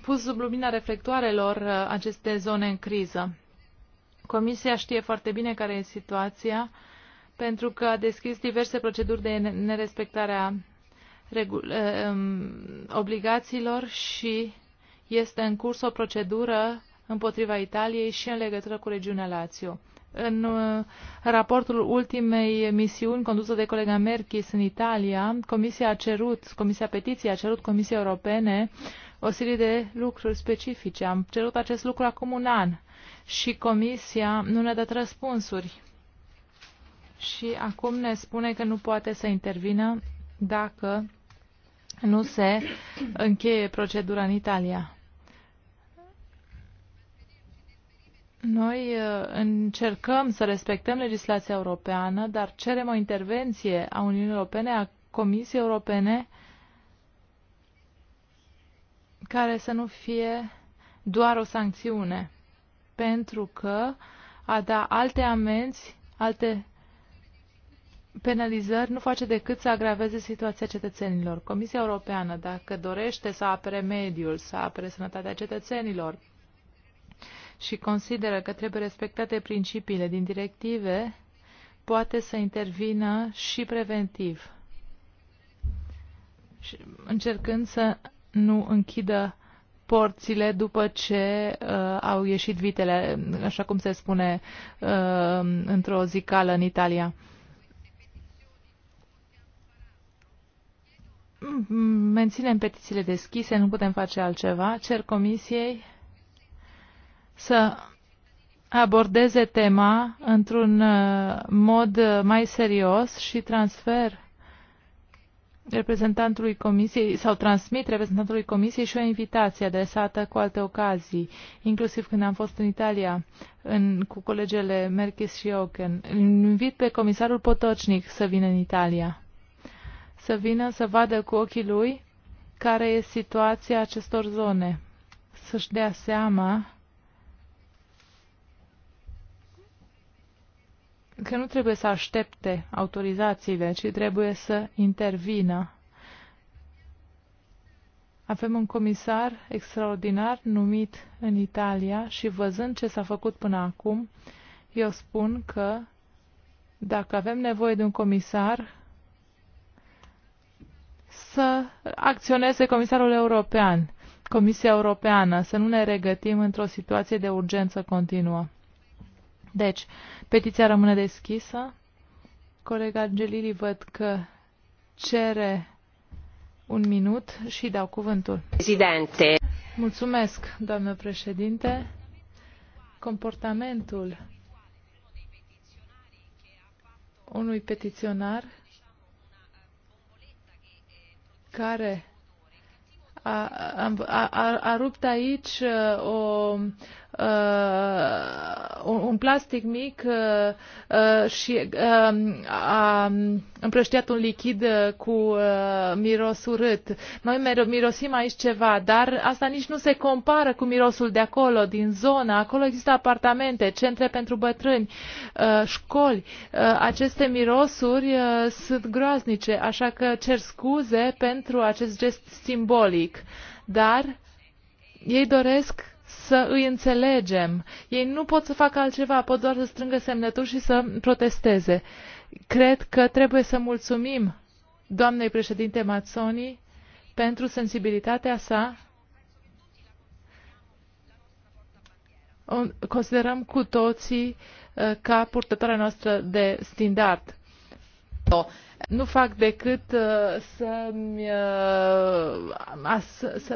pus sub lumina reflectoarelor uh, aceste zone în criză. Comisia știe foarte bine care e situația, pentru că a deschis diverse proceduri de nerespectare a uh, um, obligațiilor și este în curs o procedură împotriva Italiei și în legătură cu regiunea Lazio. În uh, raportul ultimei misiuni condusă de colega Merkis în Italia, Comisia a cerut, Comisia Petiției a cerut Comisiei Europene o serie de lucruri specifice. Am cerut acest lucru acum un an și Comisia nu ne-a dat răspunsuri. Și acum ne spune că nu poate să intervină dacă nu se încheie procedura în Italia. Noi uh, încercăm să respectăm legislația europeană, dar cerem o intervenție a Uniunii Europene, a Comisiei Europene, care să nu fie doar o sancțiune, pentru că a da alte amenzi, alte penalizări nu face decât să agraveze situația cetățenilor. Comisia Europeană, dacă dorește să apere mediul, să apere sănătatea cetățenilor, și consideră că trebuie respectate principiile din directive, poate să intervină și preventiv, încercând să nu închidă porțile după ce uh, au ieșit vitele, așa cum se spune uh, într-o zicală în Italia. Menținem petițiile deschise, nu putem face altceva. Cer comisiei să abordeze tema într-un uh, mod mai serios și transfer reprezentantului comisiei sau transmit reprezentantului comisiei și o invitație adresată cu alte ocazii, inclusiv când am fost în Italia în, cu colegele Merkis și Oken. Invit pe comisarul Potocnic să vină în Italia, să vină să vadă cu ochii lui care e situația acestor zone, să-și dea seama că nu trebuie să aștepte autorizațiile, ci trebuie să intervină. Avem un comisar extraordinar numit în Italia și văzând ce s-a făcut până acum, eu spun că dacă avem nevoie de un comisar, să acționeze comisarul european, Comisia Europeană, să nu ne regătim într-o situație de urgență continuă. Deci, petiția rămâne deschisă. Colega Angelili văd că cere un minut și dau cuvântul. Președinte. Mulțumesc, doamnă președinte. Comportamentul unui petiționar care a, a, a, a rupt aici uh, o uh, un plastic mic uh, uh, și uh, a um, împrăștiat un lichid uh, cu uh, miros urât. Noi mirosim aici ceva, dar asta nici nu se compară cu mirosul de acolo, din zona. Acolo există apartamente, centre pentru bătrâni, uh, școli. Uh, aceste mirosuri uh, sunt groaznice, așa că cer scuze pentru acest gest simbolic. Dar ei doresc să îi înțelegem. Ei nu pot să facă altceva, pot doar să strângă semnături și să protesteze. Cred că trebuie să mulțumim doamnei președinte Mazzoni pentru sensibilitatea sa. O considerăm cu toții uh, ca purtătoarea noastră de standard nu fac decât uh, uh,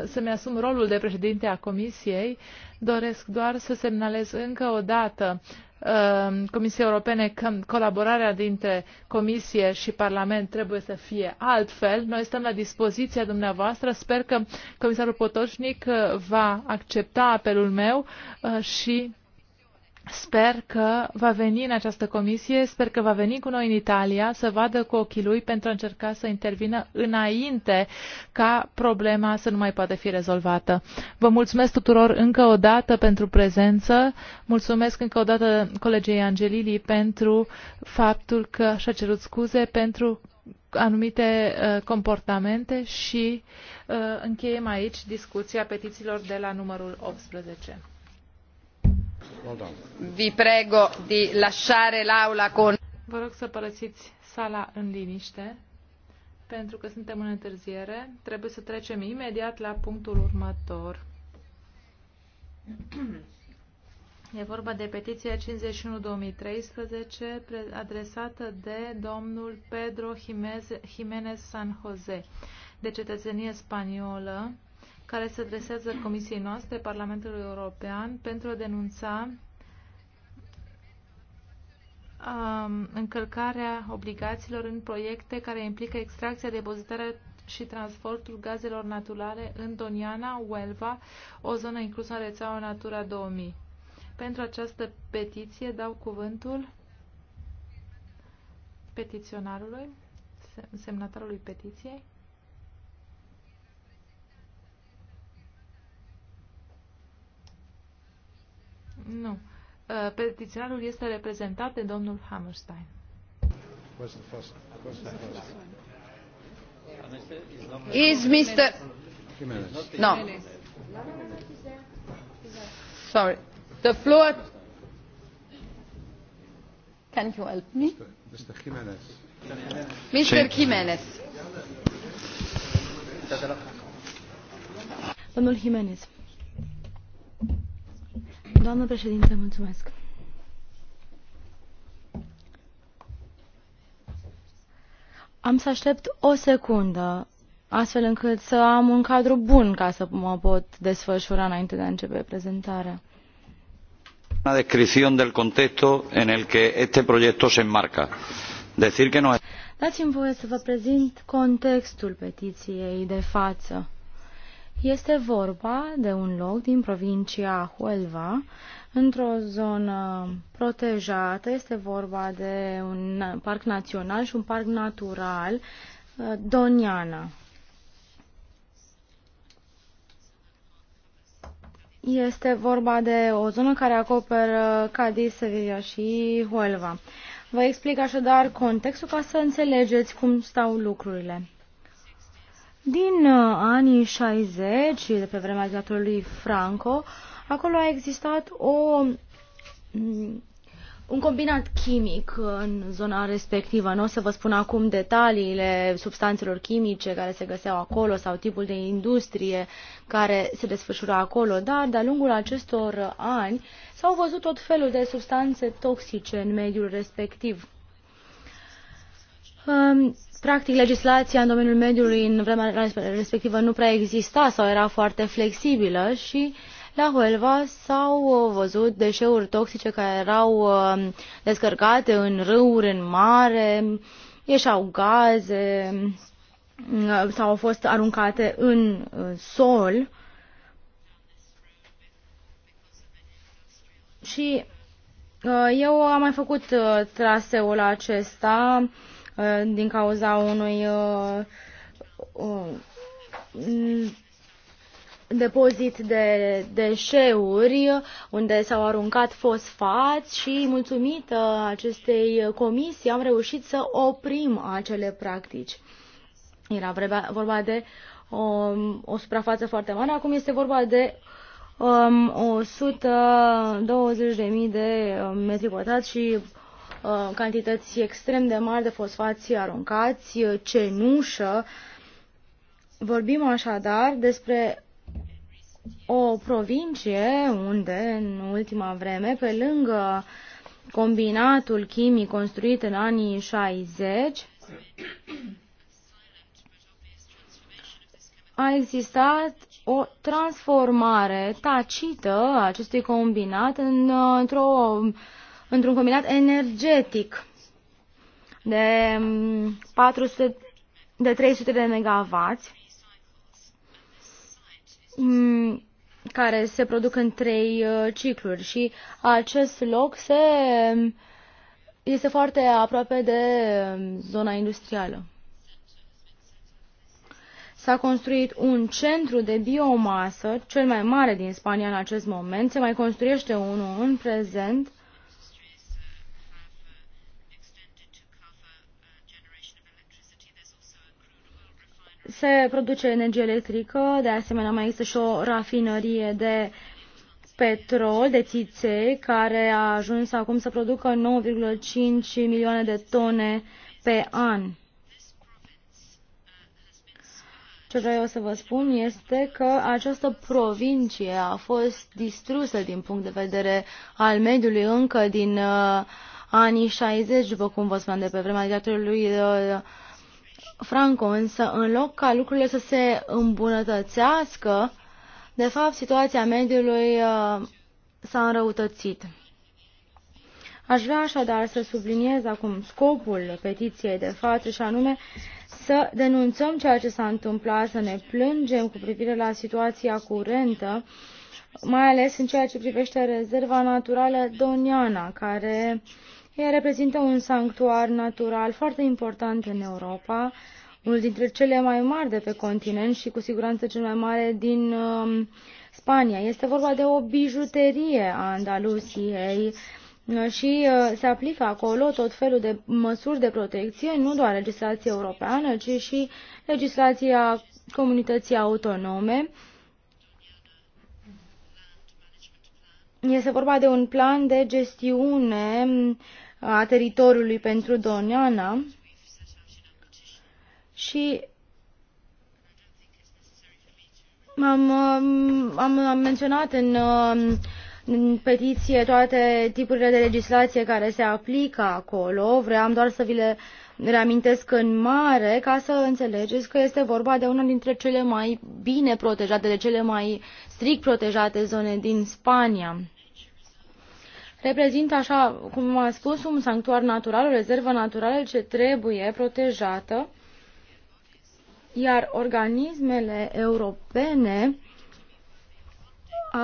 să-mi, asum rolul de președinte a Comisiei. Doresc doar să semnalez încă o dată uh, Comisiei Europene că colaborarea dintre Comisie și Parlament trebuie să fie altfel. Noi stăm la dispoziția dumneavoastră. Sper că comisarul Potoșnic va accepta apelul meu și Sper că va veni în această comisie, sper că va veni cu noi în Italia să vadă cu ochii lui pentru a încerca să intervină înainte ca problema să nu mai poate fi rezolvată. Vă mulțumesc tuturor încă o dată pentru prezență, mulțumesc încă o dată colegei Angelili pentru faptul că și-a cerut scuze pentru anumite uh, comportamente și uh, încheiem aici discuția petițiilor de la numărul 18. Vi prego di lasciare l'aula con... Vă rog să părăsiți sala în liniște, pentru că suntem în întârziere. Trebuie să trecem imediat la punctul următor. E vorba de petiția 51-2013 adresată de domnul Pedro Jimenez San Jose, de cetățenie spaniolă, care se adresează Comisiei noastre, Parlamentului European, pentru a denunța um, încălcarea obligațiilor în proiecte care implică extracția, depozitarea și transportul gazelor naturale în Doniana, Uelva, o zonă inclusă în rețeaua Natura 2000. Pentru această petiție dau cuvântul petiționarului, semnatarului petiției. Nu. Uh, petiționarul este reprezentat de domnul Hammerstein. Is Mr. No. Sorry. The floor. Can you help me? Mr. Jimenez. Mr. Jimenez. Domnul Jimenez. Doamnă președinte, mulțumesc. Am să aștept o secundă, astfel încât să am un cadru bun ca să mă pot desfășura înainte de a începe prezentarea. Una descripción del contexto en el que este proyecto se enmarca. Decir que no Dați-mi voie să vă prezint contextul petiției de față. Este vorba de un loc din provincia Huelva, într-o zonă protejată, este vorba de un parc național și un parc natural, uh, Doniana. Este vorba de o zonă care acoperă Cadiz, Sevilla și Huelva. Vă explic așadar contextul ca să înțelegeți cum stau lucrurile. Din uh, anii 60, de pe vremea dictatorului Franco, acolo a existat o, mm, un combinat chimic în zona respectivă. Nu o să vă spun acum detaliile substanțelor chimice care se găseau acolo sau tipul de industrie care se desfășura acolo, dar de-a lungul acestor ani s-au văzut tot felul de substanțe toxice în mediul respectiv. Um, Practic, legislația în domeniul mediului în vremea respectivă nu prea exista sau era foarte flexibilă și la Huelva s-au uh, văzut deșeuri toxice care erau uh, descărcate în râuri, în mare, ieșau gaze uh, sau au fost aruncate în sol. Și eu am mai făcut traseul acesta Uh, din cauza unui uh, uh, depozit de deșeuri unde s-au aruncat fosfați și mulțumită acestei comisii am reușit să oprim acele practici. Era vorba de o, um, o suprafață foarte mare, acum este vorba de um, 120.000 de metri pătrați și Uh, cantități extrem de mari de fosfați aruncați, uh, cenușă. Vorbim așadar despre o provincie unde în ultima vreme, pe lângă combinatul chimic construit în anii 60, a existat o transformare tacită a acestui combinat în, uh, într-o într-un combinat energetic de, 400, mm, de 300 de megavați mm, care se produc în trei uh, cicluri și acest loc se, mm, este foarte aproape de zona industrială. S-a construit un centru de biomasă, cel mai mare din Spania în acest moment, se mai construiește unul în prezent se produce energie electrică, de asemenea mai există și o rafinărie de petrol, de țiței, care a ajuns acum să producă 9,5 milioane de tone pe an. Ce vreau să vă spun este că această provincie a fost distrusă din punct de vedere al mediului încă din uh, anii 60, după cum vă spuneam, de pe vremea dictatorului uh, Franco însă, în loc ca lucrurile să se îmbunătățească, de fapt, situația mediului uh, s-a înrăutățit. Aș vrea așadar să subliniez acum scopul petiției de față și anume să denunțăm ceea ce s-a întâmplat, să ne plângem cu privire la situația curentă, mai ales în ceea ce privește rezerva naturală Doniana, care uh, ea reprezintă un sanctuar natural foarte important în Europa, unul dintre cele mai mari de pe continent și cu siguranță cel mai mare din uh, Spania. Este vorba de o bijuterie a Andalusiei uh, și uh, se aplică acolo tot felul de măsuri de protecție, nu doar legislația europeană, ci și legislația comunității autonome. Este vorba de un plan de gestiune uh, a teritoriului pentru Doniana și am, am, am menționat în, în petiție toate tipurile de legislație care se aplică acolo. Vreau doar să vi le reamintesc în mare ca să înțelegeți că este vorba de una dintre cele mai bine protejate, de cele mai strict protejate zone din Spania reprezintă, așa cum am spus, un sanctuar natural, o rezervă naturală ce trebuie protejată, iar organismele europene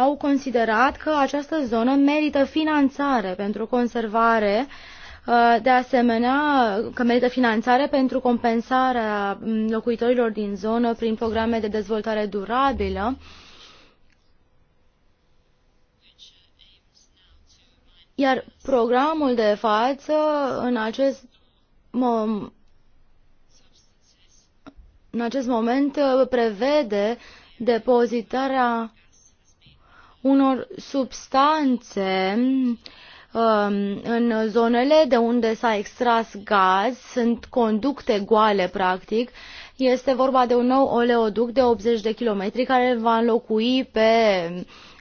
au considerat că această zonă merită finanțare pentru conservare, uh, de asemenea că merită finanțare pentru compensarea mm, locuitorilor din zonă prin programe de dezvoltare durabilă, Iar programul de față în acest, mom- în acest moment prevede depozitarea unor substanțe um, în zonele de unde s-a extras gaz, sunt conducte goale practic, este vorba de un nou oleoduct de 80 de kilometri care va înlocui pe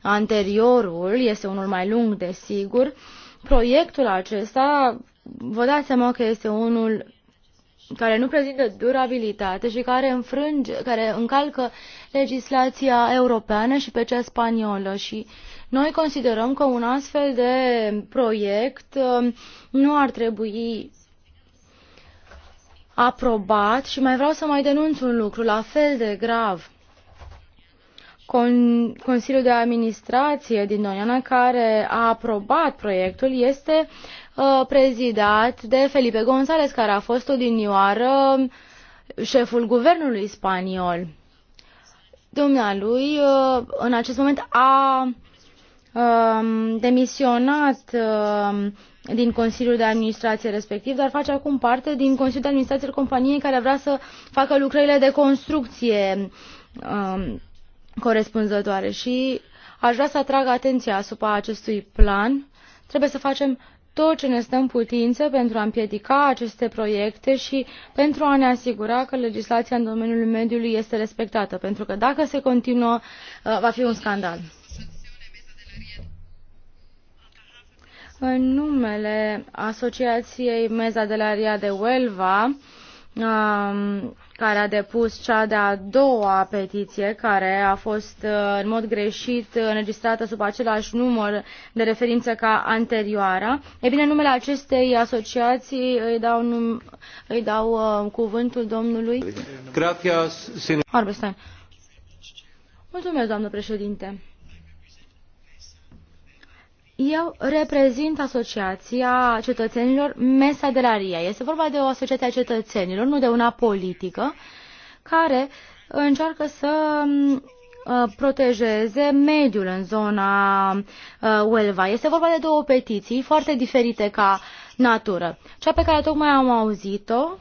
Anteriorul este unul mai lung, desigur. Proiectul acesta, vă dați seama că este unul care nu prezintă durabilitate și care înfrânge, care încalcă legislația europeană și pe cea spaniolă și noi considerăm că un astfel de proiect um, nu ar trebui aprobat și mai vreau să mai denunț un lucru la fel de grav. Consiliul de Administrație din Noiana, care a aprobat proiectul, este uh, prezidat de Felipe González, care a fost odinioară uh, șeful guvernului spaniol. Dumnealui, uh, în acest moment, a um, demisionat um, din Consiliul de Administrație respectiv, dar face acum parte din Consiliul de Administrație al companiei care vrea să facă lucrările de construcție. Uh, corespunzătoare și aș vrea să atrag atenția asupra acestui plan. Trebuie să facem tot ce ne stă în putință pentru a împiedica aceste proiecte și pentru a ne asigura că legislația în domeniul mediului este respectată, pentru că dacă se continuă, uh, va fi un scandal. În numele Asociației Meza de la Ria de Huelva, um, care a depus cea de-a doua petiție, care a fost uh, în mod greșit înregistrată sub același număr de referință ca anterioara. E bine, numele acestei asociații îi dau, num, îi dau uh, cuvântul domnului. Gracias, Mulțumesc, doamnă președinte. Eu reprezint Asociația Cetățenilor Mesa de la Ria. Este vorba de o asociație a cetățenilor, nu de una politică, care încearcă să mm, uh, protejeze mediul în zona uh, Uelva. Este vorba de două petiții foarte diferite ca natură. Cea pe care tocmai am auzit-o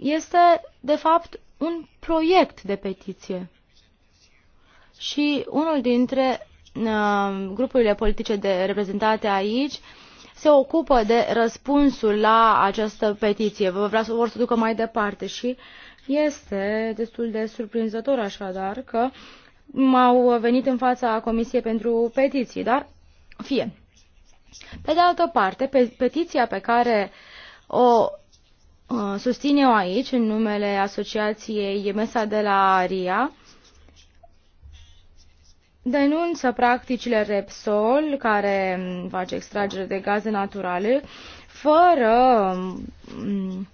este, de fapt, un proiect de petiție. Și unul dintre Uh, grupurile politice de reprezentate aici se ocupă de răspunsul la această petiție. Vă vreau să vor să ducă mai departe și este destul de surprinzător așadar că m-au venit în fața Comisiei pentru Petiții, dar fie. Pe de altă parte, pe, petiția pe care o uh, susțin eu aici, în numele Asociației Mesa de la Aria, denunță practicile Repsol, care mm, face extragere de gaze naturale, fără mm,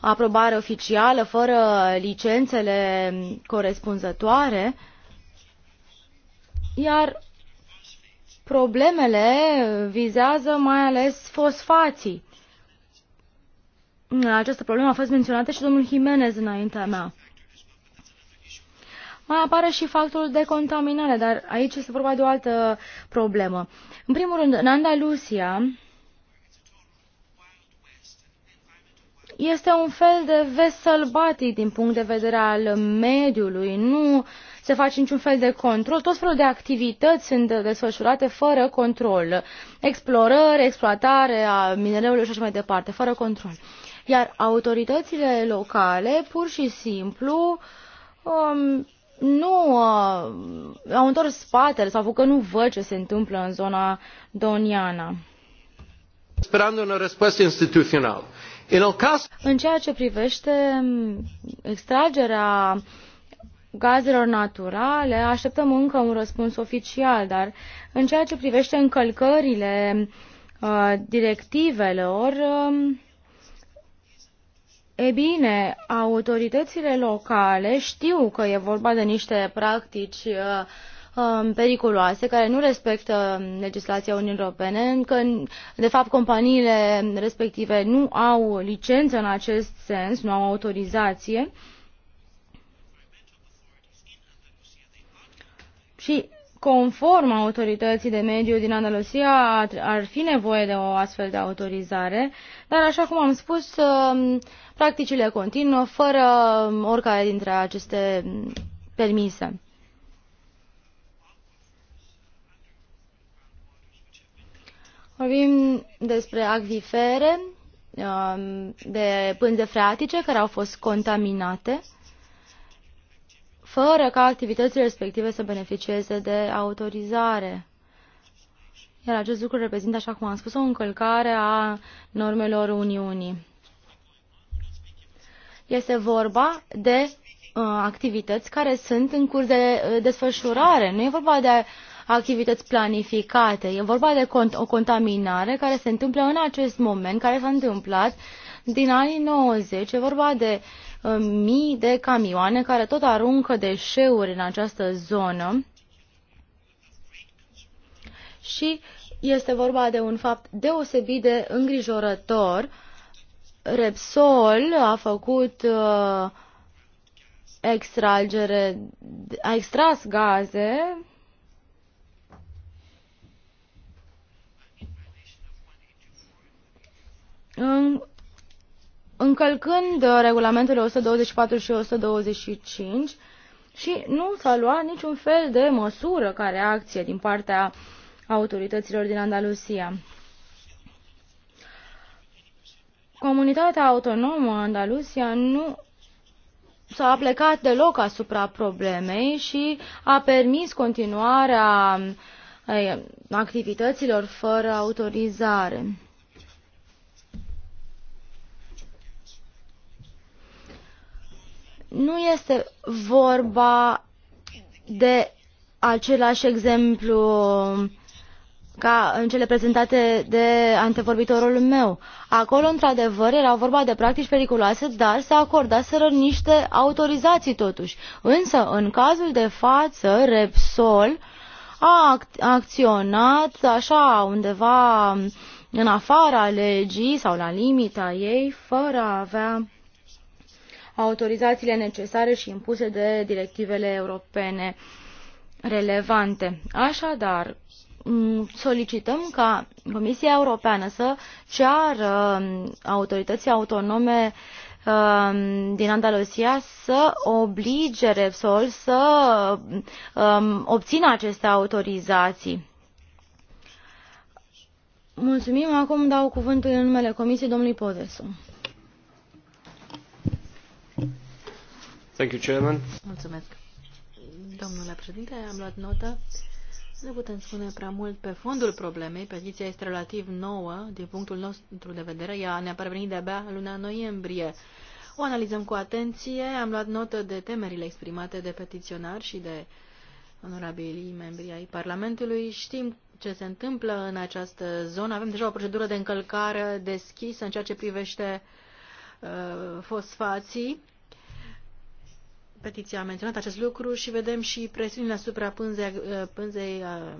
aprobare oficială, fără licențele corespunzătoare, iar problemele vizează mai ales fosfații. Această problemă a fost menționată și domnul Jimenez înaintea mea. Mai apare și faptul de contaminare, dar aici este vorba de o altă problemă. În primul rând, în Andalusia este un fel de vest sălbatic din punct de vedere al mediului. Nu se face niciun fel de control. Tot felul de activități sunt desfășurate fără control. Explorări, exploatare a minereurilor și așa mai departe, fără control. Iar autoritățile locale pur și simplu um, nu uh, au întors spatele sau că nu văd ce se întâmplă în zona doniana. Sperando un răspuns instituțional. În ceea ce privește mm, extragerea gazelor naturale, așteptăm încă un răspuns oficial, dar în ceea ce privește încălcările uh, directivelor, uh, E bine, autoritățile locale știu că e vorba de niște practici uh, um, periculoase, care nu respectă legislația Uniunii Europene, că de fapt companiile respective nu au licență în acest sens, nu au autorizație. Și conform autorității de mediu din Andalusia ar fi nevoie de o astfel de autorizare, dar așa cum am spus, um, practicile continuă fără um, oricare dintre aceste um, permise. Vorbim despre acvifere um, de pânze freatice care au fost contaminate fără ca activitățile respective să beneficieze de autorizare. Iar acest lucru reprezintă, așa cum am spus, o încălcare a normelor Uniunii. Este vorba de uh, activități care sunt în curs de uh, desfășurare. Nu e vorba de activități planificate. E vorba de cont o contaminare care se întâmplă în acest moment, care s-a întâmplat din anii 90. E vorba de uh, mii de camioane care tot aruncă deșeuri în această zonă. Și este vorba de un fapt deosebit de îngrijorător uh, Repsol a făcut uh, extragere, a extras gaze în, încălcând uh, regulamentele 124 și 125 și nu s-a luat niciun fel de măsură ca reacție din partea autorităților din Andalusia. Comunitatea autonomă Andalusia nu s-a plecat deloc asupra problemei și a permis continuarea eh, activităților fără autorizare. Nu este vorba de același exemplu ca în cele prezentate de antevorbitorul meu. Acolo, într-adevăr, era vorba de practici periculoase, dar se acordaseră niște autorizații totuși. Însă, în cazul de față, Repsol a acționat așa undeva în afara legii sau la limita ei, fără a avea autorizațiile necesare și impuse de directivele europene relevante. Așadar, solicităm ca Comisia Europeană să ceară autorității autonome um, din Andalusia să oblige Repsol să um, obțină aceste autorizații. Mulțumim. Acum dau cuvântul în numele Comisiei domnului Podesu. Thank you, Chairman. Mulțumesc. Domnule președinte, am luat notă nu putem spune prea mult pe fondul problemei. Petiția este relativ nouă din punctul nostru de vedere. Ea ne-a parvenit de-abia luna noiembrie. O analizăm cu atenție. Am luat notă de temerile exprimate de petiționar și de onorabilii membri ai Parlamentului. Știm ce se întâmplă în această zonă. Avem deja o procedură de încălcare deschisă în ceea ce privește uh, fosfații petiția a menționat acest lucru și vedem și presiunile asupra pânzei, ă, pânzei ă,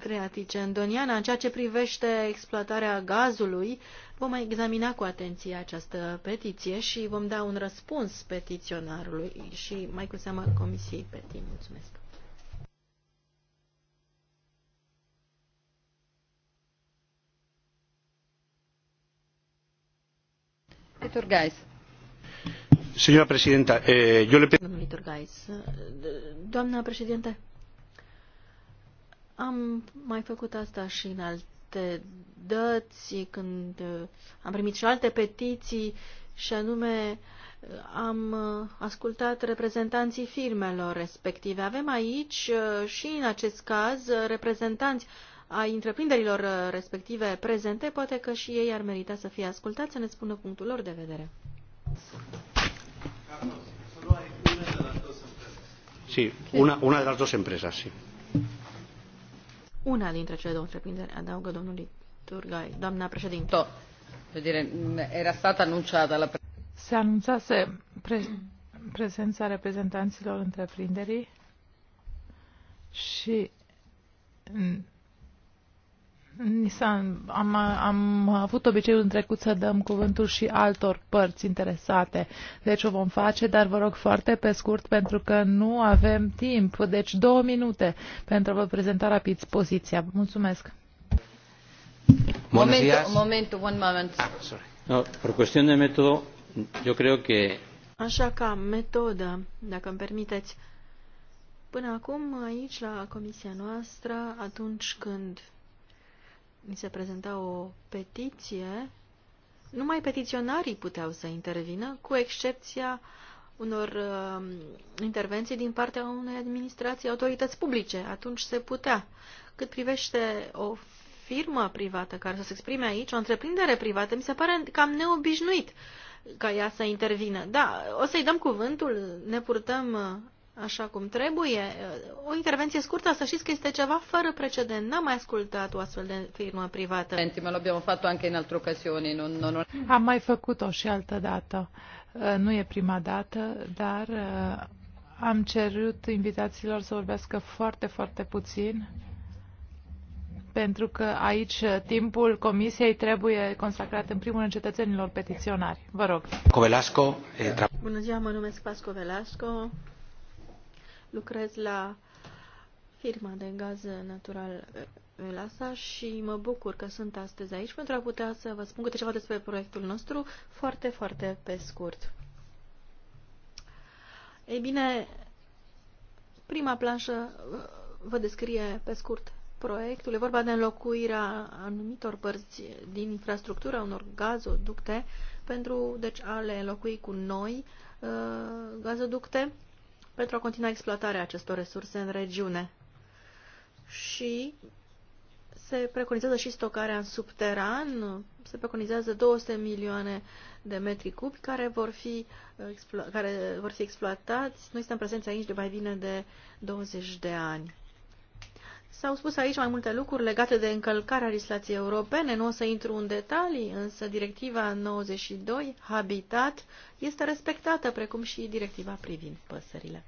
creatice în Doniana. În ceea ce privește exploatarea gazului, vom examina cu atenție această petiție și vom da un răspuns petiționarului și mai cu seamă Comisiei PETI. Mulțumesc! Peter Geis. Señora presidenta, eh, le Doamna președinte, am mai făcut asta și în alte dăți, când am primit și alte petiții, și anume am ascultat reprezentanții firmelor respective. Avem aici eh, și în acest caz reprezentanți a întreprinderilor eh, respective prezente, poate că și ei ar merita să fie ascultați, să ne spună punctul lor de vedere. Sí, una, una de las dos empresas, sí. Una dintre cele două întreprinderi, adaugă domnului Turgai. Doamna președintă. Era stata anunțată la... Se anunțase pre prezența reprezentanților întreprinderii și Nisan, am, am avut obiceiul în trecut să dăm cuvântul și altor părți interesate, deci o vom face, dar vă rog foarte pe scurt pentru că nu avem timp, deci două minute pentru a vă prezenta rapid poziția. Mulțumesc! Momentul, momentul, un moment. Ah, sorry. No, de metod, yo creo que... Așa ca metodă, dacă îmi permiteți. Până acum, aici, la comisia noastră, atunci când mi se prezenta o petiție, numai petiționarii puteau să intervină, cu excepția unor uh, intervenții din partea unei administrații, autorități publice. Atunci se putea. Cât privește o firmă privată care să se exprime aici, o întreprindere privată, mi se pare cam neobișnuit ca ea să intervină. Da, o să-i dăm cuvântul, ne purtăm uh, așa cum trebuie. O intervenție scurtă, să știți că este ceva fără precedent. N-am mai ascultat o astfel de firmă privată. Ma l'abbiamo fatto anche in altre occasioni. Non, Nu. Am mai făcut-o și altă dată. Eh, nu e prima dată, dar eh, am cerut invitațiilor să vorbească foarte, foarte puțin pentru că aici eh, timpul comisiei trebuie consacrat în primul rând cetățenilor petiționari. Vă rog. Covelasco. Bună ziua, mă numesc Pasco Velasco. Lucrez la firma de gaz natural Velasa eh, și mă bucur că sunt astăzi aici pentru a putea să vă spun câte ceva despre proiectul nostru foarte, foarte pe scurt. Ei bine, prima planșă eh, vă descrie pe scurt proiectul. E vorba de înlocuirea anumitor părți din infrastructura unor gazoducte pentru deci a le înlocui cu noi eh, gazoducte pentru a continua exploatarea acestor resurse în regiune. Și se preconizează și stocarea în subteran, se preconizează 200 milioane de metri cubi care vor fi, care vor fi exploatați. Noi suntem prezenți aici de mai bine de 20 de ani. S-au spus aici mai multe lucruri legate de încălcarea legislației europene, nu o să intru în detalii, însă directiva 92, Habitat, este respectată, precum și directiva privind păsările.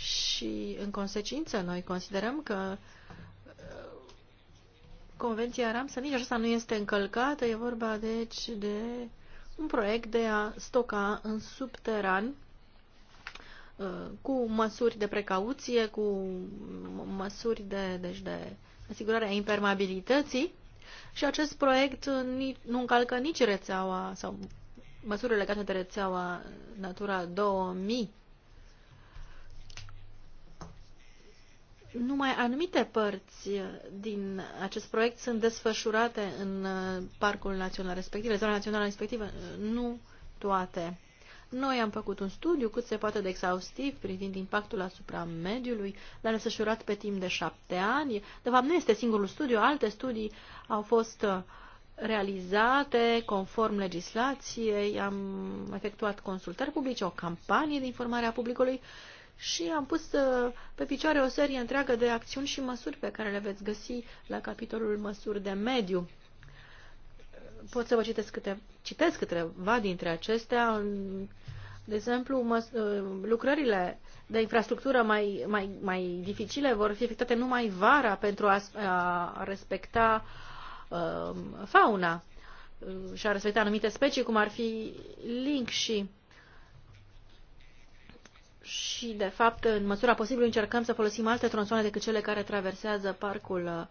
Și, în consecință, noi considerăm că uh, Convenția Ramsă nici așa nu este încălcată, e vorba, deci, de un proiect de a stoca în subteran uh, cu măsuri de precauție, cu măsuri de, deci de asigurare a impermeabilității și acest proiect nu încalcă nici rețeaua sau măsurile legate de rețeaua Natura 2000. numai anumite părți uh, din acest proiect sunt desfășurate în uh, parcul național respectiv, zona națională respectivă, uh, nu toate. Noi am făcut un studiu cât se poate de exhaustiv privind impactul asupra mediului, l-am desfășurat pe timp de șapte ani. De fapt, nu este singurul studiu, alte studii au fost realizate conform legislației, am efectuat consultări publice, o campanie de informare a publicului și am pus uh, pe picioare o serie întreagă de acțiuni și măsuri pe care le veți găsi la capitolul măsuri de mediu. Pot să vă citesc, câte, citesc câteva dintre acestea. De exemplu, măs, uh, lucrările de infrastructură mai, mai, mai dificile vor fi efectuate numai vara pentru a, a respecta um, uh, fauna și a respecta anumite specii, cum ar fi link și și, de fapt, în măsura posibilă încercăm să folosim alte tronsoane decât cele care traversează parcul uh,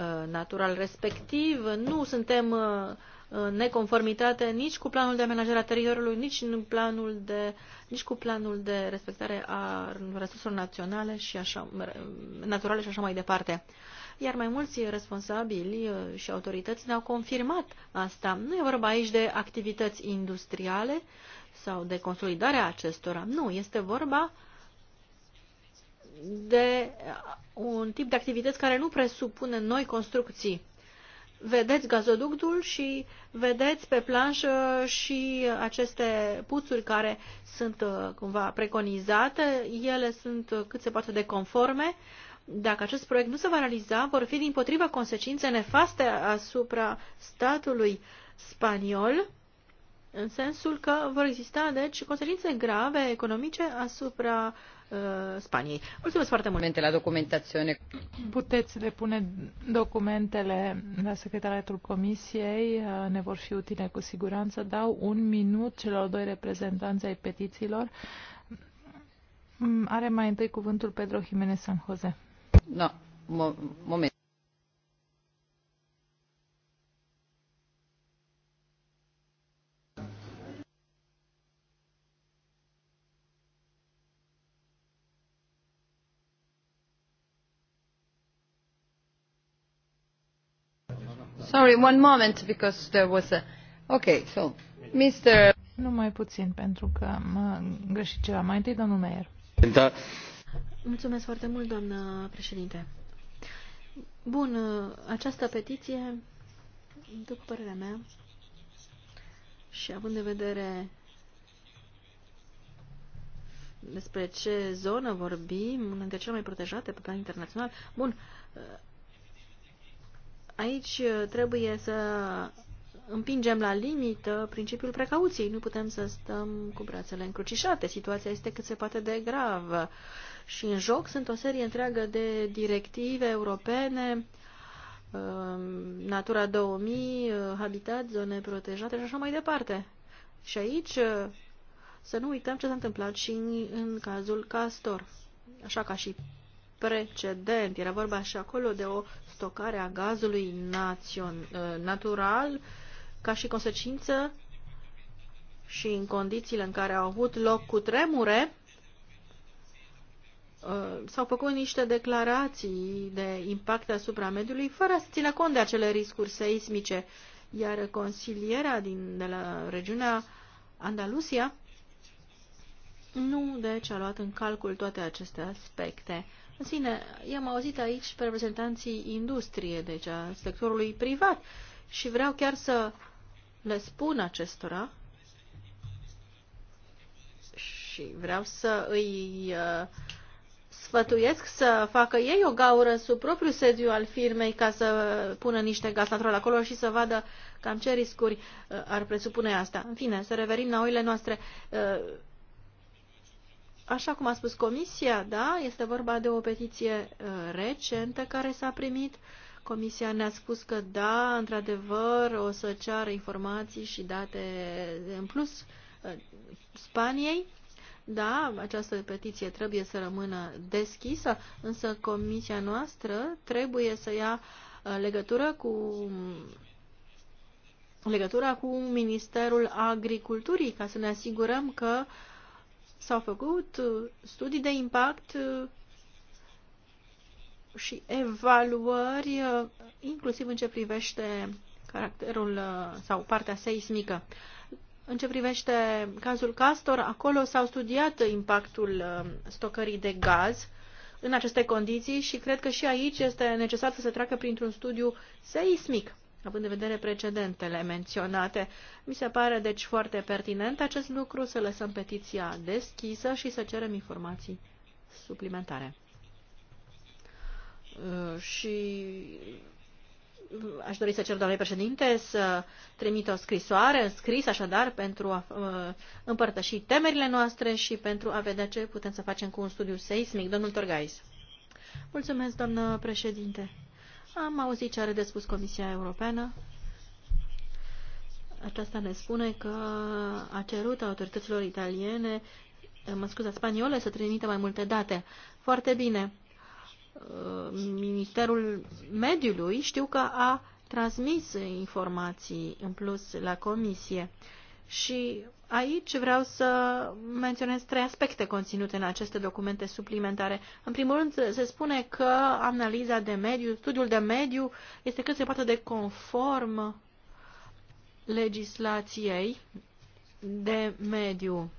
uh, natural respectiv. Nu suntem uh, neconformitate nici cu planul de amenajare a teritoriului, nici, în planul de, nici cu planul de respectare a resurselor naționale și așa, naturale și așa mai departe. Iar mai mulți responsabili și autorități ne-au confirmat asta. Nu e vorba aici de activități industriale, sau de consolidarea acestora. Nu, este vorba de un tip de activități care nu presupune noi construcții. Vedeți gazoductul și vedeți pe planșă și aceste puțuri care sunt uh, cumva preconizate. Ele sunt cât se poate de conforme. Dacă acest proiect nu se va realiza, vor fi din potriva consecințe nefaste asupra statului spaniol în sensul că vor exista, deci, consecințe grave economice asupra uh, Spaniei. Mulțumesc foarte mult! La documentațiune. Puteți depune documentele la Secretariatul Comisiei, uh, ne vor fi utile cu siguranță. Dau un minut celor doi reprezentanți ai petițiilor. Mm, are mai întâi cuvântul Pedro Jimenez San Jose. No, mo moment. Sorry, one moment, because there was a... Okay, so, Mr... Numai puțin, pentru că am greșit ceva. Mai întâi, domnul Meier. Da. Mulțumesc foarte mult, doamnă președinte. Bun, această petiție, după părerea mea, și având în vedere despre ce zonă vorbim, una dintre cele mai protejate pe plan internațional, bun, Aici uh, trebuie să împingem la limită principiul precauției. Nu putem să stăm cu brațele încrucișate. Situația este cât se poate de gravă. Și în joc sunt o serie întreagă de directive europene, um, Natura 2000, uh, Habitat, zone protejate și așa mai departe. Și aici uh, să nu uităm ce s-a întâmplat și în, cazul Castor. Așa ca și precedent. Era vorba și acolo de o stocare a gazului națion, ă, natural ca și consecință și în condițiile în care au avut loc cu tremure, ă, s-au făcut niște declarații de impact asupra mediului fără să țină cont de acele riscuri seismice. Iar consilierea din, de la regiunea Andalusia nu, deci, a luat în calcul toate aceste aspecte. În sine, i-am auzit aici pe reprezentanții industriei, deci a sectorului privat și vreau chiar să le spun acestora și vreau să îi uh, sfătuiesc să facă ei o gaură sub propriul sediu al firmei ca să pună niște gaz natural acolo și să vadă cam ce riscuri uh, ar presupune asta. În fine, să reverim la oile noastre. Uh, Așa cum a spus comisia, da, este vorba de o petiție uh, recentă care s-a primit. Comisia ne-a spus că da, într-adevăr, o să ceară informații și date în plus uh, Spaniei. Da, această petiție trebuie să rămână deschisă, însă comisia noastră trebuie să ia uh, legătură cu legătura cu Ministerul Agriculturii ca să ne asigurăm că uh, S-au făcut uh, studii de impact uh, și evaluări, uh, inclusiv în ce privește caracterul sau partea seismică. În ce privește cazul Castor, acolo s-au studiat impactul stocării de gaz în aceste condiții și cred că și aici este necesar să se treacă printr-un studiu seismic având în vedere precedentele menționate. Mi se pare deci foarte pertinent acest lucru, să lăsăm petiția deschisă și să cerem informații suplimentare. Uh, și aș dori să cer doamnei președinte să trimită o scrisoare, scris așadar, pentru a uh, împărtăși temerile noastre și pentru a vedea ce putem să facem cu un studiu seismic. Domnul Torgais. Mulțumesc, doamnă președinte. Am auzit ce are de spus Comisia Europeană. Aceasta ne spune că a cerut autorităților italiene, eh, mă scuza, spaniole, să trimită mai multe date. Foarte bine. Eh, Ministerul Mediului știu că a transmis informații în plus la comisie și Aici vreau să menționez trei aspecte conținute în aceste documente suplimentare. În primul rând, se spune că analiza de mediu, studiul de mediu, este cât se poate de conform legislației de mediu.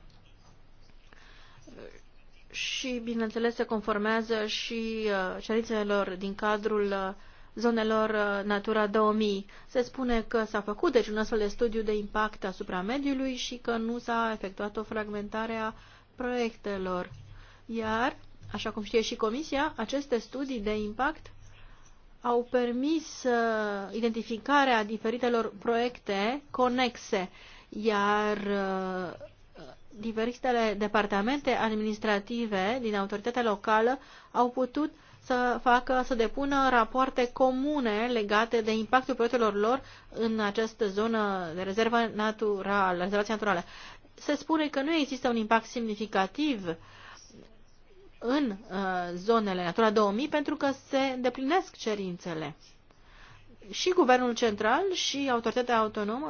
Și, bineînțeles, se conformează și uh, cerințelor din cadrul uh, zonelor uh, Natura 2000. Se spune că s-a făcut deci un astfel de studiu de impact asupra mediului și că nu s-a efectuat o fragmentare a proiectelor. Iar, așa cum știe și Comisia, aceste studii de impact au permis uh, identificarea diferitelor proiecte conexe, iar uh, diferitele departamente administrative din autoritatea locală au putut să facă, să depună rapoarte comune legate de impactul proiectelor lor în această zonă de rezervă naturală, rezervație naturală. Se spune că nu există un impact semnificativ în uh, zonele Natura 2000 pentru că se îndeplinesc cerințele și guvernul central și autoritatea autonomă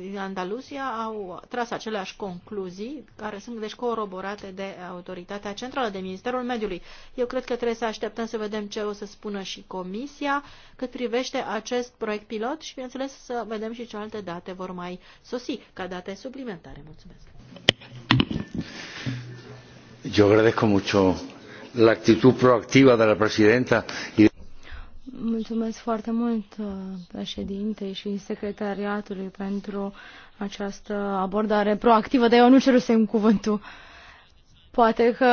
din Andaluzia au tras aceleași concluzii, care sunt deci coroborate de autoritatea centrală, de Ministerul Mediului. Eu cred că trebuie să așteptăm să vedem ce o să spună și Comisia cât privește acest proiect pilot și, bineînțeles, să vedem și ce alte date vor mai sosi ca date suplimentare. Mulțumesc! Eu agradezco mult la actitud proactivă de la președinta. Mulțumesc foarte mult uh, președinte și secretariatului pentru această abordare proactivă, dar eu nu cerusem cuvântul. Poate că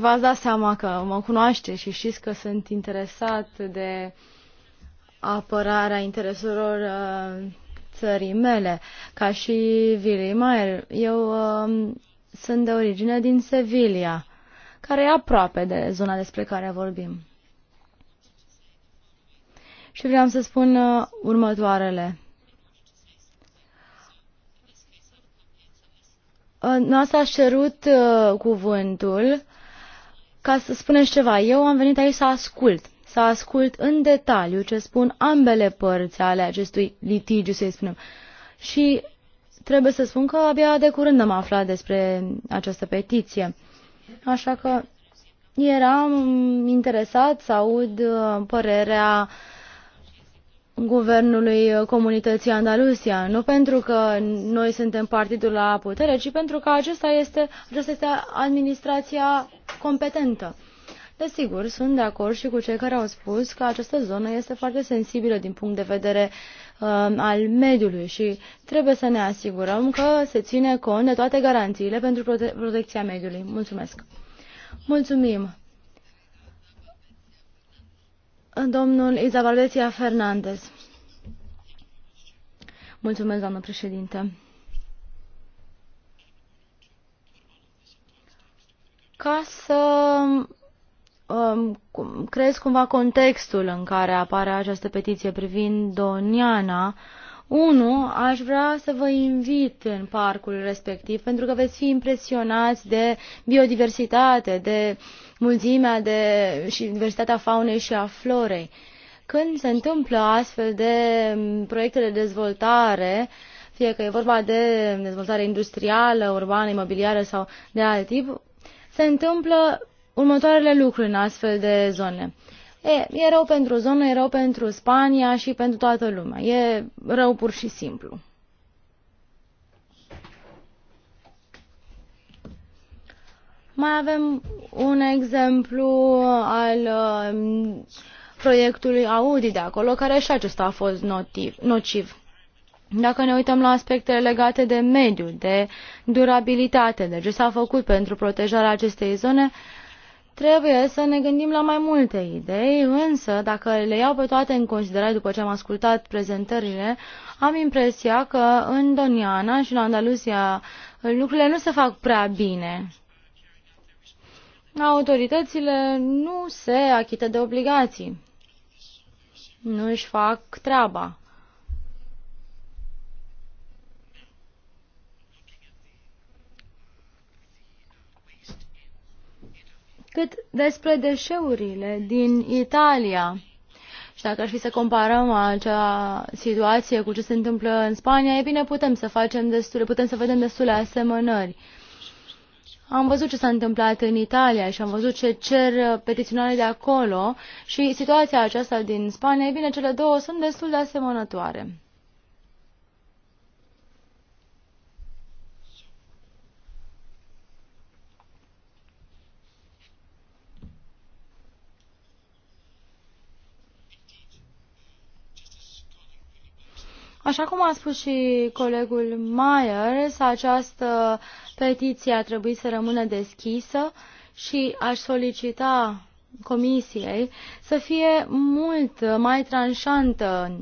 v-ați dat seama că mă cunoaște și știți că sunt interesat de apărarea intereselor uh, țării mele, ca și Vili Maier. Eu um, sunt de origine din Sevilla, care e aproape de zona despre care vorbim și vreau să spun uh, următoarele. Uh, nu ați cerut uh, cuvântul ca să spunem ceva. Eu am venit aici să ascult, să ascult în detaliu ce spun ambele părți ale acestui litigiu, să-i spunem. Și trebuie să spun că abia de curând am aflat despre această petiție. Așa că eram interesat să aud părerea uh, guvernului uh, comunității Andalusia, nu pentru că noi suntem partidul la putere, ci pentru că acesta este, aceasta este administrația competentă. Desigur, sunt de acord și cu cei care au spus că această zonă este foarte sensibilă din punct de vedere uh, al mediului și trebuie să ne asigurăm că se ține cont de toate garanțiile pentru prote- protecția mediului. Mulțumesc! Mulțumim! Domnul Izabaleția Fernandez. Mulțumesc, doamnă președinte. Ca să um, creez cumva contextul în care apare această petiție privind Doniana, uh, Unu, aș vrea să vă invit în parcul respectiv, pentru că veți fi impresionați de biodiversitate, de mulțimea de, și diversitatea faunei și a florei. Când se întâmplă astfel de proiecte de dezvoltare, fie că e vorba de dezvoltare industrială, urbană, imobiliară sau de alt tip, se întâmplă următoarele lucruri în astfel de zone. E, e rău pentru zonă, e rău pentru Spania și pentru toată lumea. E rău pur și simplu. Mai avem un exemplu al um, proiectului Audi de acolo, care și acesta a fost notiv, nociv. Dacă ne uităm la aspectele legate de mediu, de durabilitate, de ce s-a făcut pentru protejarea acestei zone, uh, Trebuie să ne gândim la mai multe idei, însă dacă le iau pe toate în considerare după ce am ascultat prezentările, am impresia că în Doniana și în Andalusia lucrurile nu se fac prea bine. Autoritățile nu se achită de obligații. Nu își fac treaba. cât despre deșeurile din Italia. Și dacă ar fi să comparăm acea situație cu ce se întâmplă în Spania, e bine, putem să facem destule, putem să vedem destule asemănări. Am văzut ce s-a întâmplat în Italia și am văzut ce cer petiționale de acolo și situația aceasta din Spania, e bine, cele două sunt destul de asemănătoare. Așa cum a spus și colegul Myers, această petiție a trebuit să rămână deschisă și aș solicita Comisiei să fie mult mai tranșantă în,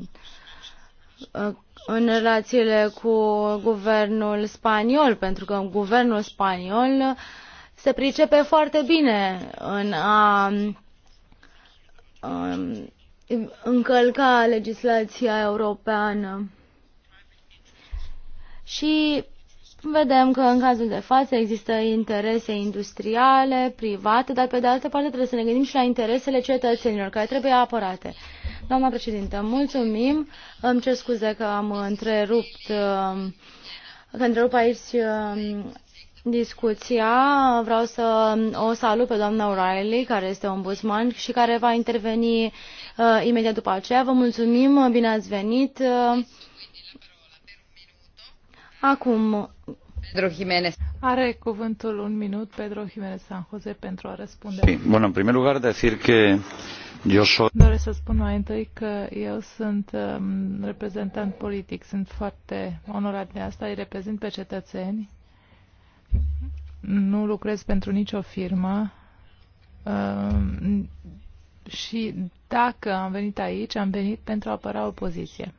în relațiile cu guvernul spaniol, pentru că guvernul spaniol se pricepe foarte bine în a, a încălca legislația europeană. Și vedem că în cazul de față există interese industriale, private, dar pe de altă parte trebuie să ne gândim și la interesele cetățenilor care trebuie apărate. Doamna președintă, mulțumim. Îmi cer scuze că am întrerupt, că întrerup aici discuția. Vreau să o salut pe doamna O'Reilly, care este ombudsman și care va interveni uh, imediat după aceea. Vă mulțumim, bine ați venit. Uh, acum. Pedro Jiménez. Are cuvântul un minut Pedro Jiménez San Jose pentru a răspunde. Sí. Bueno, în primul lugar, decir que soy... Doresc să spun mai întâi că eu sunt um, reprezentant politic, sunt foarte onorat de asta, îi reprezint pe cetățeni nu lucrez pentru nicio firmă ehm, și dacă am venit aici, am venit pentru a apăra o poziție.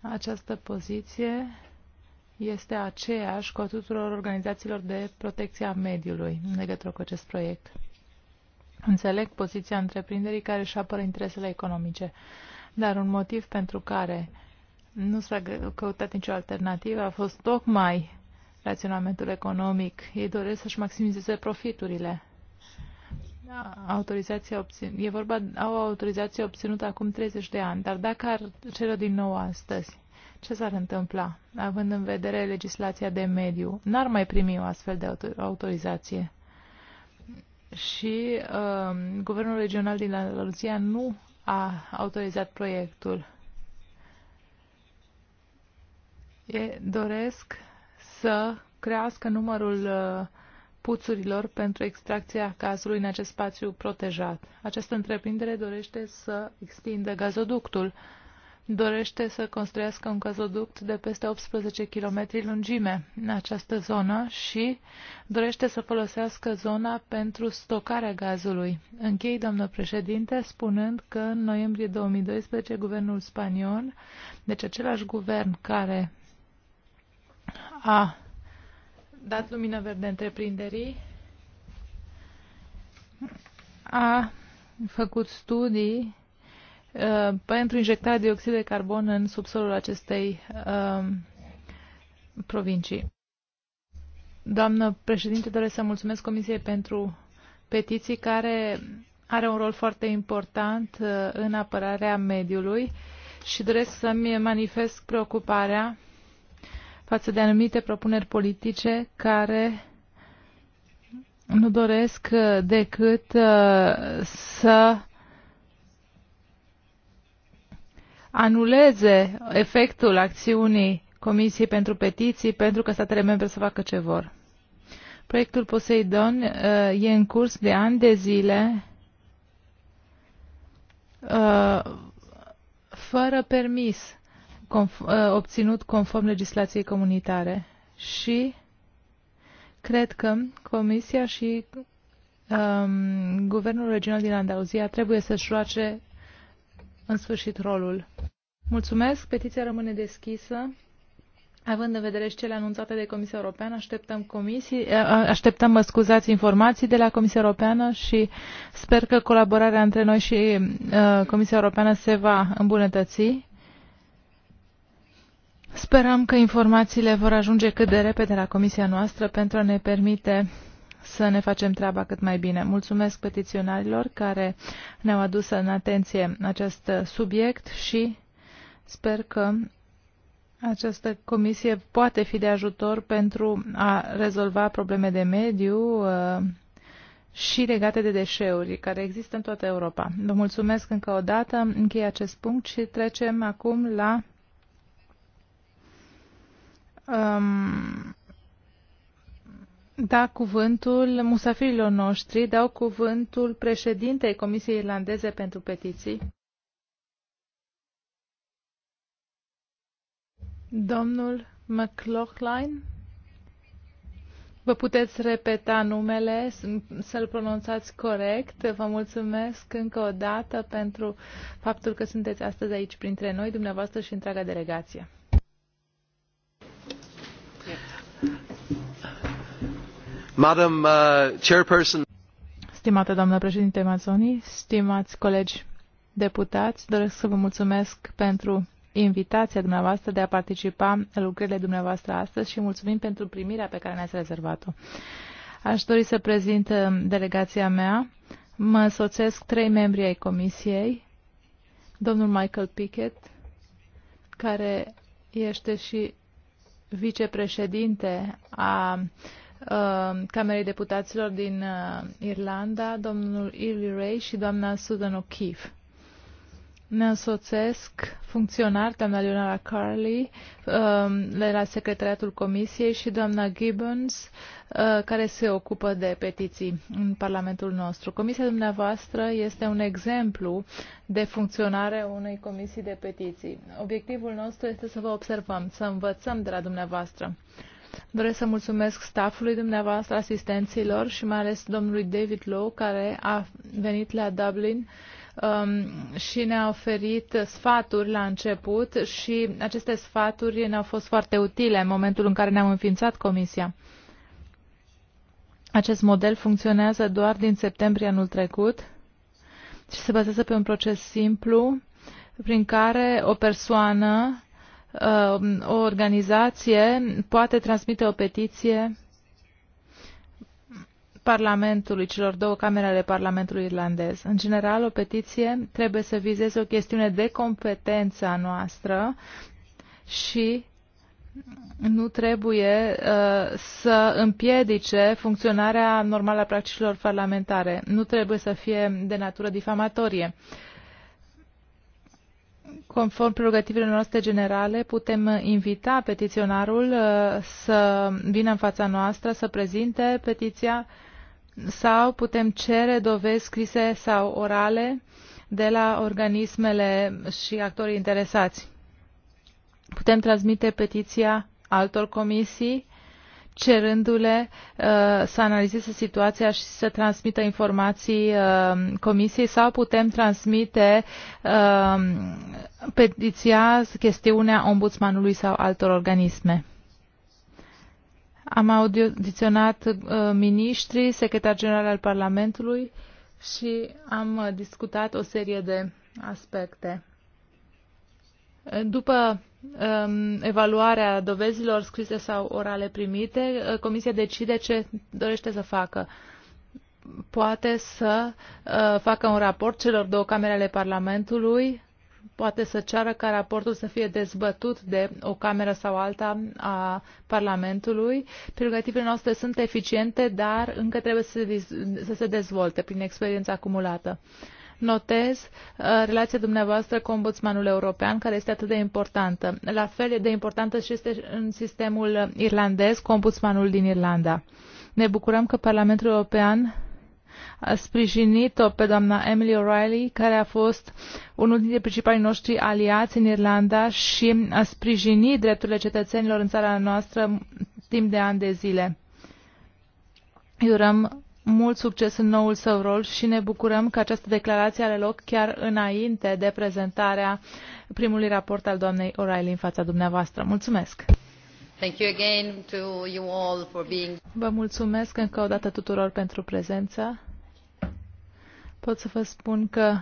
Această poziție este aceeași cu a tuturor organizațiilor de protecție a mediului în legătură cu acest proiect. Înțeleg poziția întreprinderii care își apără interesele economice, dar un motiv pentru care nu s-a căutat nicio alternativă a fost tocmai raționamentul economic. Ei doresc să-și maximizeze profiturile. Autorizația obțin... E vorba, au autorizație obținută acum 30 de ani, dar dacă ar cere din nou astăzi, ce s-ar întâmpla, având în vedere legislația de mediu? N-ar mai primi o astfel de autorizație. Și uh, Guvernul Regional din Andaluzia nu a autorizat proiectul. E, doresc să crească numărul uh, puțurilor pentru extracția gazului în acest spațiu protejat. Această întreprindere dorește să extindă gazoductul. Dorește să construiască un gazoduct de peste 18 km lungime în această zonă și dorește să folosească zona pentru stocarea gazului. Închei, domnul președinte, spunând că în noiembrie 2012 guvernul spaniol, deci același guvern care a dat lumină verde întreprinderii, a făcut studii uh, pentru injectarea dioxid de carbon în subsolul acestei uh, provincii. Doamnă președinte, doresc să mulțumesc Comisiei pentru petiții care are un rol foarte important uh, în apărarea mediului și doresc să-mi manifest preocuparea față de anumite propuneri politice care nu doresc uh, decât uh, să anuleze efectul acțiunii Comisiei pentru Petiții pentru că statele membre să facă ce vor. Proiectul Poseidon uh, e în curs de ani de zile fără permis conf, uh, obținut conform legislației comunitare. Și cred că Comisia și um, Guvernul Regional din Andaluzia trebuie să-și roace în sfârșit rolul. Mulțumesc, petiția rămâne deschisă. Având în vedere și cele anunțate de Comisia Europeană, așteptăm, comisii, uh, uh, așteptăm mă scuzați, informații de la Comisia Europeană și sper că colaborarea între noi și uh, Comisia Europeană se va îmbunătăți. Sperăm că informațiile vor ajunge cât de repede la comisia noastră pentru a ne permite să ne facem treaba cât mai bine. Mulțumesc petiționarilor care ne-au adus în atenție acest subiect și sper că această comisie poate fi de ajutor pentru a rezolva probleme de mediu uh, și legate de deșeuri care există în toată Europa. Vă mulțumesc încă o dată, închei acest punct și trecem acum la um, da cuvântul musafirilor noștri, dau cuvântul președintei Comisiei Irlandeze pentru Petiții. Domnul McLaughlin, vă puteți repeta numele, să-l pronunțați corect. Vă mulțumesc încă o dată pentru faptul că sunteți astăzi aici printre noi, dumneavoastră și întreaga delegație. Madam uh, Chairperson. Stimată doamnă președinte Mazzoni, stimați colegi deputați, doresc să vă mulțumesc pentru invitația dumneavoastră de a participa la lucrările dumneavoastră astăzi și mulțumim pentru primirea pe care ne-ați rezervat-o. Aș dori să prezint uh, delegația mea. Mă însoțesc trei membri ai comisiei, domnul Michael Pickett, care este și vicepreședinte a uh, Uh, Camerei Deputaților din uh, Irlanda, domnul Ely Ray și doamna Susan O'Keefe. Ne însoțesc funcționari, doamna Leonora Carley, um, de la Secretariatul Comisiei și doamna Gibbons, uh, care se ocupă de petiții în Parlamentul nostru. Comisia dumneavoastră este un exemplu de funcționare unei comisii de petiții. Obiectivul nostru este să vă observăm, să învățăm de la dumneavoastră. Doresc să mulțumesc staffului dumneavoastră, asistenților și mai ales domnului David Lowe, care a venit la Dublin um, și ne-a oferit sfaturi la început și aceste sfaturi ne-au fost foarte utile în momentul în care ne-am înființat comisia. Acest model funcționează doar din septembrie anul trecut și se bazează pe un proces simplu prin care o persoană Um, o organizație poate transmite o petiție Parlamentului, celor două camere ale Parlamentului irlandez. În general, o petiție trebuie să vizeze o chestiune de competență a noastră și nu trebuie uh, să împiedice funcționarea normală a practicilor parlamentare. Nu trebuie să fie de natură difamatorie. Uh, Conform prerogativelor noastre generale, putem invita petiționarul uh, să vină în fața noastră, să prezinte petiția sau putem cere dovezi scrise sau orale de la organismele și actorii interesați. Putem transmite petiția altor comisii cerându-le uh, să analizeze situația și să transmită informații uh, comisiei sau putem transmite uh, petiția, chestiunea ombudsmanului sau altor organisme. Am audiționat uh, miniștrii, secretar general al Parlamentului și am uh, discutat o serie de aspecte. După Um, evaluarea dovezilor scrise sau orale primite, uh, comisia decide ce dorește să facă. Poate să uh, facă un raport celor două camere ale Parlamentului, poate să ceară ca raportul să fie dezbătut de o cameră sau alta a Parlamentului. Prerogativele noastre sunt eficiente, dar încă trebuie să se dezvolte prin experiența acumulată notez uh, relația dumneavoastră cu ombudsmanul european, care este atât de importantă. La fel de importantă și este în sistemul irlandez cu ombudsmanul din Irlanda. Ne bucurăm că Parlamentul European a sprijinit-o pe doamna Emily O'Reilly, care a fost unul dintre principalii noștri aliați în Irlanda și a sprijinit drepturile cetățenilor în țara noastră timp de ani de zile. Iurăm mult succes în noul său rol și ne bucurăm că această declarație are loc chiar înainte de prezentarea primului raport al doamnei O'Reilly în fața dumneavoastră. Mulțumesc! Thank you again to you all for being... Vă mulțumesc încă o dată tuturor pentru prezență. Pot să vă spun că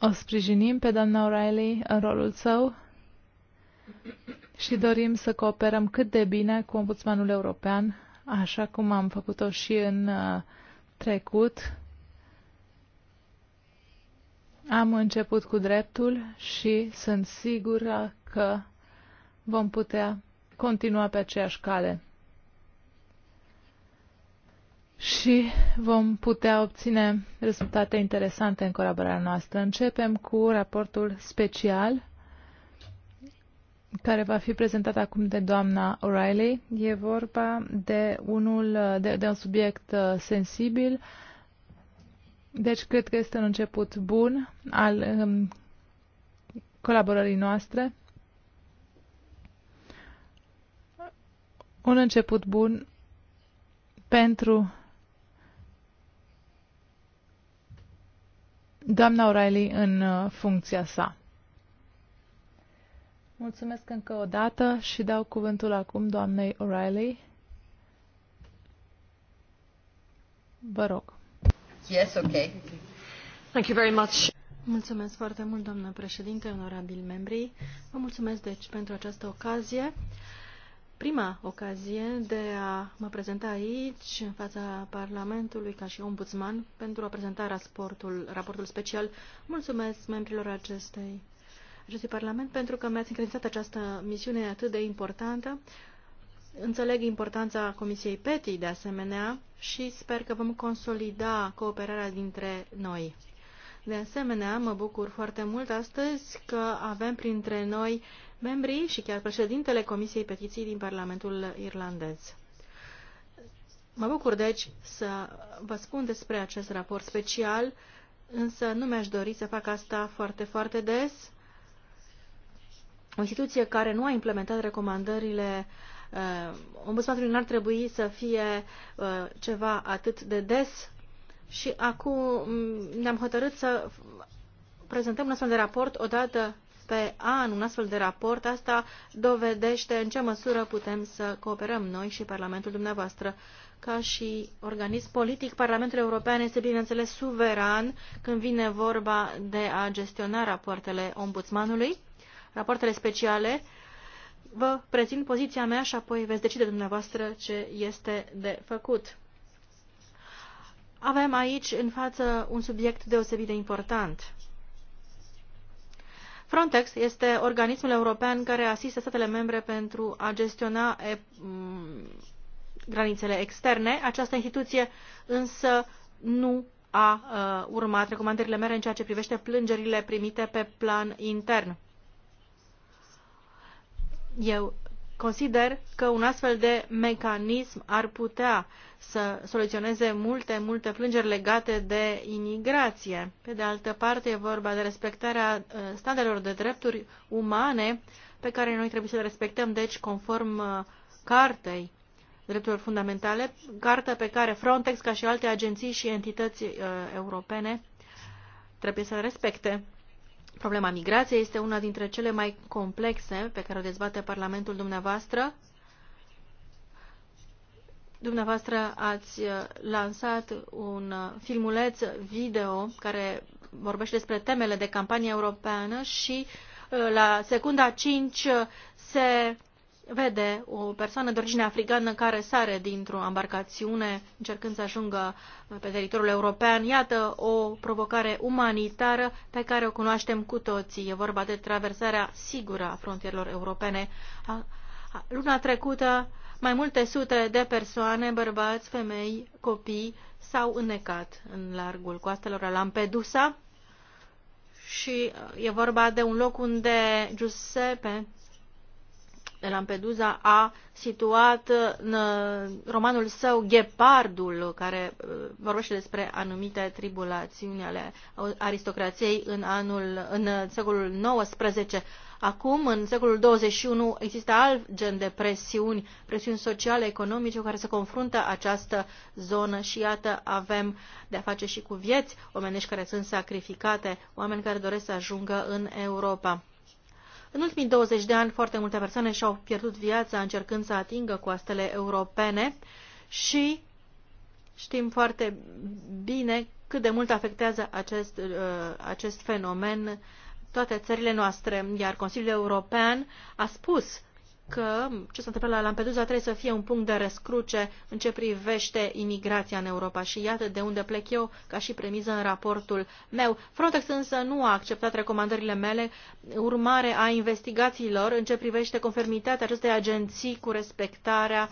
o sprijinim pe doamna O'Reilly în rolul său și dorim să cooperăm cât de bine cu Ombudsmanul European așa cum am făcut-o și în uh, trecut. Am început cu dreptul și sunt sigură că vom putea continua pe aceeași cale și vom putea obține rezultate interesante în colaborarea noastră. Începem cu raportul special care va fi prezentat acum de doamna O'Reilly. E vorba de, unul, de, de un subiect uh, sensibil, deci cred că este un început bun al um, colaborării noastre. Un început bun pentru doamna O'Reilly în uh, funcția sa. Mulțumesc încă o dată și dau cuvântul acum doamnei O'Reilly. Vă rog. Yes, okay. Thank you very much. Mulțumesc foarte mult, doamnă președinte, onorabili membri. Vă mulțumesc, deci, pentru această ocazie. Prima ocazie de a mă prezenta aici, în fața Parlamentului, ca și ombudsman, pentru a prezenta raportul, raportul special. Mulțumesc membrilor acestei acestui Parlament pentru că mi-ați încredințat această misiune atât de importantă. Înțeleg importanța Comisiei PETI de asemenea și sper că vom consolida cooperarea dintre noi. De asemenea, mă bucur foarte mult astăzi că avem printre noi membrii și chiar președintele Comisiei Petiții din Parlamentul Irlandez. Mă bucur, deci, să vă spun despre acest raport special, însă nu mi-aș dori să fac asta foarte, foarte des, o instituție care nu a implementat recomandările uh, ombudsmanului n-ar trebui să fie uh, ceva atât de des și acum mm, ne-am hotărât să prezentăm un astfel de raport odată pe an, un astfel de raport. Asta dovedește în ce măsură putem să cooperăm noi și Parlamentul dumneavoastră ca și organism politic, Parlamentul European este, bineînțeles, suveran când vine vorba de a gestiona rapoartele ombudsmanului rapoartele speciale, vă prezint poziția mea și apoi veți decide dumneavoastră ce este de făcut. Avem aici în față un subiect deosebit de important. Frontex este organismul european care asistă statele membre pentru a gestiona e, mm, granițele externe. Această instituție însă nu a uh, urmat recomandările mele în ceea ce privește plângerile primite pe plan intern. Eu consider că un astfel de mecanism ar putea să soluționeze multe, multe plângeri legate de imigrație. Pe de altă parte, e vorba de respectarea uh, standardelor de drepturi umane pe care noi trebuie să le respectăm, deci conform uh, cartei drepturilor fundamentale, cartă pe care Frontex, ca și alte agenții și entități uh, europene, trebuie să respecte. Problema migrației este una dintre cele mai complexe pe care o dezbate Parlamentul dumneavoastră. Dumneavoastră ați uh, lansat un uh, filmuleț video care vorbește despre temele de campanie europeană și uh, la secunda 5 se vede o persoană de origine africană care sare dintr-o embarcațiune încercând să ajungă uh, pe teritoriul european. Iată o provocare umanitară pe care o cunoaștem cu toții. E vorba de traversarea sigură a frontierelor europene. Luna trecută, mai multe sute de persoane, bărbați, femei, copii, s-au înnecat în largul coastelor la Lampedusa și uh, e vorba de un loc unde Giuseppe Lampedusa a situat în uh, romanul său Ghepardul, care uh, vorbește despre anumite tribulațiuni ale aristocrației în, anul, în uh, secolul XIX. Acum, în secolul 21, există alt gen de presiuni, presiuni sociale, economice, cu care se confruntă această zonă și iată, avem de-a face și cu vieți omenești care sunt sacrificate, oameni care doresc să ajungă în Europa. În ultimii 20 de ani, foarte multe persoane și-au pierdut viața încercând să atingă coastele europene și știm foarte bine cât de mult afectează acest, uh, acest fenomen toate țările noastre, iar Consiliul European a spus că ce s-a întâmplat la Lampedusa trebuie să fie un punct de răscruce în ce privește imigrația în Europa și iată de unde plec eu ca și premiză în raportul meu. Frontex însă nu a acceptat recomandările mele urmare a investigațiilor în ce privește conformitatea acestei agenții cu respectarea,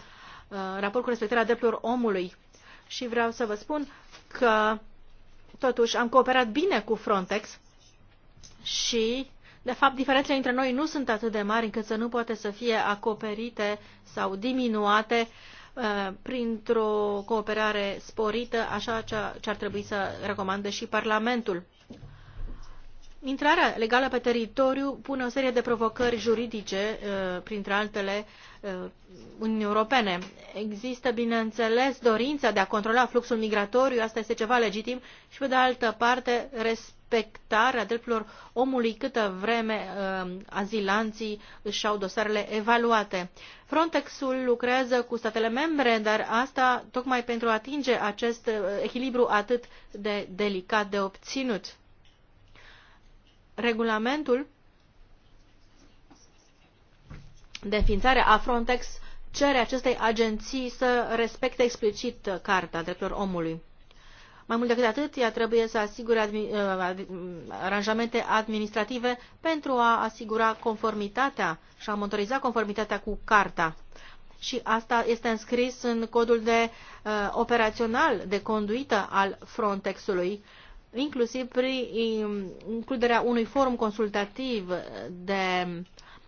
uh, raport cu respectarea drepturilor omului. Și vreau să vă spun că totuși am cooperat bine cu Frontex și de fapt, diferențele între noi nu sunt atât de mari încât să nu poate să fie acoperite sau diminuate uh, printr-o cooperare sporită, așa ce ar trebui să recomande și Parlamentul. Intrarea legală pe teritoriu pune o serie de provocări juridice, uh, printre altele uh, Uniunii Europene. Există, bineînțeles, dorința de a controla fluxul migratoriu, asta este ceva legitim, și pe de altă parte respectarea drepturilor omului câtă vreme uh, azilanții își au dosarele evaluate. Frontexul lucrează cu statele membre, dar asta tocmai pentru a atinge acest echilibru atât de delicat de obținut regulamentul de ființare a Frontex cere acestei agenții să respecte explicit Carta Drepturilor Omului. Mai mult decât atât, ea trebuie să asigure admi uh, aranjamente administrative pentru a asigura conformitatea și a monitoriza conformitatea cu Carta. Și asta este înscris în codul de uh, operațional de conduită al Frontexului. Uh, inclusiv prin includerea unui forum consultativ de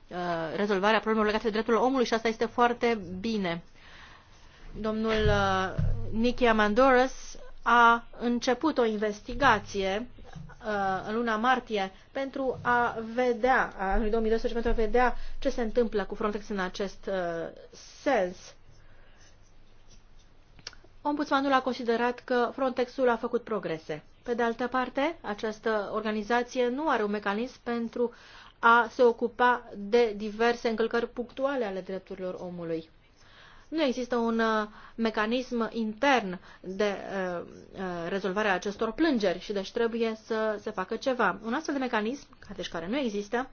uh, rezolvarea problemelor legate de dreptul omului și asta este foarte bine. Domnul uh, Nicky Amandoros a început o investigație uh, în luna martie pentru a vedea, anului 2012, pentru a vedea ce se întâmplă cu Frontex în acest sens. Ombudsmanul a considerat că Frontexul a făcut progrese pe de altă parte, această organizație nu are un mecanism pentru a se ocupa de diverse încălcări punctuale ale drepturilor omului. Nu există un uh, mecanism intern de uh, uh, rezolvare a acestor plângeri și deci trebuie să se facă ceva. Un astfel de mecanism, deci care nu există,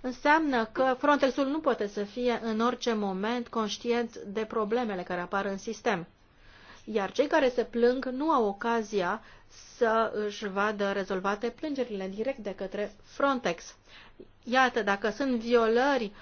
înseamnă că Frontexul nu poate să fie în orice moment conștient de problemele care apar în sistem iar cei care se plâng nu au ocazia să își vadă rezolvate plângerile direct de către Frontex. Iată, dacă sunt violări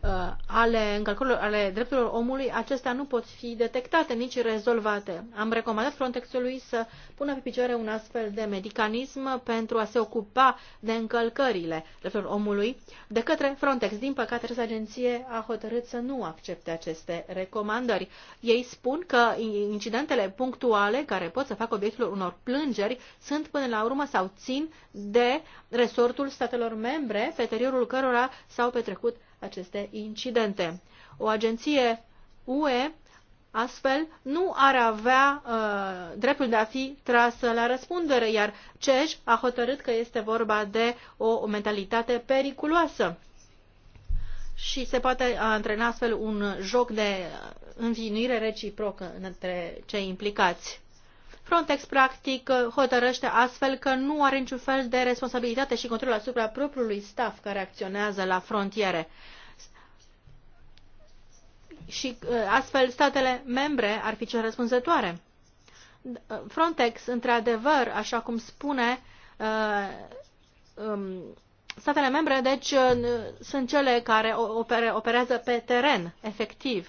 Uh, ale încălcărilor ale drepturilor omului, acestea nu pot fi detectate, nici rezolvate. Am recomandat Frontexului să pună pe picioare un astfel de mecanism pentru a se ocupa de încălcările drepturilor omului de către Frontex. Din păcate, această agenție a hotărât să nu accepte aceste recomandări. Ei spun că incidentele punctuale care pot să facă obiectul unor plângeri sunt până la urmă sau țin de resortul statelor membre pe teritoriul cărora s-au petrecut aceste incidente. O agenție UE astfel nu ar avea uh, dreptul de a fi trasă la răspundere, iar CEJ a hotărât că este vorba de o mentalitate periculoasă și se poate antrena astfel un joc de uh, învinuire reciprocă între cei implicați. Frontex, practic, hotărăște astfel că nu are niciun fel de responsabilitate și control asupra propriului staff care acționează la frontiere. Și uh, astfel statele membre ar fi cel răspunzătoare. Frontex, într-adevăr, așa cum spune, uh, um, statele membre, deci, uh, sunt cele care operează pe teren, efectiv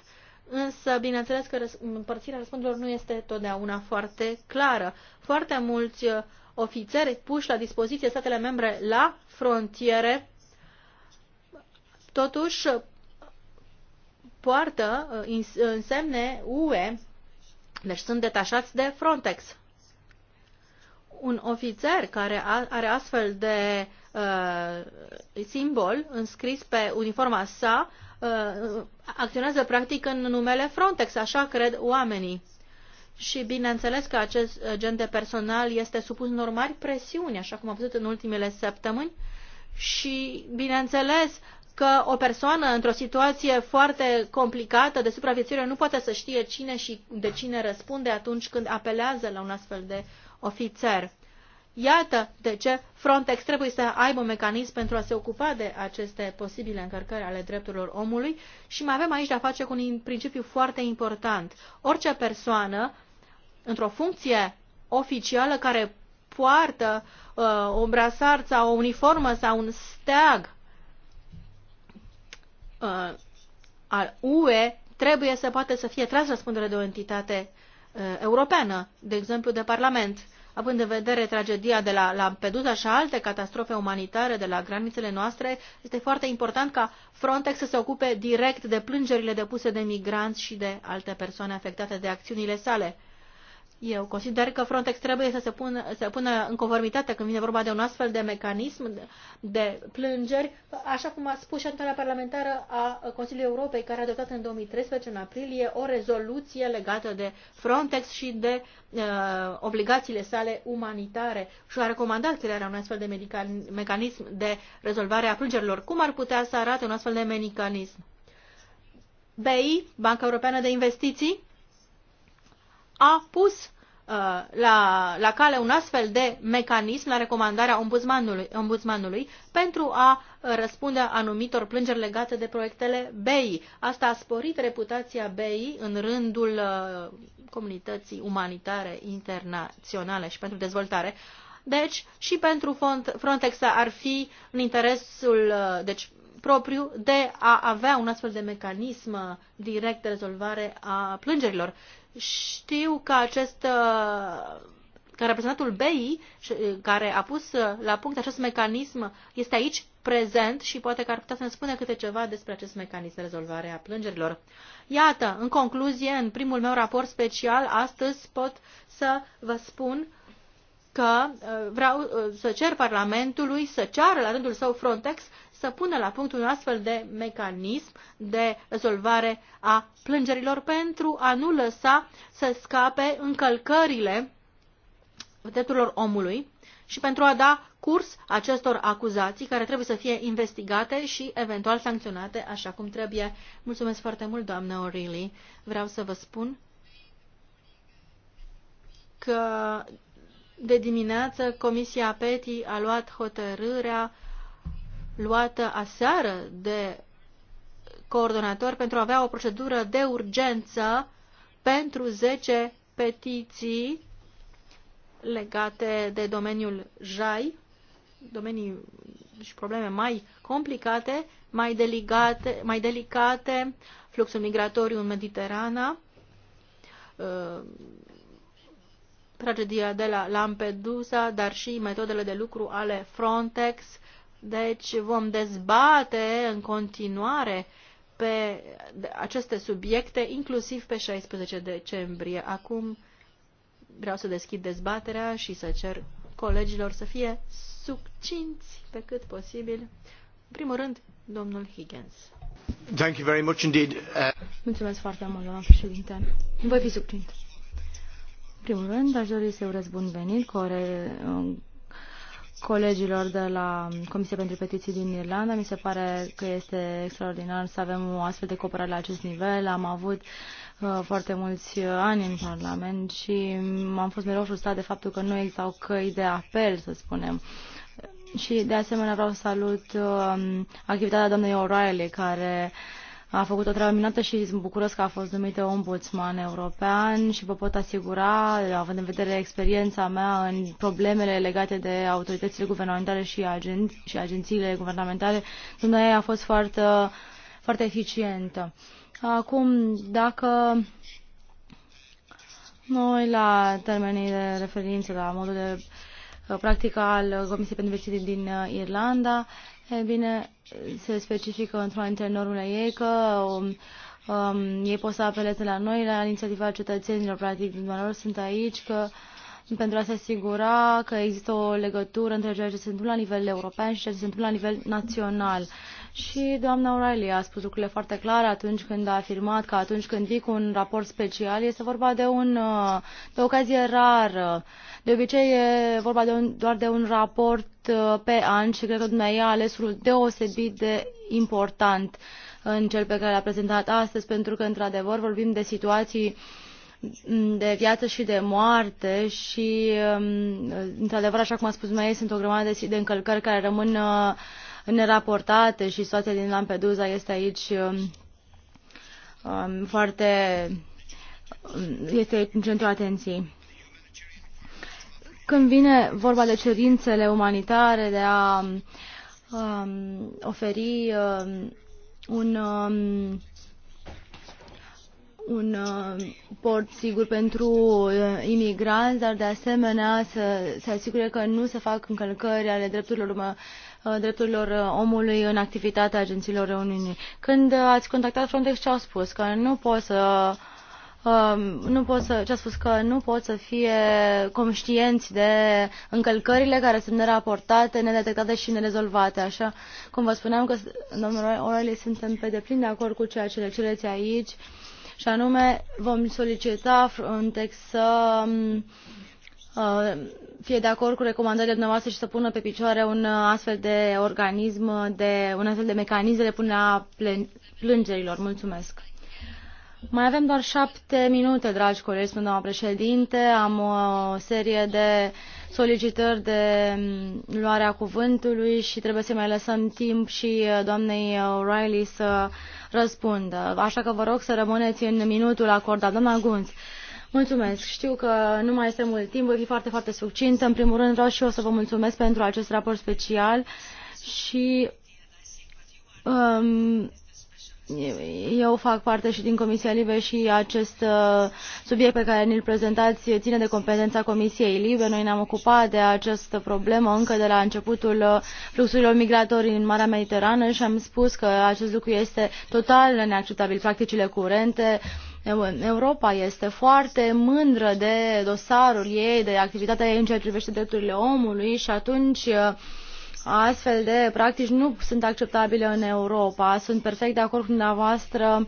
însă bineînțeles că împărțirea răspunderilor nu este totdeauna foarte clară. Foarte mulți uh, ofițeri puși la dispoziție statele membre la frontiere, totuși uh, poartă uh, însemne UE, deci sunt detașați de Frontex. Un ofițer care are astfel de uh, simbol înscris pe uniforma sa Uh, acționează practic în numele Frontex, așa cred oamenii. Și bineînțeles că acest uh, gen de personal este supus unor mari presiuni, așa cum am văzut în ultimele săptămâni. Și bineînțeles că o persoană într-o situație foarte complicată de supraviețuire nu poate să știe cine și de cine răspunde atunci când apelează la un astfel de ofițer. Iată de ce Frontex trebuie să aibă un mecanism pentru a se ocupa de aceste posibile încărcări ale drepturilor omului și mai avem aici de a face cu un principiu foarte important. Orice persoană într-o funcție oficială care poartă uh, o brasar sau o uniformă sau un steag uh, al UE trebuie să poată să fie tras răspundere de o entitate uh, europeană, de exemplu de Parlament. Uh, având în vedere tragedia de la Lampedusa și alte catastrofe umanitare de la granițele noastre, este foarte important ca Frontex să se ocupe direct de plângerile depuse de migranți și de alte persoane afectate de acțiunile sale. Eu consider că Frontex trebuie să se pună, să pună în conformitate când vine vorba de un astfel de mecanism de, de plângeri, așa cum a spus și Antonia Parlamentară a Consiliului Europei, care a adoptat în 2013, în aprilie, o rezoluție legată de Frontex și de uh, obligațiile sale umanitare și a recomandat crearea unui astfel de medical, mecanism de rezolvare a plângerilor. Cum ar putea să arate un astfel de mecanism? BI, Banca Europeană de Investiții, a pus uh, la, la cale un astfel de mecanism la recomandarea ombudsmanului, ombudsmanului pentru a uh, răspunde anumitor plângeri legate de proiectele BEI. Asta a sporit reputația BEI în rândul uh, comunității umanitare internaționale și pentru dezvoltare. Deci și pentru Frontex ar fi în interesul deci, propriu de a avea un astfel de mecanism direct de rezolvare a plângerilor. Știu că acest uh, că reprezentantul BI uh, care a pus uh, la punct acest mecanism, este aici prezent și poate că ar putea să ne spună câte ceva despre acest mecanism de rezolvare a plângerilor. Iată, în concluzie, în primul meu raport special, astăzi pot să vă spun că vreau să cer Parlamentului să ceară la rândul său Frontex să pună la punct un astfel de mecanism de rezolvare a plângerilor pentru a nu lăsa să scape încălcările drepturilor omului și pentru a da curs acestor acuzații care trebuie să fie investigate și eventual sancționate așa cum trebuie. Mulțumesc foarte mult, doamnă O'Reilly. Vreau să vă spun că de dimineață Comisia PETI a luat hotărârea luată aseară de coordonator pentru a avea o procedură de urgență pentru 10 petiții legate de domeniul JAI, domenii și probleme mai complicate, mai delicate, mai delicate fluxul migratoriu în Mediterana, uh, tragedia de la Lampedusa, dar și metodele de lucru ale Frontex deci vom dezbate în continuare pe aceste subiecte, inclusiv pe 16 decembrie. Acum vreau să deschid dezbaterea și să cer colegilor să fie succinți pe cât posibil. În primul rând, domnul Higgins. Thank you very much indeed. Uh, Mulțumesc foarte mult, doamna președinte. Voi fi succint. În primul rând, aș dori să urez bun venit colegilor de la Comisia pentru Petiții din Irlanda. Mi se pare că este extraordinar să avem o astfel de cooperare la acest nivel. Am avut uh, foarte mulți ani în Parlament și am fost mereu frustrat de faptul că nu existau căi de apel, să spunem. Și de asemenea vreau să salut uh, activitatea doamnei O'Reilly, care uh, a făcut o treabă minunată și sunt bucuros că a fost numită ombudsman european și vă pot asigura, având în vedere experiența mea în problemele legate de autoritățile guvernamentale și, agen- și agențiile guvernamentale, dumneavoastră a fost foarte, foarte eficientă. Acum, dacă noi la termenii de referință, la modul de practică al Comisiei pentru Investiții din Irlanda, e bine, se specifică într o dintre ei că um, um, ei pot să apeleze la noi, la inițiativa cetățenilor, practic, lor sunt aici, că pentru a se asigura că există o legătură între ceea ce se întâmplă la nivel european și ceea ce se întâmplă la nivel național. Uh, și doamna O'Reilly a spus lucrurile foarte clare atunci când a afirmat că atunci când vii cu un raport special este vorba de, un, uh, de ocazie rară. De obicei e vorba de un, doar de un raport uh, pe an și cred că dumneavoastră a ales unul deosebit de important în cel pe care l-a prezentat astăzi pentru că într-adevăr vorbim de situații mm, de viață și de moarte și, um, într-adevăr, așa cum a spus mai sunt o grămadă de, de încălcări care rămân uh, neraportate și situația din Lampedusa este aici um, um foarte um, este în centrul atenției. Când vine vorba de cerințele umanitare, de a um, oferi um, un um, un um, port sigur pentru uh, imigranți, dar de asemenea să se asigure că nu se fac încălcări ale drepturilor Uh, drepturilor uh, omului în activitatea agențiilor Uniunii. Când uh, ați contactat Frontex, ce au spus? Că nu pot să um, nu pot să, ce a spus că nu pot să fie conștienți de încălcările care sunt neraportate, nedetectate și nerezolvate. Așa cum vă spuneam că, domnul Orele, suntem pe deplin de acord cu ceea ce le cereți aici și anume vom solicita Frontex să um, fie de acord cu recomandările dumneavoastră și să pună pe picioare un uh, astfel de organism, de, un astfel de mecanism de punere a plângerilor. Mulțumesc. Mai avem doar șapte minute, dragi colegi, spun doamna președinte. Am o serie de solicitări de mm, luarea cuvântului și trebuie să mai lăsăm timp și uh, doamnei O'Reilly să răspundă. Așa că vă rog să rămâneți în minutul acordat. Doamna Gunț, Mulțumesc. Știu că nu mai este mult timp, voi fi foarte, foarte succintă. În primul rând vreau și eu să vă mulțumesc pentru acest raport special și um, eu fac parte și din Comisia Libe și acest uh, subiect pe care ni-l prezentați ține de competența Comisiei Libe. Noi ne-am ocupat de această problemă încă de la începutul uh, fluxurilor migratorii în Marea Mediterană și am spus că acest lucru este total neacceptabil. Practicile curente uh, Europa este foarte mândră de dosarul ei, de activitatea ei în ceea ce privește drepturile omului și atunci uh, astfel de practici nu sunt acceptabile în Europa. Sunt perfect de acord cu dumneavoastră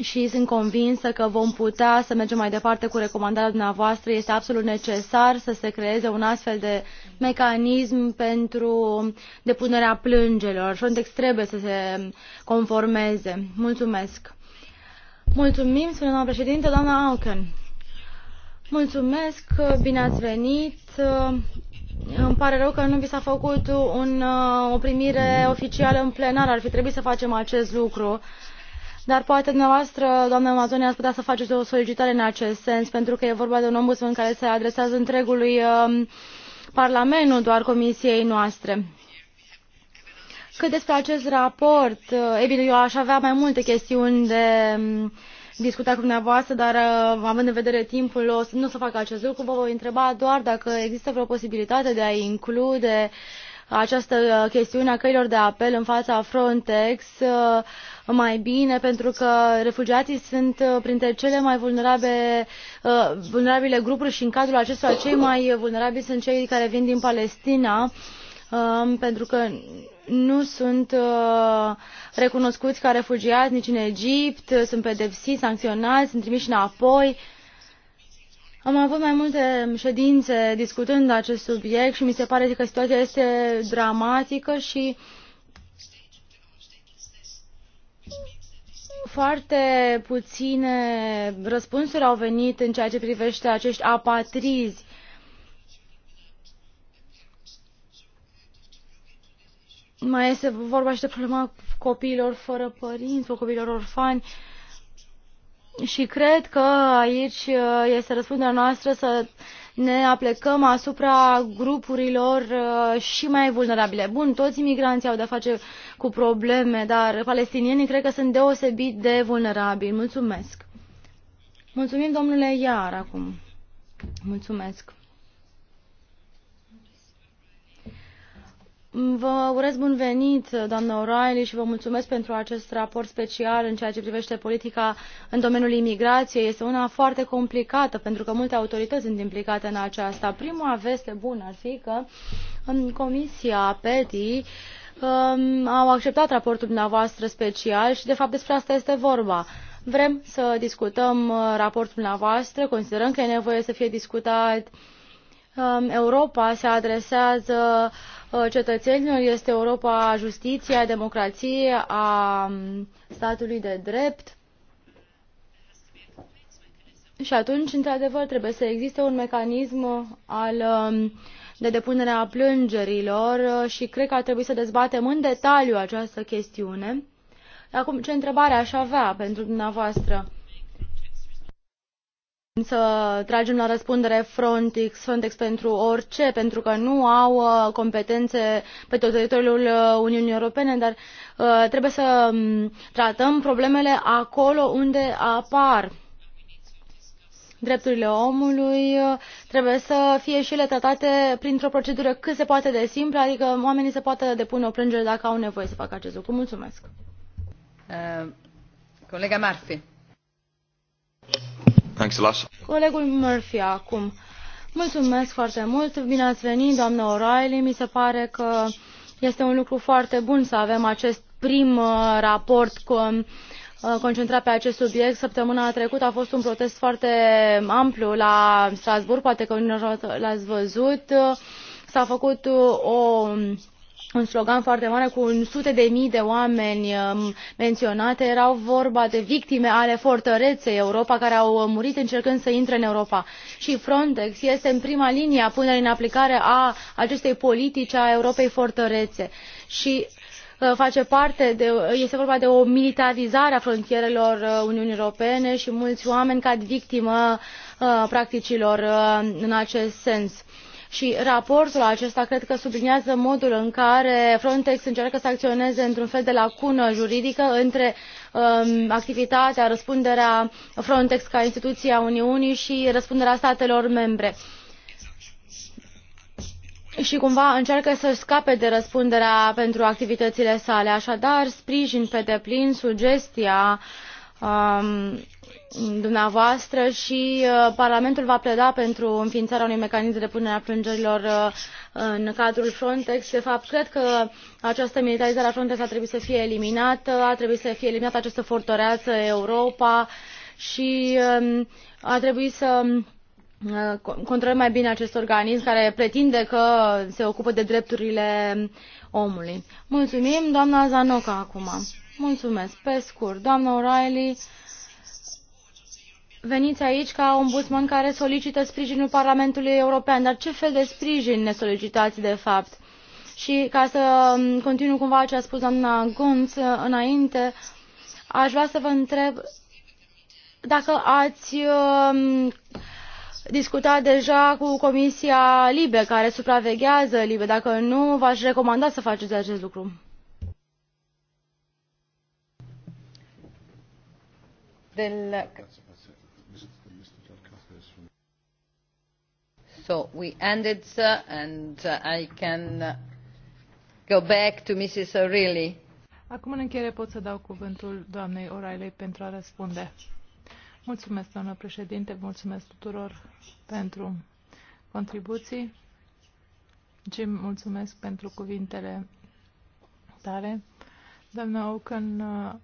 și sunt convinsă că vom putea să mergem mai departe cu recomandarea dumneavoastră. Este absolut necesar să se creeze un astfel de mecanism pentru depunerea plângelor. Frontex trebuie să se conformeze. Mulțumesc! Mulțumim, spune doamna președinte, doamna Auken. Mulțumesc, bine ați venit. Îmi pare rău că nu vi s-a făcut un, uh, o primire oficială în plenar. Ar fi trebuit să facem acest lucru. Dar poate dumneavoastră, doamna Amazonia, ați putea să faceți o solicitare în acest sens, pentru că e vorba de un ombudsman care se adresează întregului uh, Parlament, nu doar Comisiei noastre cât despre acest raport, uh, e bine, eu aș avea mai multe chestiuni de mm, discutat cu dumneavoastră, dar uh, având în vedere timpul, o să, nu o să fac acest lucru. Vă voi întreba doar dacă există vreo posibilitate de a include această uh, chestiune a căilor de apel în fața Frontex mai bine, pentru că refugiații sunt printre cele mai vulnerabile, vulnerabile grupuri și în cadrul acestora cei mai vulnerabili sunt cei care vin din Palestina, um, pentru că nu sunt uh, recunoscuți ca refugiați nici în Egipt, sunt pedepsiți, sancționați, sunt trimiși înapoi. Am avut mai multe ședințe discutând acest subiect și mi se pare că situația este dramatică și foarte puține răspunsuri au venit în ceea ce privește acești apatrizi Mai este vorba și de problema copiilor fără părinți, copiilor orfani. Și cred că aici uh, este răspunderea noastră să ne aplecăm asupra grupurilor uh, și mai vulnerabile. Bun, toți imigranții au de-a face cu probleme, dar palestinienii cred că sunt deosebit de vulnerabili. Mulțumesc. Mulțumim, domnule Iar, acum. Mulțumesc. Vă urez bun venit, doamnă O'Reilly, și vă mulțumesc pentru acest raport special în ceea ce privește politica în domeniul imigrației. Este una foarte complicată, pentru că multe autorități sunt implicate în aceasta. Prima veste bună ar fi că în Comisia PETI um, au acceptat raportul dumneavoastră special și, de fapt, despre asta este vorba. Vrem să discutăm uh, raportul dumneavoastră, considerăm că e nevoie să fie discutat. Um, Europa se adresează uh, Uh, cetățenilor este Europa a justiției, um, a democrației, a statului de drept. Și atunci, într-adevăr, trebuie să existe un mecanism al, um, de depunere a plângerilor uh, și cred că ar trebui să dezbatem în detaliu această chestiune. Acum, ce întrebare aș avea pentru dumneavoastră? să tragem la răspundere Frontex, Frontex pentru orice, pentru că nu au uh, competențe pe tot teritoriul uh, Uniunii Europene, dar uh, trebuie să mm, tratăm problemele acolo unde apar drepturile omului trebuie să fie și ele tratate printr o procedură cât se poate de simplă adică oamenii să poată depune o plângere dacă au nevoie să facă acest lucru. Mulțumesc. Uh, colega Murphy. Colegul Murphy acum. Mulțumesc foarte mult. Bine ați venit, doamnă O'Reilly. Mi se pare că este un lucru foarte bun să avem acest prim uh, raport cu, uh, concentrat pe acest subiect. Săptămâna trecută a fost un protest foarte amplu la Strasbourg, poate că unii l-ați văzut. S-a făcut uh, o un slogan foarte mare cu sute de mii de oameni um, menționate. Erau vorba de victime ale fortăreței Europa care au uh, murit încercând să intre în Europa. Și Frontex este în prima linie a punerii în aplicare a acestei politici a Europei fortărețe. Și uh, face parte de, uh, este vorba de o militarizare a frontierelor Uniunii Europene și mulți oameni cad victimă practicilor în acest sens și raportul acesta cred că subliniază modul în care frontex încearcă să acționeze într un fel de lacună juridică între um, activitatea răspunderea frontex ca instituție a uniunii și răspunderea statelor membre și cumva încearcă să scape de răspunderea pentru activitățile sale. Așadar, sprijin pe deplin sugestia um, dumneavoastră și uh, Parlamentul va pleda pentru înființarea unui mecanism de punere a plângerilor uh, în cadrul Frontex. De fapt, cred că această militarizare a Frontex a trebuit să fie eliminată, a trebuit să fie eliminată această fortoreață Europa și um, a trebuit să um, controlăm mai bine acest organism care pretinde că se ocupă de drepturile omului. Mulțumim, doamna Zanoca, acum. Mulțumesc. Pe scurt, doamna O'Reilly, veniți aici ca ombudsman care solicită sprijinul Parlamentului European, dar ce fel de sprijin ne solicitați de fapt? Și ca să um, continu cumva ce a spus doamna Gunț uh, înainte, aș vrea să vă întreb dacă ați um, discutat deja cu Comisia Libe, care supraveghează Libe. Dacă nu, v-aș recomanda să faceți acest lucru. Del so we ended uh, and uh, I can uh, go back to Mrs. O'Reilly. Acum în încheiere pot să dau cuvântul doamnei O'Reilly pentru a răspunde. Mulțumesc, doamnă președinte, mulțumesc tuturor pentru contribuții. Jim, mulțumesc pentru cuvintele tale. Doamna Ocan, uh,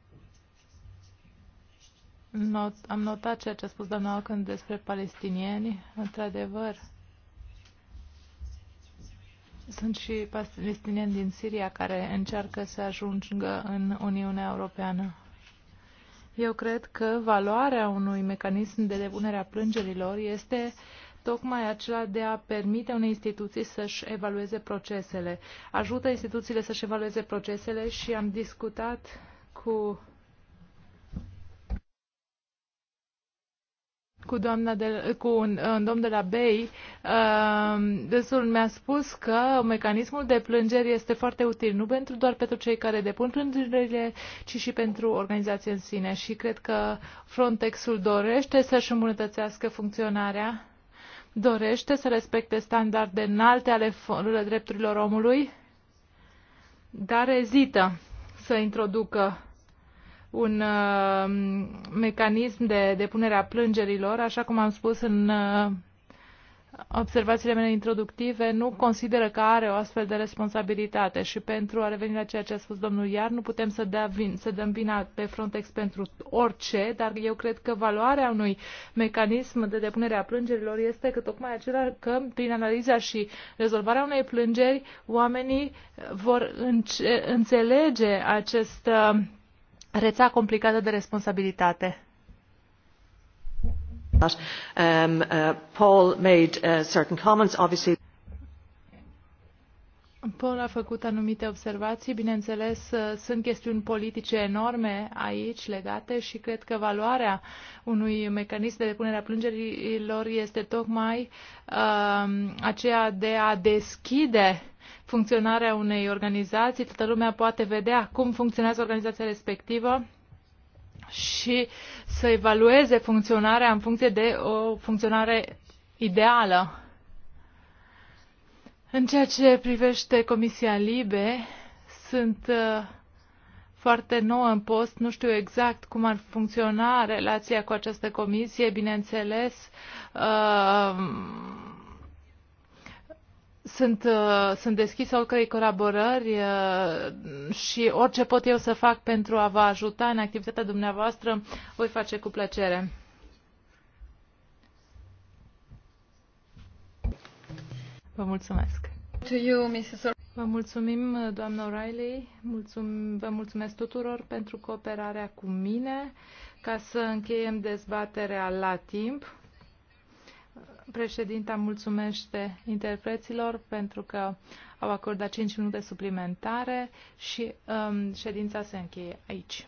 not, am notat ceea ce a spus doamna Ocan despre palestinieni. Într-adevăr, sunt și palestinieni din Siria care încearcă să ajungă în Uniunea Europeană. Eu cred că valoarea unui mecanism de depunere a plângerilor este tocmai acela de a permite unei instituții să-și evalueze procesele. Ajută instituțiile să-și evalueze procesele și am discutat cu cu, doamna de, cu un, un domn de la Bay, um, dânsul mi-a spus că mecanismul de plângeri este foarte util, nu pentru doar pentru cei care depun plângerile, ci și pentru organizația în sine. Și cred că Frontexul dorește să-și îmbunătățească funcționarea, dorește să respecte standarde înalte ale drepturilor omului, dar ezită să introducă un uh, mecanism de depunere a plângerilor, așa cum am spus în uh, observațiile mele introductive, nu consideră că are o astfel de responsabilitate și pentru a reveni la ceea ce a spus domnul Iar, nu putem să, dea vin, să dăm vina pe Frontex pentru orice, dar eu cred că valoarea unui mecanism de depunere a plângerilor este că tocmai acela că prin analiza și rezolvarea unei plângeri, oamenii vor înțelege acest uh, rețea complicată de responsabilitate. Um, uh, Paul made uh, certain comments, obviously. Paul a făcut anumite observații. Bineînțeles, uh, sunt chestiuni politice enorme aici legate și cred că valoarea unui mecanism de depunere a plângerilor este tocmai uh, aceea de a deschide funcționarea unei organizații, toată lumea poate vedea cum funcționează organizația respectivă și să evalueze funcționarea în funcție de o funcționare ideală. În ceea ce privește Comisia Libe, sunt uh, foarte nouă în post, nu știu exact cum ar funcționa relația cu această comisie, bineînțeles. Uh, sunt, uh, sunt deschisă oricărei colaborări uh, și orice pot eu să fac pentru a vă ajuta în activitatea dumneavoastră, voi face cu plăcere. Vă mulțumesc. To you, Mrs. Vă mulțumim, doamna O'Reilly. Mulțum, vă mulțumesc tuturor pentru cooperarea cu mine. Ca să încheiem dezbaterea la timp, Președinta mulțumește interpreților pentru că au acordat 5 minute suplimentare și um, ședința se încheie aici.